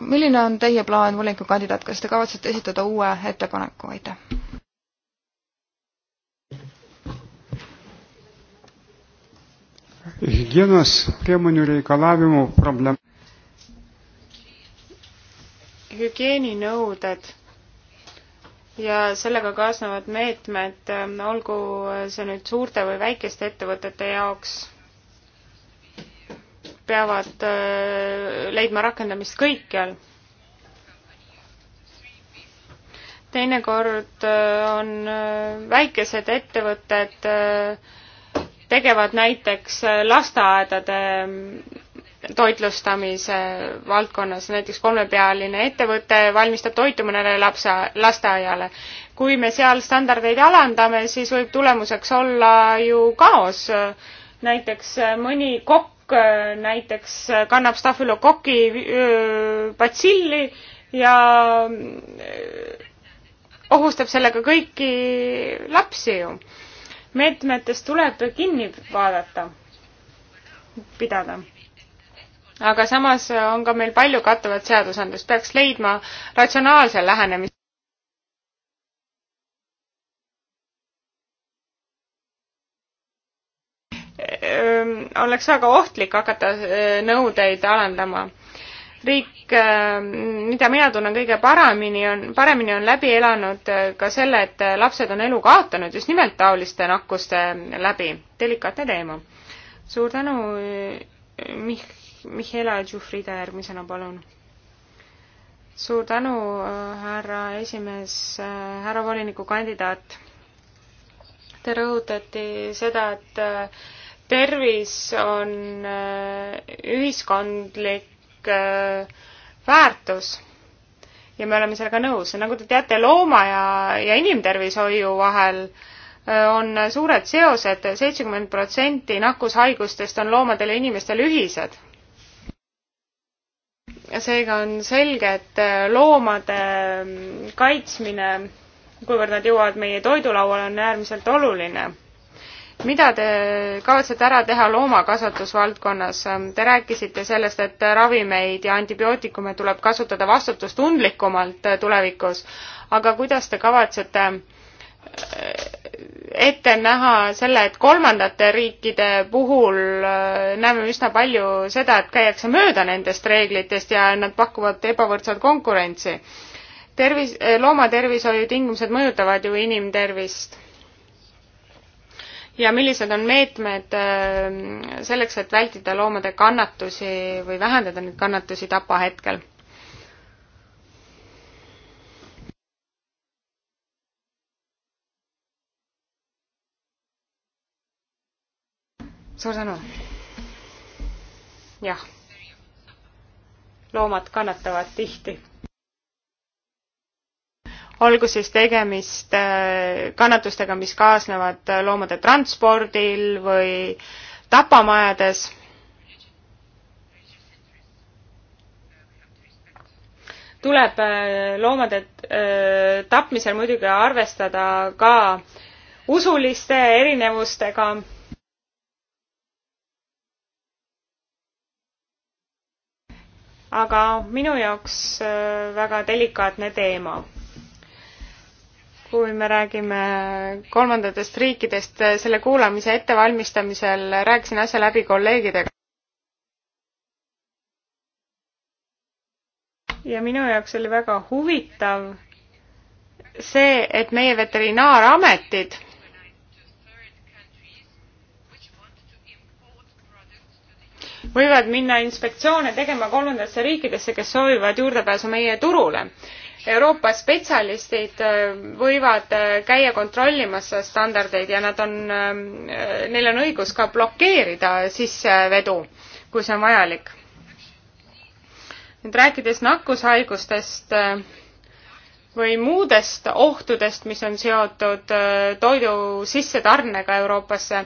milline on teie plaan, volinikukandidaat, kas te kavatsete esitada uue ettepaneku, aitäh? higienos priemonių reikalavimų problema. hügieeninõuded ja sellega kaasnevad meetmed, olgu see nüüd suurte või väikeste ettevõtete jaoks, peavad äh, leidma rakendamist kõikjal. teinekord äh, on äh, väikesed ettevõtted tegevad näiteks lasteaedade toitlustamise valdkonnas, näiteks kolmepealine ettevõte valmistab toitu mõnele lapse, lasteaiale. kui me seal standardeid alandame, siis võib tulemuseks olla ju kaos. näiteks mõni kokk näiteks kannab stafylokoki patsilli ja ohustab sellega kõiki lapsi ju. meetmetest tuleb kinni vaadata, pidada aga samas on ka meil palju kattuvat seadusandlust, peaks leidma ratsionaalse lähenemise. Ehm, oleks väga ohtlik hakata ehm, nõudeid alandama. riik, ehm, mida mina tunnen kõige paremini, on, paremini on läbi elanud ka selle, et lapsed on elu kaotanud just nimelt taoliste nakkuste läbi. delikaatne teema. suur tänu, Mihh Mihhaila Džufrida järgmisena, palun. suur tänu, äh, härra esimees, äh, härra volinikukandidaat. Te rõhutati seda, et äh, tervis on ühiskondlik väärtus ja me oleme sellega nõus. nagu te teate, looma ja, ja inimtervishoiu vahel on suured seosed, seitsekümmend protsenti nakkushaigustest on loomadel ja inimestel ühised ja seega on selge, et äh, loomade mm, kaitsmine, kuivõrd nad jõuavad meie toidulauale, on äärmiselt oluline. mida te kavatsete ära teha loomakasvatusvaldkonnas? Ähm, te rääkisite sellest, et ravimeid ja antibiootikume tuleb kasutada vastutustundlikumalt äh, tulevikus, aga kuidas te kavatsete äh, ette näha selle, et kolmandate riikide puhul äh, näeme üsna palju seda, et käiakse mööda nendest reeglitest ja nad pakuvad ebavõrdset konkurentsi. tervis, äh, loomatervishoiutingimused mõjutavad ju inimtervist. ja millised on meetmed äh, selleks, et vältida loomade kannatusi või vähendada neid kannatusi tapahetkel? suur tänu. jah. loomad kannatavad tihti. olgu siis tegemist äh, kannatustega, mis kaasnevad loomade transpordil või tapamajades tuleb äh, loomade äh, tapmisel muidugi arvestada ka usuliste erinevustega aga minu jaoks äh, väga delikaatne teema. kui me räägime kolmandatest riikidest, äh, selle kuulamise ettevalmistamisel äh, rääkisin asja läbi kolleegidega. ja minu jaoks oli väga huvitav see, et meie veterinaarametid võivad minna inspektsioone tegema kolmandatesse riikidesse, kes soovivad juurdepääsu meie turule. Euroopa spetsialistid äh, võivad äh, käia kontrollimas standardeid ja nad on, äh, neil on õigus ka blokeerida sissevedu, kui see on vajalik. nüüd rääkides nakkushaigustest või muudest ohtudest, mis on seotud toidu sissetarnega Euroopasse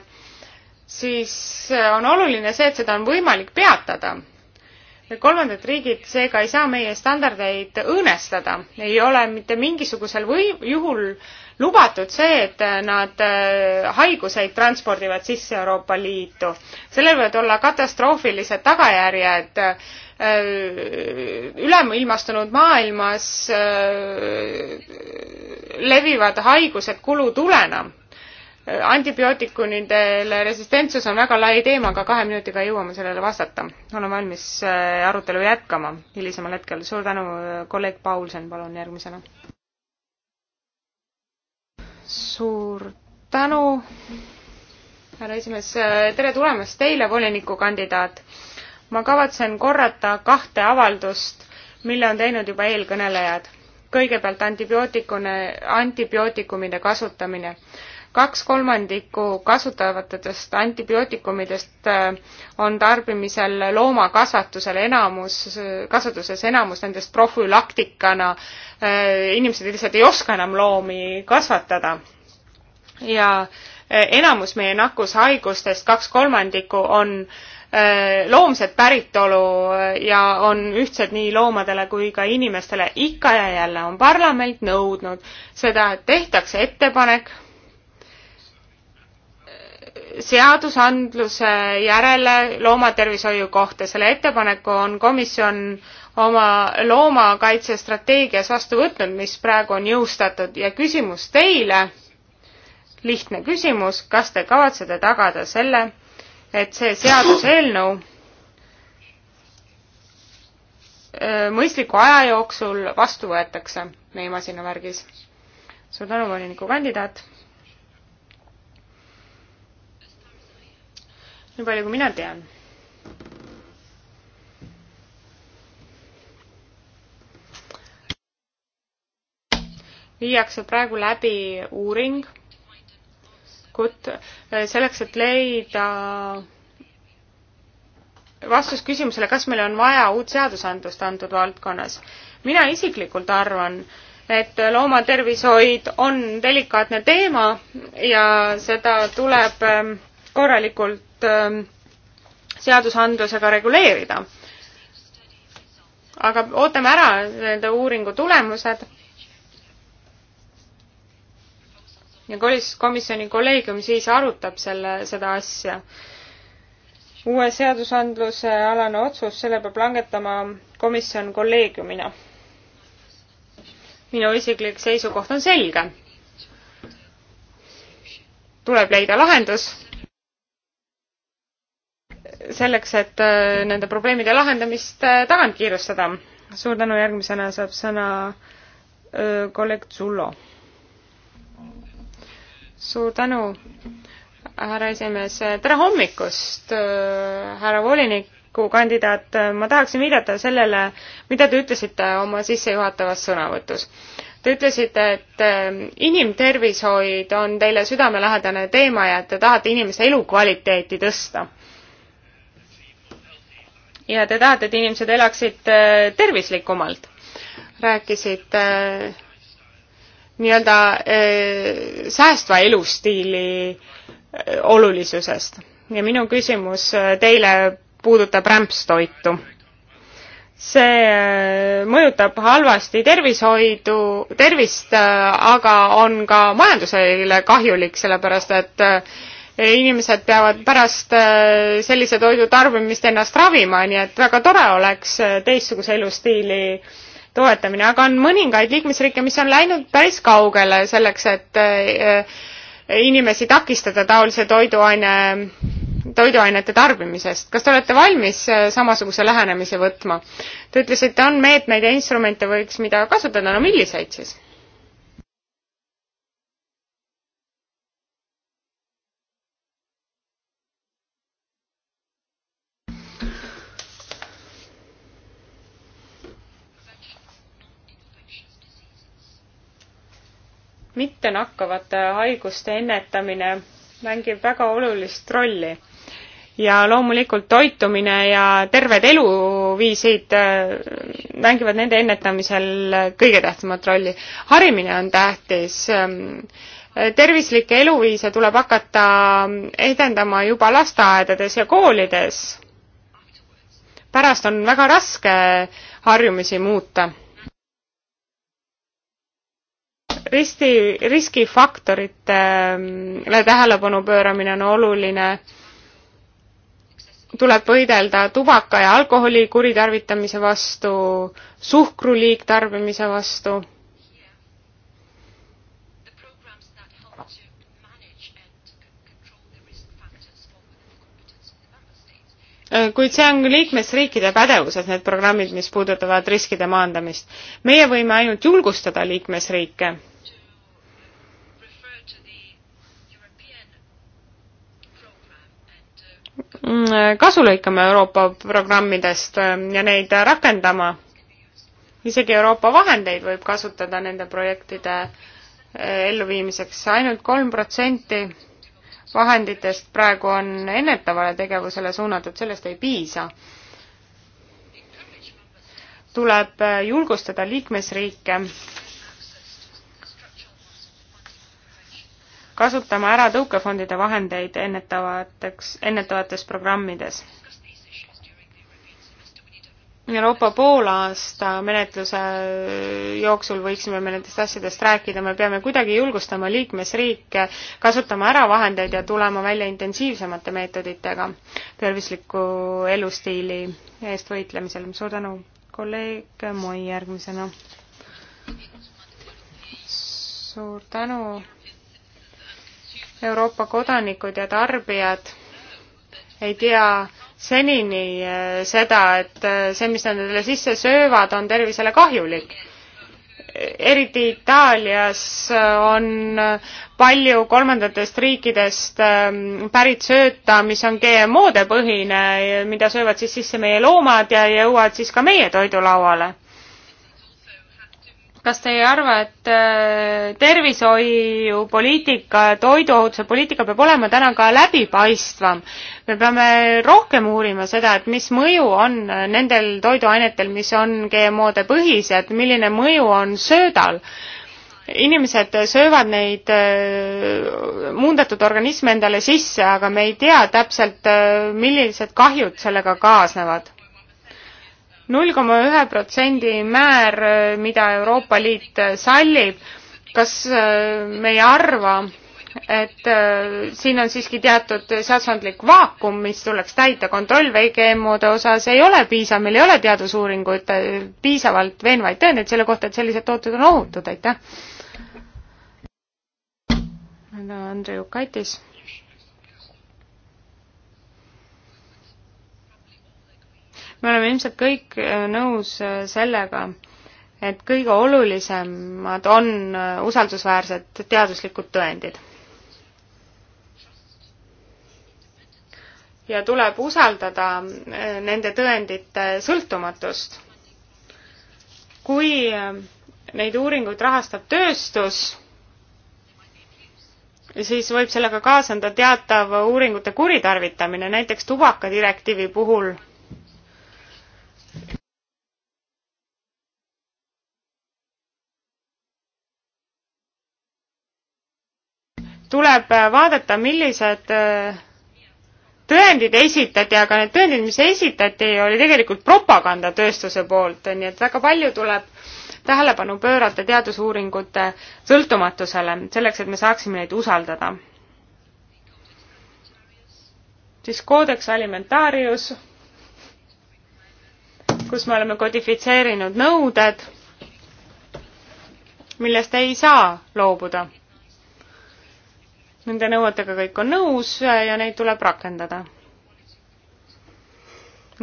siis äh, on oluline see, et seda on võimalik peatada. kolmandad riigid seega ei saa meie standardeid õõnestada, ei ole mitte mingisugusel või juhul lubatud see, et äh, nad äh, haiguseid transpordivad sisse Euroopa Liitu. sellel võivad olla katastroofilised tagajärjed üleilmastunud maailmas levivad haigused kulutulena antibiootikumidele resistentsus on väga lai teema, aga kahe minutiga jõuame sellele vastata. olen valmis äh, arutelu jätkama hilisemal hetkel. suur tänu, äh, kolleeg Paulsen, palun järgmisena. suur tänu, härra esimees. Äh, tere tulemast teile, volinikukandidaat. ma kavatsen korrata kahte avaldust, mille on teinud juba eelkõnelejad. kõigepealt antibiootikune, antibiootikumide kasutamine kaks kolmandikku kasutatavatest antibiootikumidest äh, on tarbimisel loomakasvatusel enamus, kasvatuses enamus nendest profülaktikana. Äh, inimesed lihtsalt ei oska enam loomi kasvatada. ja äh, enamus meie nakkushaigustest, kaks kolmandikku, on loomset päritolu ja on ühtsed nii loomadele kui ka inimestele. ikka ja jälle on parlament nõudnud seda, et tehtakse ettepanek seadusandluse järele loomatervishoiu kohta. selle ettepaneku on komisjon oma loomakaitsestrateegias vastu võtnud, mis praegu on jõustatud ja küsimus teile, lihtne küsimus, kas te kavatsete tagada selle, et see seaduseelnõu äh, mõistliku aja jooksul vastu võetakse, meie masinavärgis. suur tänu, volinikukandidaat nii palju, kui mina tean. viiakse praegu läbi uuring, eh, selleks, et leida vastus küsimusele, kas meil on vaja uut seadusandlust antud valdkonnas. mina isiklikult arvan, et loomatervishoid on delikaatne teema ja seda tuleb eh, korralikult Ähm, seadusandlusega reguleerida. aga ootame ära nende uuringu tulemused. ja komisjoni kolleegium siis arutab selle, seda asja uue seadusandluse alane otsus, selle peab langetama komisjon kolleegiumina. minu isiklik seisukoht on selge. tuleb leida lahendus selleks, et äh, nende probleemide lahendamist äh, tagant kiirustada. suur tänu, järgmisena saab sõna äh, kolleeg Zullo. suur tänu, härra esimees, tere hommikust, härra volinikukandidaat, ma tahaksin viidata sellele, mida te ütlesite oma sissejuhatavas sõnavõtus Te ütlesite, et inimtervishoid on teile südamelähedane teema ja et te tahate inimeste elukvaliteeti tõsta ja te tahate, et inimesed elaksid äh, tervislikumalt. rääkisite äh, nii-öelda äh, säästva elustiili olulisusest ja minu küsimus teile puudutab rämpstoitu. see mõjutab halvasti tervishoidu, tervist, aga on ka majandusele kahjulik, sellepärast et äh, inimesed peavad pärast äh, sellise toidu tarbimist ennast ravima, nii et väga tore oleks äh, teistsuguse elustiili toetamine, aga on mõningaid liikmesriike, mis on läinud päris kaugele selleks, et äh, inimesi takistada taolise toiduaine, toiduainete tarbimisest. kas te olete valmis samasuguse lähenemise võtma? Te ütlesite, on meetmeid ja instrumente võiks, mida kasutada, no milliseid siis? mittenakkavate äh, haiguste ennetamine mängib väga olulist rolli. ja loomulikult toitumine ja terved eluviisid äh, mängivad nende ennetamisel äh, kõige tähtsamat rolli. harimine on tähtis ähm, tervislikke eluviise tuleb hakata ähm, edendama juba lasteaedades ja koolides. pärast on väga raske harjumisi muuta risti, riskifaktoritele äh, tähelepanu pööramine on oluline, tuleb võidelda tubaka ja alkoholi kuritarvitamise vastu, suhkru liigtarbimise vastu äh, kuid see on liikmesriikide pädevuses, need programmid, mis puudutavad riskide maandamist. meie võime ainult julgustada liikmesriike Mm, kasu lõikama Euroopa programmidest ähm, ja neid rakendama. isegi Euroopa vahendeid võib kasutada nende projektide äh, elluviimiseks, ainult kolm protsenti vahenditest praegu on ennetavale tegevusele suunatud, sellest ei piisa. tuleb äh, julgustada liikmesriike kasutama ära tõukefondide vahendeid ennetavateks, ennetavates programmides. Euroopa poolaasta menetluse jooksul võiksime me nendest asjadest rääkida, me peame kuidagi julgustama liikmesriike kasutama ära vahendeid ja tulema välja intensiivsemate meetoditega tervisliku elustiili eest võitlemisel. suur tänu, kolleeg Moi järgmisena. suur tänu Euroopa kodanikud ja tarbijad ei tea senini eh, seda, et eh, see, mis nad endale sisse söövad, on tervisele kahjulik. eriti Itaalias eh, on palju kolmandatest riikidest pärit sööta, mis on GMO-de põhine, mida söövad siis sisse meie loomad ja jõuavad siis ka meie toidulauale kas te ei arva, et äh, tervishoiupoliitika, toiduohutuse poliitika peab olema täna ka läbipaistvam? me peame rohkem uurima seda, et mis mõju on äh, nendel toiduainetel, mis on GMO-de põhised, milline mõju on söödal inimesed söövad neid äh, muundatud organisme endale sisse, aga me ei tea täpselt, millised kahjud sellega kaasnevad null koma ühe protsendi määr, mida Euroopa Liit sallib, kas äh, me ei arva, et äh, siin on siiski teatud seadusandlik vaakum, mis tuleks täita, kontroll VGM-ude osas ei ole piisav, meil ei ole teadusuuringuid äh, piisavalt veenvaid tõendeid selle kohta, et sellised tooted on ohutud, aitäh. Andrei Ukaitis me oleme ilmselt kõik äh, nõus äh, sellega, et kõige olulisemad on äh, usaldusväärsed teaduslikud tõendid. ja tuleb usaldada nende tõendite sõltumatust. kui neid uuringuid rahastab tööstus, siis võib sellega kaasneda teatav uuringute kuritarvitamine, näiteks tubakadirektiivi puhul tuleb äh, vaadata, millised äh, tõendid esitati, aga need tõendid, mis esitati, oli tegelikult propagandatööstuse poolt, nii et väga palju tuleb tähelepanu pöörata teadusuuringute sõltumatusele, selleks et me saaksime neid usaldada. siis koodeks alimentarius, kus me oleme kodifitseerinud nõuded, millest ei saa loobuda Nende nõuetega kõik on nõus ja neid tuleb rakendada.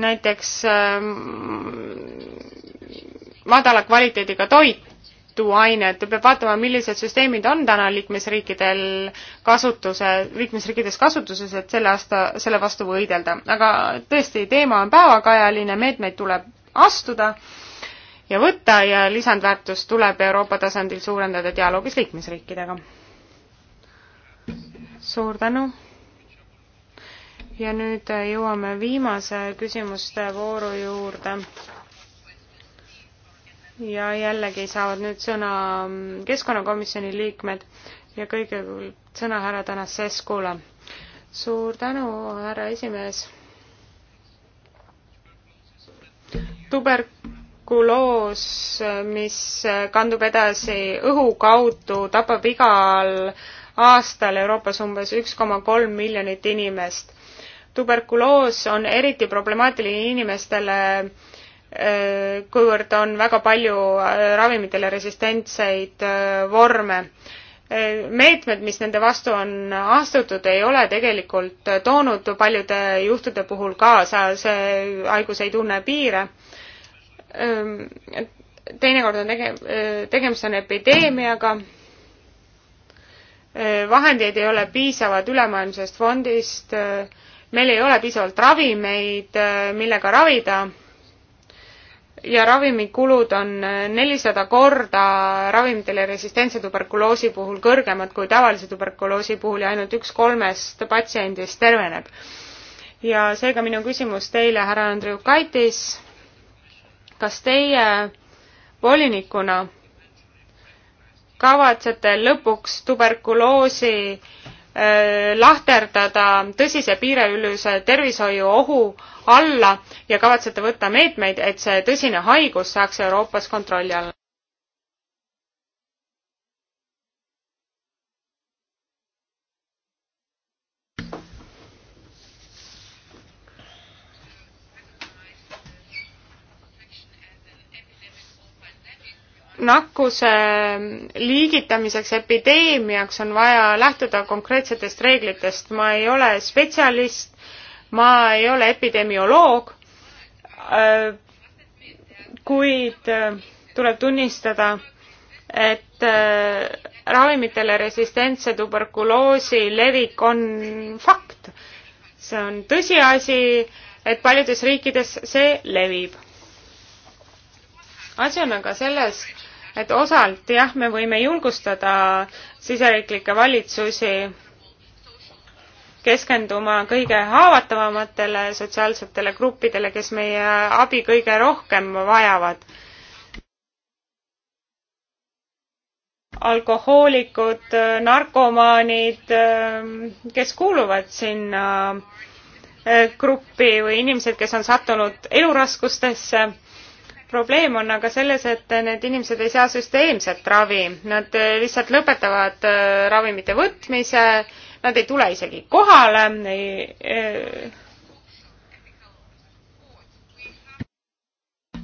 näiteks ähm, madala kvaliteediga toit, toiduained, peab vaatama, millised süsteemid on täna liikmesriikidel kasutuse, liikmesriikides kasutuses, et selle aasta, selle vastu võidelda. aga tõesti, teema on päevakajaline, meetmeid tuleb astuda ja võtta ja lisandväärtust tuleb Euroopa tasandil suurendada dialoogis liikmesriikidega suur tänu. ja nüüd äh, jõuame viimase küsimuste vooru juurde. ja jällegi saavad nüüd sõna mm, keskkonnakomisjoni liikmed ja kõigepealt sõna härra Tanasseskule. suur tänu, härra esimees. tuberkuloos, mis kandub edasi õhu kaudu, tapab igal aastal Euroopas umbes üks koma kolm miljonit inimest. tuberkuloos on eriti problemaatiline inimestele, eh, kuivõrd on väga palju eh, ravimitele resistentseid eh, vorme meetmed, mis nende vastu on astutud, ei ole tegelikult toonud paljude juhtude puhul kaasa, see haigus ei tunne piire. Ehm, teinekord on tege-, tegemist on epideemiaga Äh, vahendeid ei ole piisavalt ülemaailmsest fondist, äh, meil ei ole piisavalt ravimeid, äh, millega ravida ja ravimikulud on nelisada korda ravimitele resistentse tuberkuloosi puhul kõrgemad kui tavalise tuberkuloosi puhul ja ainult üks kolmest patsiendist terveneb. ja seega minu küsimus teile, härra Andriukaitis, kas teie volinikuna kavatsete lõpuks tuberkuloosi äh, lahterdada tõsise piiriülese tervishoiuohu alla ja kavatsete võtta meetmeid, et see tõsine haigus saaks Euroopas kontrolli alla? nakkuse liigitamiseks epideemiaks on vaja lähtuda konkreetsetest reeglitest. ma ei ole spetsialist, ma ei ole epidemioloog, kuid äh, tuleb tunnistada, et äh, ravimitele resistentse tuberkuloosi levik on fakt. see on tõsiasi, et paljudes riikides see levib asi on aga selles, et osalt jah, me võime julgustada siseriiklikke valitsusi keskenduma kõige haavatavamatele sotsiaalsetele gruppidele, kes meie abi kõige rohkem vajavad. alkohoolikud, narkomaanid, kes kuuluvad sinna eh, gruppi või inimesed, kes on sattunud eluraskustesse probleem on aga selles, et need inimesed ei saa süsteemset ravi, nad äh, lihtsalt lõpetavad äh, ravimite võtmise, nad ei tule isegi kohale, ei äh,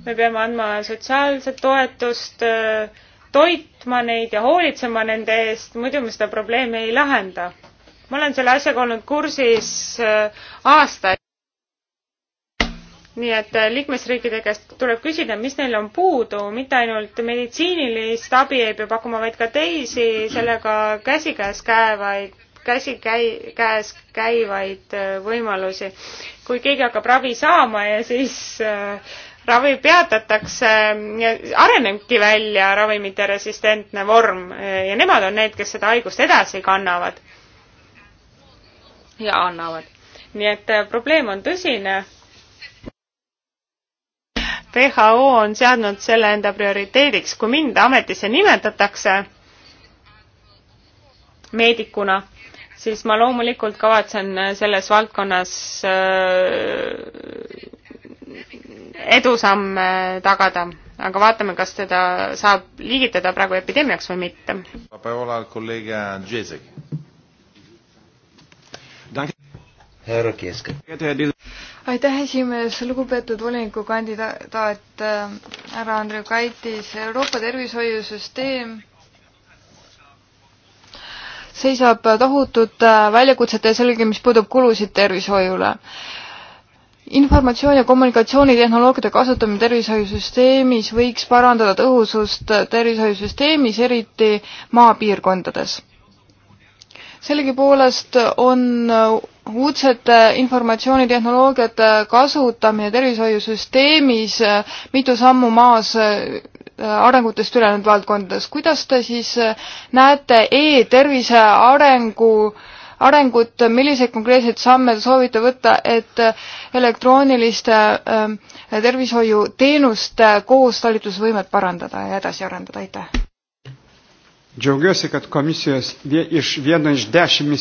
me peame andma sotsiaalset toetust, toitma neid ja hoolitsema nende eest, muidu me seda probleemi ei lahenda. ma olen selle asjaga olnud kursis aastaid nii et äh, liikmesriikide käest tuleb küsida, mis neil on puudu, mitte ainult meditsiinilist abi ei pea pakkuma, vaid ka teisi sellega käsikäes käevaid, käsikäi-, käes käivaid äh, võimalusi. kui keegi hakkab ravi saama ja siis äh, ravi peatatakse, arenebki välja ravimite resistentne vorm äh, ja nemad on need, kes seda haigust edasi kannavad ja annavad. nii et probleem on tõsine WHO on seadnud selle enda prioriteediks, kui mind ametisse nimetatakse meedikuna, siis ma loomulikult kavatsen selles valdkonnas äh, edusamme tagada, aga vaatame, kas teda saab liigitada praegu epideemiaks või mitte. härra Kieskäe aitäh, esimees, lugupeetud volinikukandidaat äh, härra Andrei Kaitis, Euroopa tervishoiusüsteem seisab tohutute äh, väljakutsete ees, eelkõige mis puudub kulusid tervishoiule informatsioon ja kommunikatsioonitehnoloogiate kasutamine tervishoiusüsteemis võiks parandada tõhusust tervishoiusüsteemis, eriti maapiirkondades sellegipoolest on äh, uudsete informatsioonitehnoloogiate kasutamine tervishoiusüsteemis äh, mitu sammu maas äh, arengutest ülejäänud valdkondades. kuidas te siis näete e-tervise arengu, arengut, milliseid konkreetseid samme te soovite võtta, et elektrooniliste tervishoiuteenuste koostalitusvõimet parandada ja edasi arendada, aitäh! Džiaugiuosi, kad komisijos iš vieno iš dešimt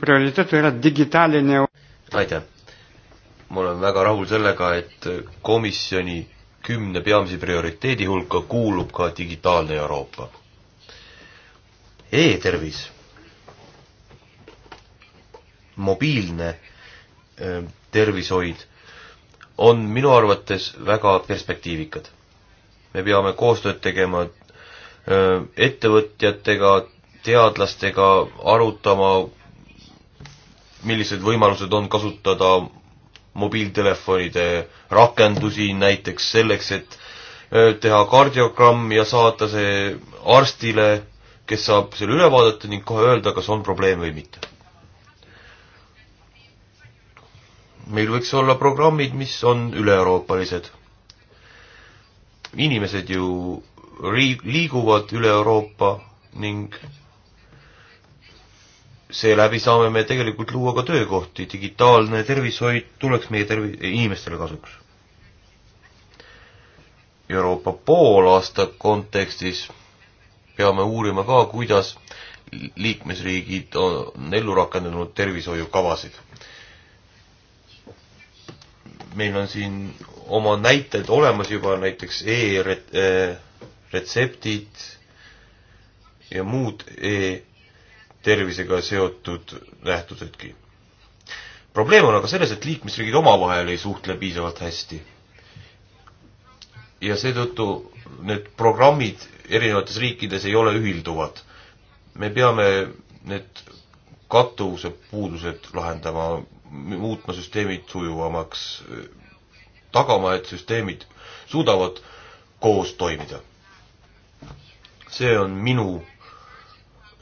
prioritetų yra digitalinė. aitäh. ma olen väga rahul sellega, et komisjoni kümne peamise prioriteedi hulka kuulub ka digitaalne Euroopa e. e-tervis, mobiilne e, tervishoid on minu arvates väga perspektiivikad. me peame koostööd tegema ettevõtjatega, teadlastega arutama, millised võimalused on kasutada mobiiltelefonide rakendusi näiteks selleks, et teha kardiogramm ja saata see arstile, kes saab selle üle vaadata ning kohe öelda, kas on probleem või mitte. meil võiks olla programmid, mis on üle-euroopalised. inimesed ju riig-, liiguvad üle Euroopa ning seeläbi saame me tegelikult luua ka töökohti, digitaalne tervishoid tuleks meie tervi-, inimestele kasuks. Euroopa poolaasta kontekstis peame uurima ka, kuidas liikmesriigid on ellu rakendanud tervishoiukavasid. meil on siin oma näited olemas juba, näiteks e-ret-, e- retseptid ja muud e-tervisega seotud nähtusedki. probleem on aga selles, et liikmesriigid omavahel ei suhtle piisavalt hästi. ja seetõttu need programmid erinevates riikides ei ole ühilduvad. me peame need kattuvuse puudused lahendama, muutma süsteemid sujuvamaks, tagama, et süsteemid suudavad koos toimida see on minu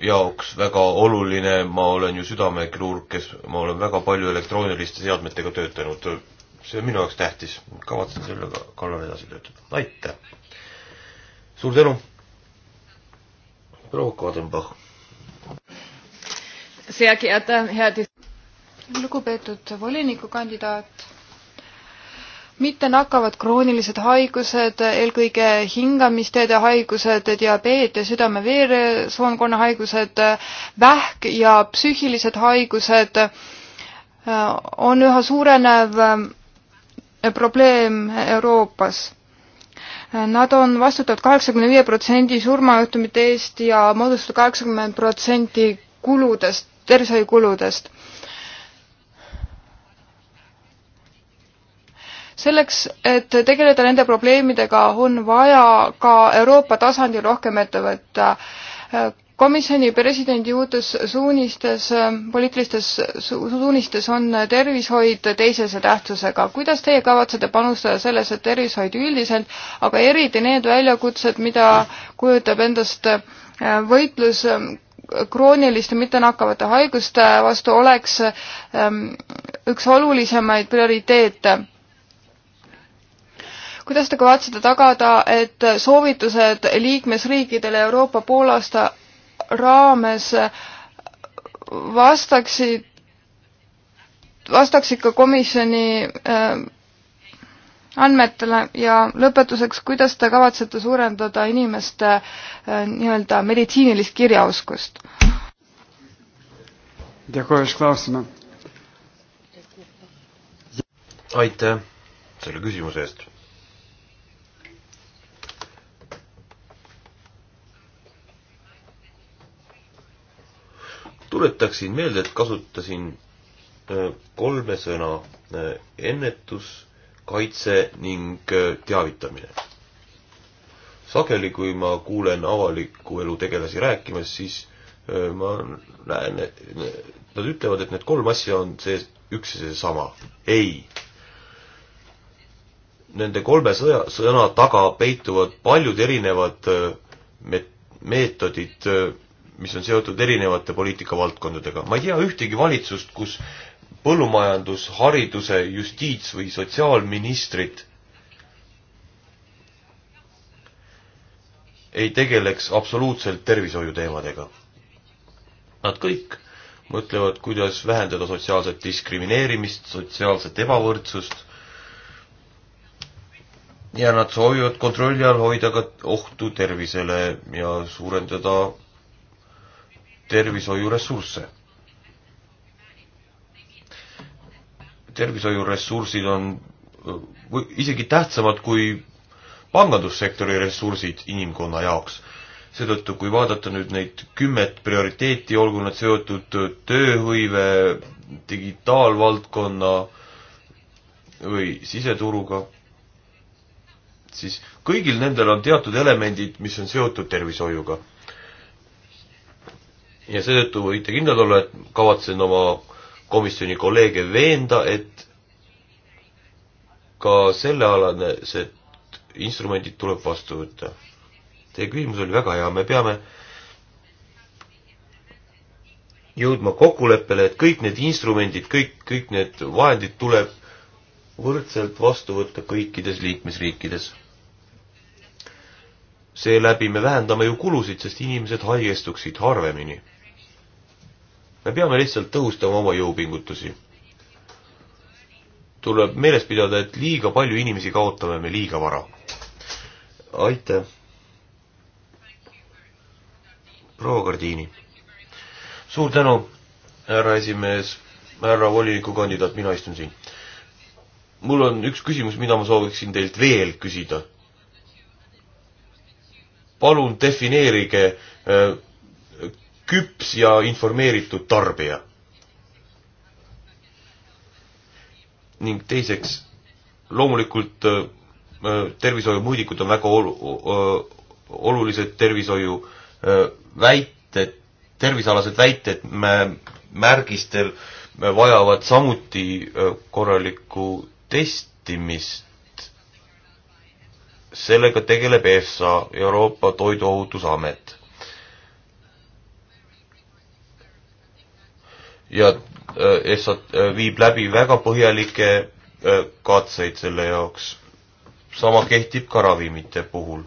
jaoks väga oluline, ma olen ju südamekirurg, kes, ma olen väga palju elektrooniliste seadmetega töötanud. see on minu jaoks tähtis, kavatsen selle kallal edasi töötada. aitäh! suur tänu! proua Kadenbach. lugupeetud volinikukandidaat mitte nakkavad kroonilised haigused, eelkõige hingamisteede haigused, diabeet ja südame-veresoonkonna haigused, vähk ja psüühilised haigused äh, on üha suurenev äh, probleem Euroopas äh, Nad on vastutavad kaheksakümne viie protsendi surmajuhtumite eest ja moodustavad kaheksakümmend protsenti kuludest, tervishoiukuludest. selleks, et tegeleda nende probleemidega, on vaja ka Euroopa tasandil rohkem ette võtta. komisjoni presidendi uutes suunistes, poliitilistes suunistes on tervishoid teisese tähtsusega. kuidas teie kavatsete panustada sellesse, et tervishoid üldiselt, aga eriti need väljakutsed, mida kujutab endast äh, võitlus äh, krooniliste mittenakkavate haiguste vastu oleks ähm, üks olulisemaid prioriteete kuidas te kavatsete tagada, et soovitused liikmesriikidele Euroopa poolaasta raames vastaksid, vastaksid ka komisjoni äh, andmetele ja lõpetuseks, kuidas te kavatsete suurendada inimeste äh, nii-öelda meditsiinilist kirjaoskust? aitäh selle küsimuse eest tuletaksin meelde, et kasutasin äh, kolme sõna äh, ennetus, kaitse ning äh, teavitamine. sageli, kui ma kuulen avaliku elu tegelasi rääkimas, siis ma näen, nad ütlevad, et need kolm asja on see üks ja seesama. ei. Nende kolme sõja, sõna taga peituvad paljud erinevad met-, meetodid mis on seotud erinevate poliitikavaldkondadega. ma ei tea ühtegi valitsust, kus põllumajandus, hariduse, justiits või sotsiaalministrid ei tegeleks absoluutselt tervishoiuteemadega. Nad kõik mõtlevad, kuidas vähendada sotsiaalset diskrimineerimist, sotsiaalset ebavõrdsust ja nad soovivad kontrolli all hoida ka ohtu tervisele ja suurendada tervishoiuressursse. tervishoiuressursid on isegi tähtsamad kui pangandussektori ressursid inimkonna jaoks. seetõttu, kui vaadata nüüd neid kümmet prioriteeti, olgu nad seotud tööhõive, digitaalvaldkonna või siseturuga, siis kõigil nendel on teatud elemendid, mis on seotud tervishoiuga ja seetõttu võite kindlad olla, et kavatsen oma komisjoni kolleege veenda, et ka sellealased instrumendid tuleb vastu võtta. Teie küsimus oli väga hea, me peame jõudma kokkuleppele, et kõik need instrumendid, kõik, kõik need vahendid tuleb võrdselt vastu võtta kõikides liikmesriikides. seeläbi me vähendame ju kulusid, sest inimesed haigestuksid harvemini me peame lihtsalt tõhustama oma jõupingutusi. tuleb meeles pidada, et liiga palju inimesi kaotame me liiga vara. aitäh. proua Gardiini. suur tänu, härra esimees, härra volinikukandidaat, mina istun siin. mul on üks küsimus, mida ma sooviksin teilt veel küsida. palun defineerige äh, küps ja informeeritud tarbija. ning teiseks, loomulikult äh, äh, tervishoiumõõdikud on väga olu-, äh, olulised tervishoiu väited, tervisealased väited märgistel vajavad samuti korralikku testimist sellega tegeleb EFSA, Euroopa Toiduohutusamet. ja äh, ESA äh, viib läbi väga põhjalikke äh, katseid selle jaoks. sama kehtib ka ravimite puhul.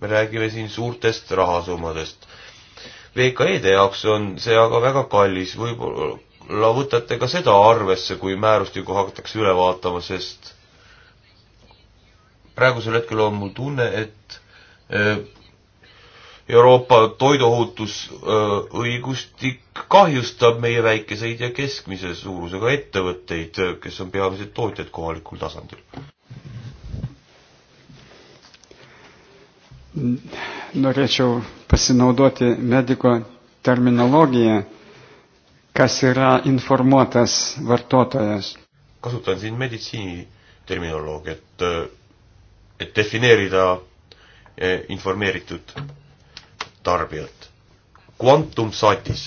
me räägime siin suurtest rahasummadest. VKE-de jaoks on see aga väga kallis, võib-olla võtate ka seda arvesse, kui määrustikku hakatakse üle vaatama, sest praegusel hetkel on mul tunne, et Euroopa toiduohutusõigustik kahjustab meie väikeseid ja keskmise suurusega ettevõtteid, kes on peamised tootjad kohalikul tasandil. norėčiau pasinaudoti mediko terminologiją, kas yra informuotas vartotojas. kasutan siin meditsiiniterminoloogiat, et defineerida eh, informeeritud tarbijat. Quantum satis,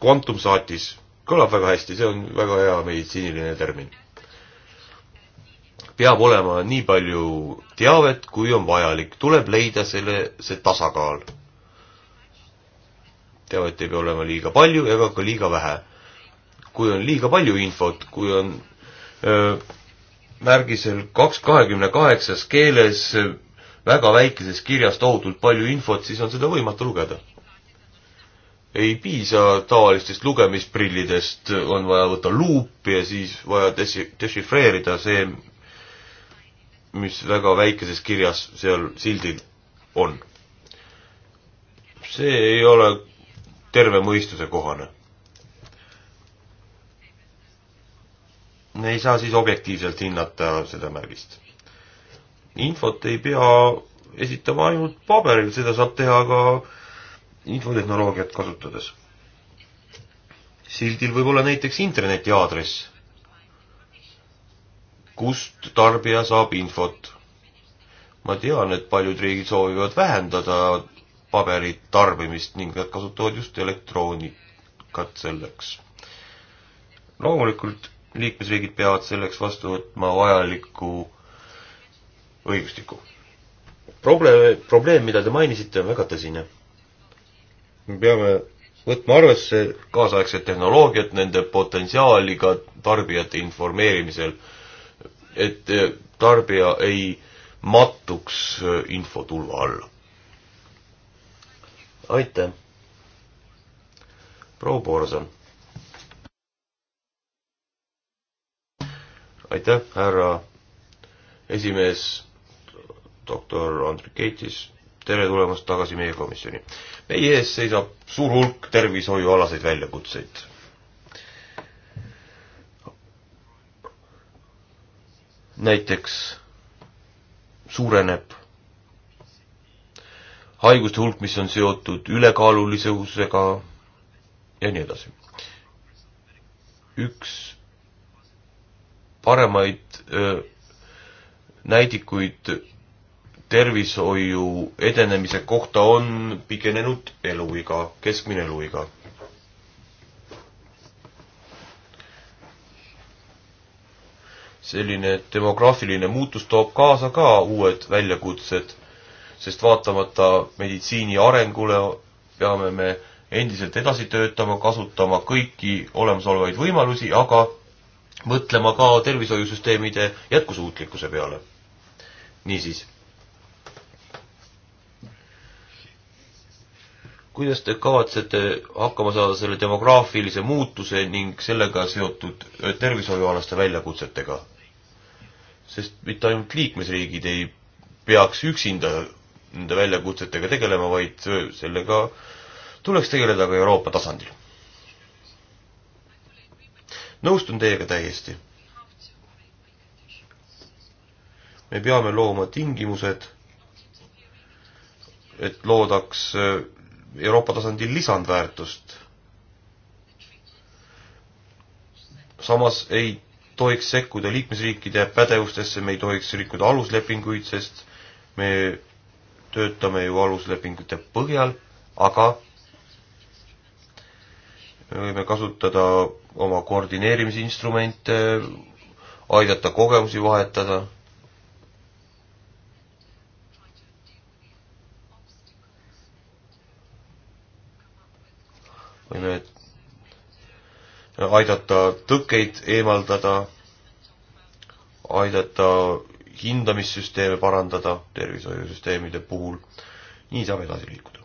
quantum satis kõlab väga hästi, see on väga hea meditsiiniline termin. peab olema nii palju teavet, kui on vajalik, tuleb leida selle, see tasakaal. teavet ei pea olema liiga palju ega ka liiga vähe. kui on liiga palju infot, kui on öö, märgisel kaks kahekümne kaheksas keeles väga väikeses kirjas tohutult palju infot, siis on seda võimatu lugeda. ei piisa tavalistest lugemisprillidest, on vaja võtta luupi ja siis vaja desi-, dešifreerida see, mis väga väikeses kirjas seal sildil on. see ei ole terve mõistuse kohane. ei saa siis objektiivselt hinnata seda märgist infot ei pea esitama ainult paberil, seda saab teha ka infotehnoloogiat kasutades. sildil võib olla näiteks interneti aadress, kust tarbija saab infot. ma tean, et paljud riigid soovivad vähendada paberi tarbimist ning nad kasutavad just elektroonikat selleks. loomulikult liikmesriigid peavad selleks vastu võtma vajaliku õigustikku. probleem, probleem, mida te mainisite, on väga tõsine. me peame võtma arvesse kaasaegset tehnoloogiat, nende potentsiaali ka tarbijate informeerimisel, et eh, tarbija ei mattuks eh, infotulva alla. aitäh! proua Borson. aitäh, härra esimees doktor Andrik Keitis, tere tulemast tagasi meie komisjoni. meie ees seisab suur hulk tervishoiualaseid väljakutseid. näiteks suureneb haiguste hulk, mis on seotud ülekaalulisusega ja nii edasi. üks paremaid öö, näidikuid tervishoiu edenemise kohta on pikenenud eluiga, keskmine eluiga. selline demograafiline muutus toob kaasa ka uued väljakutsed, sest vaatamata meditsiini arengule peame me endiselt edasi töötama, kasutama kõiki olemasolevaid võimalusi, aga mõtlema ka tervishoiusüsteemide jätkusuutlikkuse peale. niisiis kuidas te kavatsete hakkama saada selle demograafilise muutuse ning sellega seotud äh, tervishoiualaste väljakutsetega? sest mitte ainult liikmesriigid ei peaks üksinda nende väljakutsetega tegelema, vaid äh, sellega tuleks tegeleda ka Euroopa tasandil. nõustun teiega täiesti. me peame looma tingimused, et loodaks äh, Euroopa tasandil lisandväärtust. samas ei tohiks sekkuda liikmesriikide pädevustesse, me ei tohiks rikkuda aluslepinguid, sest me töötame ju aluslepingute põhjal, aga me võime kasutada oma koordineerimisinstrumente, aidata kogemusi vahetada võime aidata tõkkeid eemaldada, aidata hindamissüsteeme parandada tervishoiusüsteemide puhul. nii saab edasi liikuda.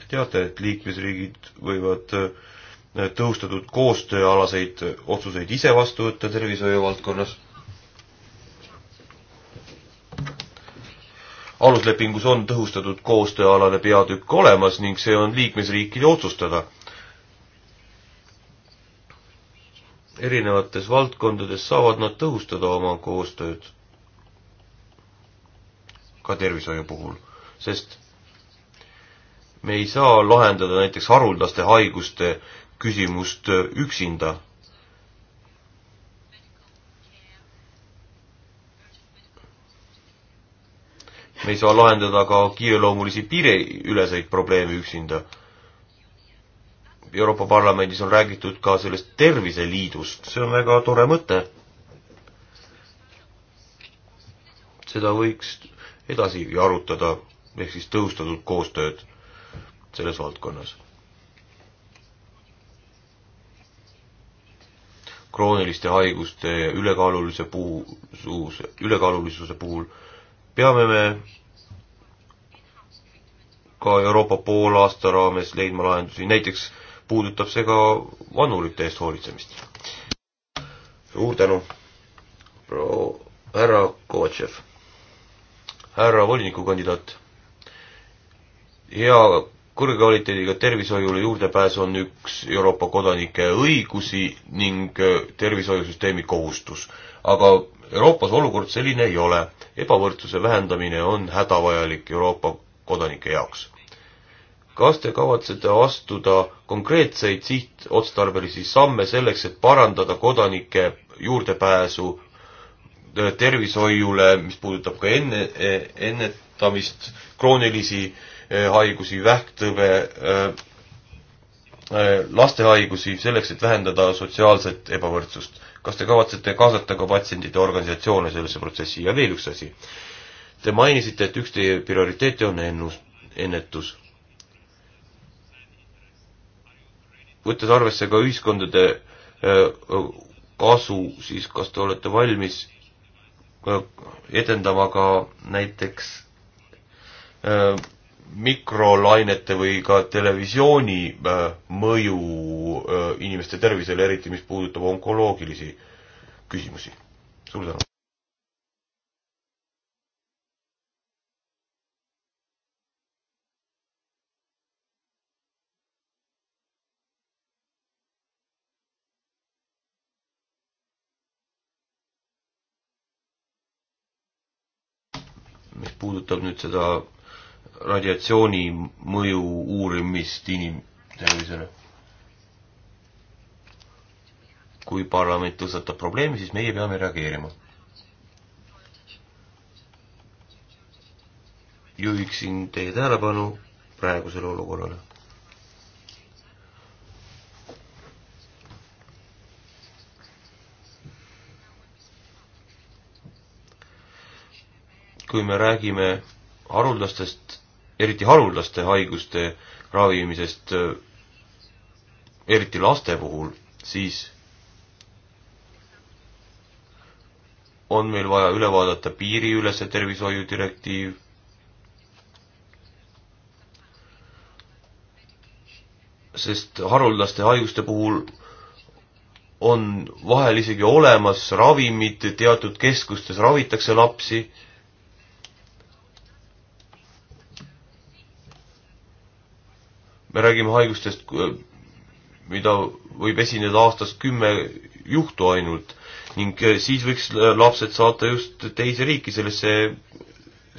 Te teate, et liikmesriigid võivad tõhustatud koostööalaseid otsuseid ise vastu võtta tervishoiu valdkonnas aluslepingus on tõhustatud koostööalane peatükk olemas ning see on liikmesriikide otsustada. erinevates valdkondades saavad nad tõhustada oma koostööd, ka tervishoiu puhul, sest me ei saa lahendada näiteks haruldaste haiguste küsimust üksinda me ei saa lahendada ka kiireloomulisi piiriüleseid probleeme üksinda. Euroopa Parlamendis on räägitud ka sellest terviseliidust, see on väga tore mõte. seda võiks edasi arutada, ehk siis tõhustatud koostööd selles valdkonnas krooniliste haiguste ülekaalulise puhul, ülekaalulisuse puhul peame me ka Euroopa poolaasta raames leidma lahendusi, näiteks puudutab see ka vanurite eest hoolitsemist. suur tänu, proua härra Kovatšev. härra volinikukandidaat, hea kõrge kvaliteediga tervishoiule juurdepääs on üks Euroopa kodanike õigusi ning tervishoiusüsteemi kohustus. aga Euroopas olukord selline ei ole. ebavõrdsuse vähendamine on hädavajalik Euroopa kodanike jaoks. kas te kavatsete astuda konkreetseid sihtotstarbelisi samme selleks, et parandada kodanike juurdepääsu äh, tervishoiule, mis puudutab ka enne, e, ennetamist, kroonilisi äh, haigusi, vähktõve, äh, lastehaigusi, selleks et vähendada sotsiaalset ebavõrdsust kas te kavatsete kaasata ka patsientide organisatsioone sellesse protsessi ja veel üks asi. Te mainisite, et üks teie prioriteete on ennus, ennetus. võttes arvesse ka ühiskondade kasu, siis kas te olete valmis edendama ka näiteks mikrolainete või ka televisiooni äh, mõju äh, inimeste tervisele, eriti mis puudutab onkoloogilisi küsimusi. suur tänu! mis puudutab nüüd seda radiatsiooni mõju uurimist inimtervisele. kui parlament tõstatab probleemi, siis meie peame reageerima. juhiksin teie tähelepanu praegusele olukorrale. kui me räägime haruldastest eriti haruldaste haiguste ravimisest, eriti laste puhul, siis on meil vaja üle vaadata piiriülese tervishoiu direktiiv, sest haruldaste haiguste puhul on vahel isegi olemas ravimid, teatud keskustes ravitakse lapsi me räägime haigustest, mida võib esineda aastas kümme juhtu ainult ning eh, siis võiks eh, lapsed saata just teise riiki, sellesse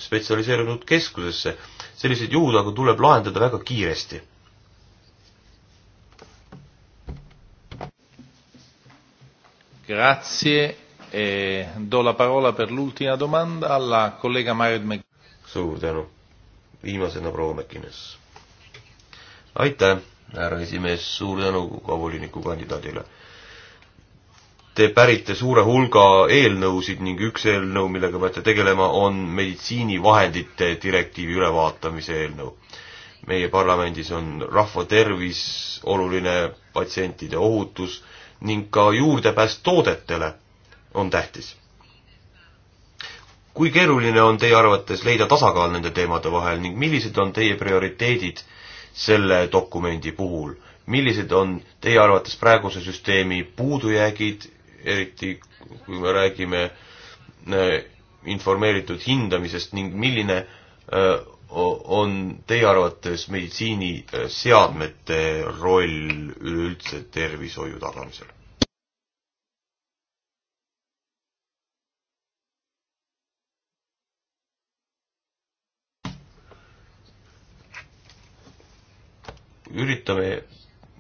spetsialiseerunud keskusesse. sellised juhud aga tuleb lahendada väga kiiresti. Grazie e do la parola per l'ultima domanda alla collega Mario Mäkinen. suur tänu. viimasena proua Mäkines aitäh, härra esimees, suur tänu ka volinikukandidaadile. Te pärite suure hulga eelnõusid ning üks eelnõu, millega peate tegelema, on meditsiinivahendite direktiivi ülevaatamise eelnõu. meie parlamendis on rahva tervis oluline, patsientide ohutus ning ka juurdepääs toodetele on tähtis kui keeruline on teie arvates leida tasakaal nende teemade vahel ning millised on teie prioriteedid selle dokumendi puhul. millised on teie arvates praeguse süsteemi puudujäägid, eriti kui me räägime äh, informeeritud hindamisest ning milline äh, on teie arvates meditsiiniseadmete roll üleüldse tervishoiu tagamisel? üritame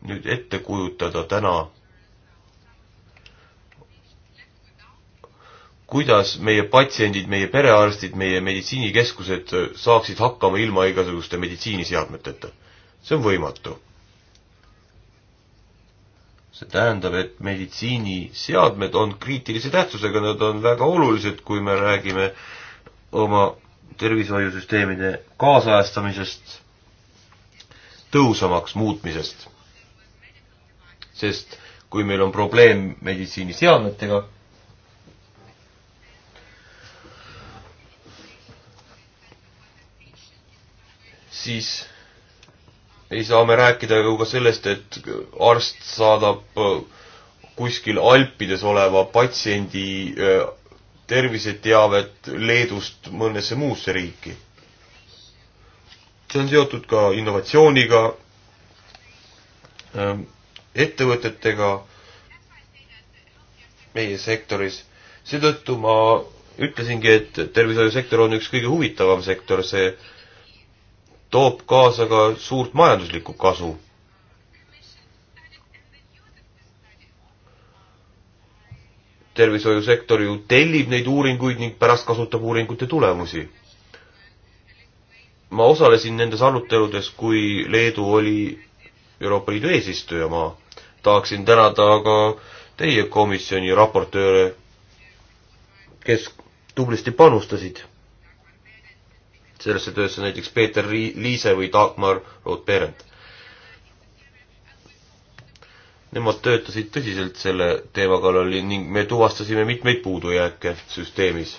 nüüd ette kujutada täna, kuidas meie patsiendid, meie perearstid, meie meditsiinikeskused saaksid hakkama ilma igasuguste meditsiiniseadmeteta. see on võimatu. see tähendab, et meditsiiniseadmed on kriitilise tähtsusega, nad on väga olulised, kui me räägime oma tervishoiusüsteemide kaasajastamisest tõhusamaks muutmisest. sest kui meil on probleem meditsiiniseadmetega, siis ei saa me rääkida ju ka sellest, et arst saadab äh, kuskil Alpides oleva patsiendi äh, terviseteavet Leedust mõnesse muusse riiki see on seotud ka innovatsiooniga, ähm, ettevõtetega meie sektoris. seetõttu ma ütlesingi, et tervishoiusektor on üks kõige huvitavam sektor, see toob kaasa ka suurt majanduslikku kasu. tervishoiusektor ju tellib neid uuringuid ning pärast kasutab uuringute tulemusi ma osalesin nendes aruteludes, kui Leedu oli Euroopa Liidu eesistujamaa. tahaksin tänada ka teie komisjoni raportööre, kes tublisti panustasid sellesse töösse, näiteks Peeter Liise või Dagmar Roth-Berend. Nemad töötasid tõsiselt selle teema kallal ning me tuvastasime mitmeid puudujääke süsteemis.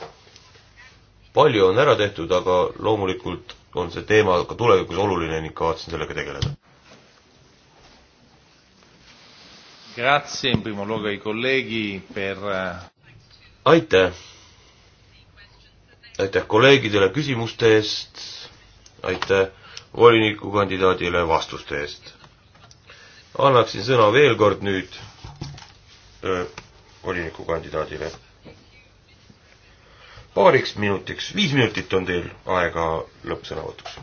palju on ära tehtud, aga loomulikult on see teema ka tulevikus oluline ning kavatsen sellega tegeleda. Eh, aitäh! aitäh kolleegidele küsimuste eest, aitäh volinikukandidaadile vastuste eest. annaksin sõna veel kord nüüd äh, volinikukandidaadile paariks minutiks, viis minutit on teil aega lõppsõnavõtuks.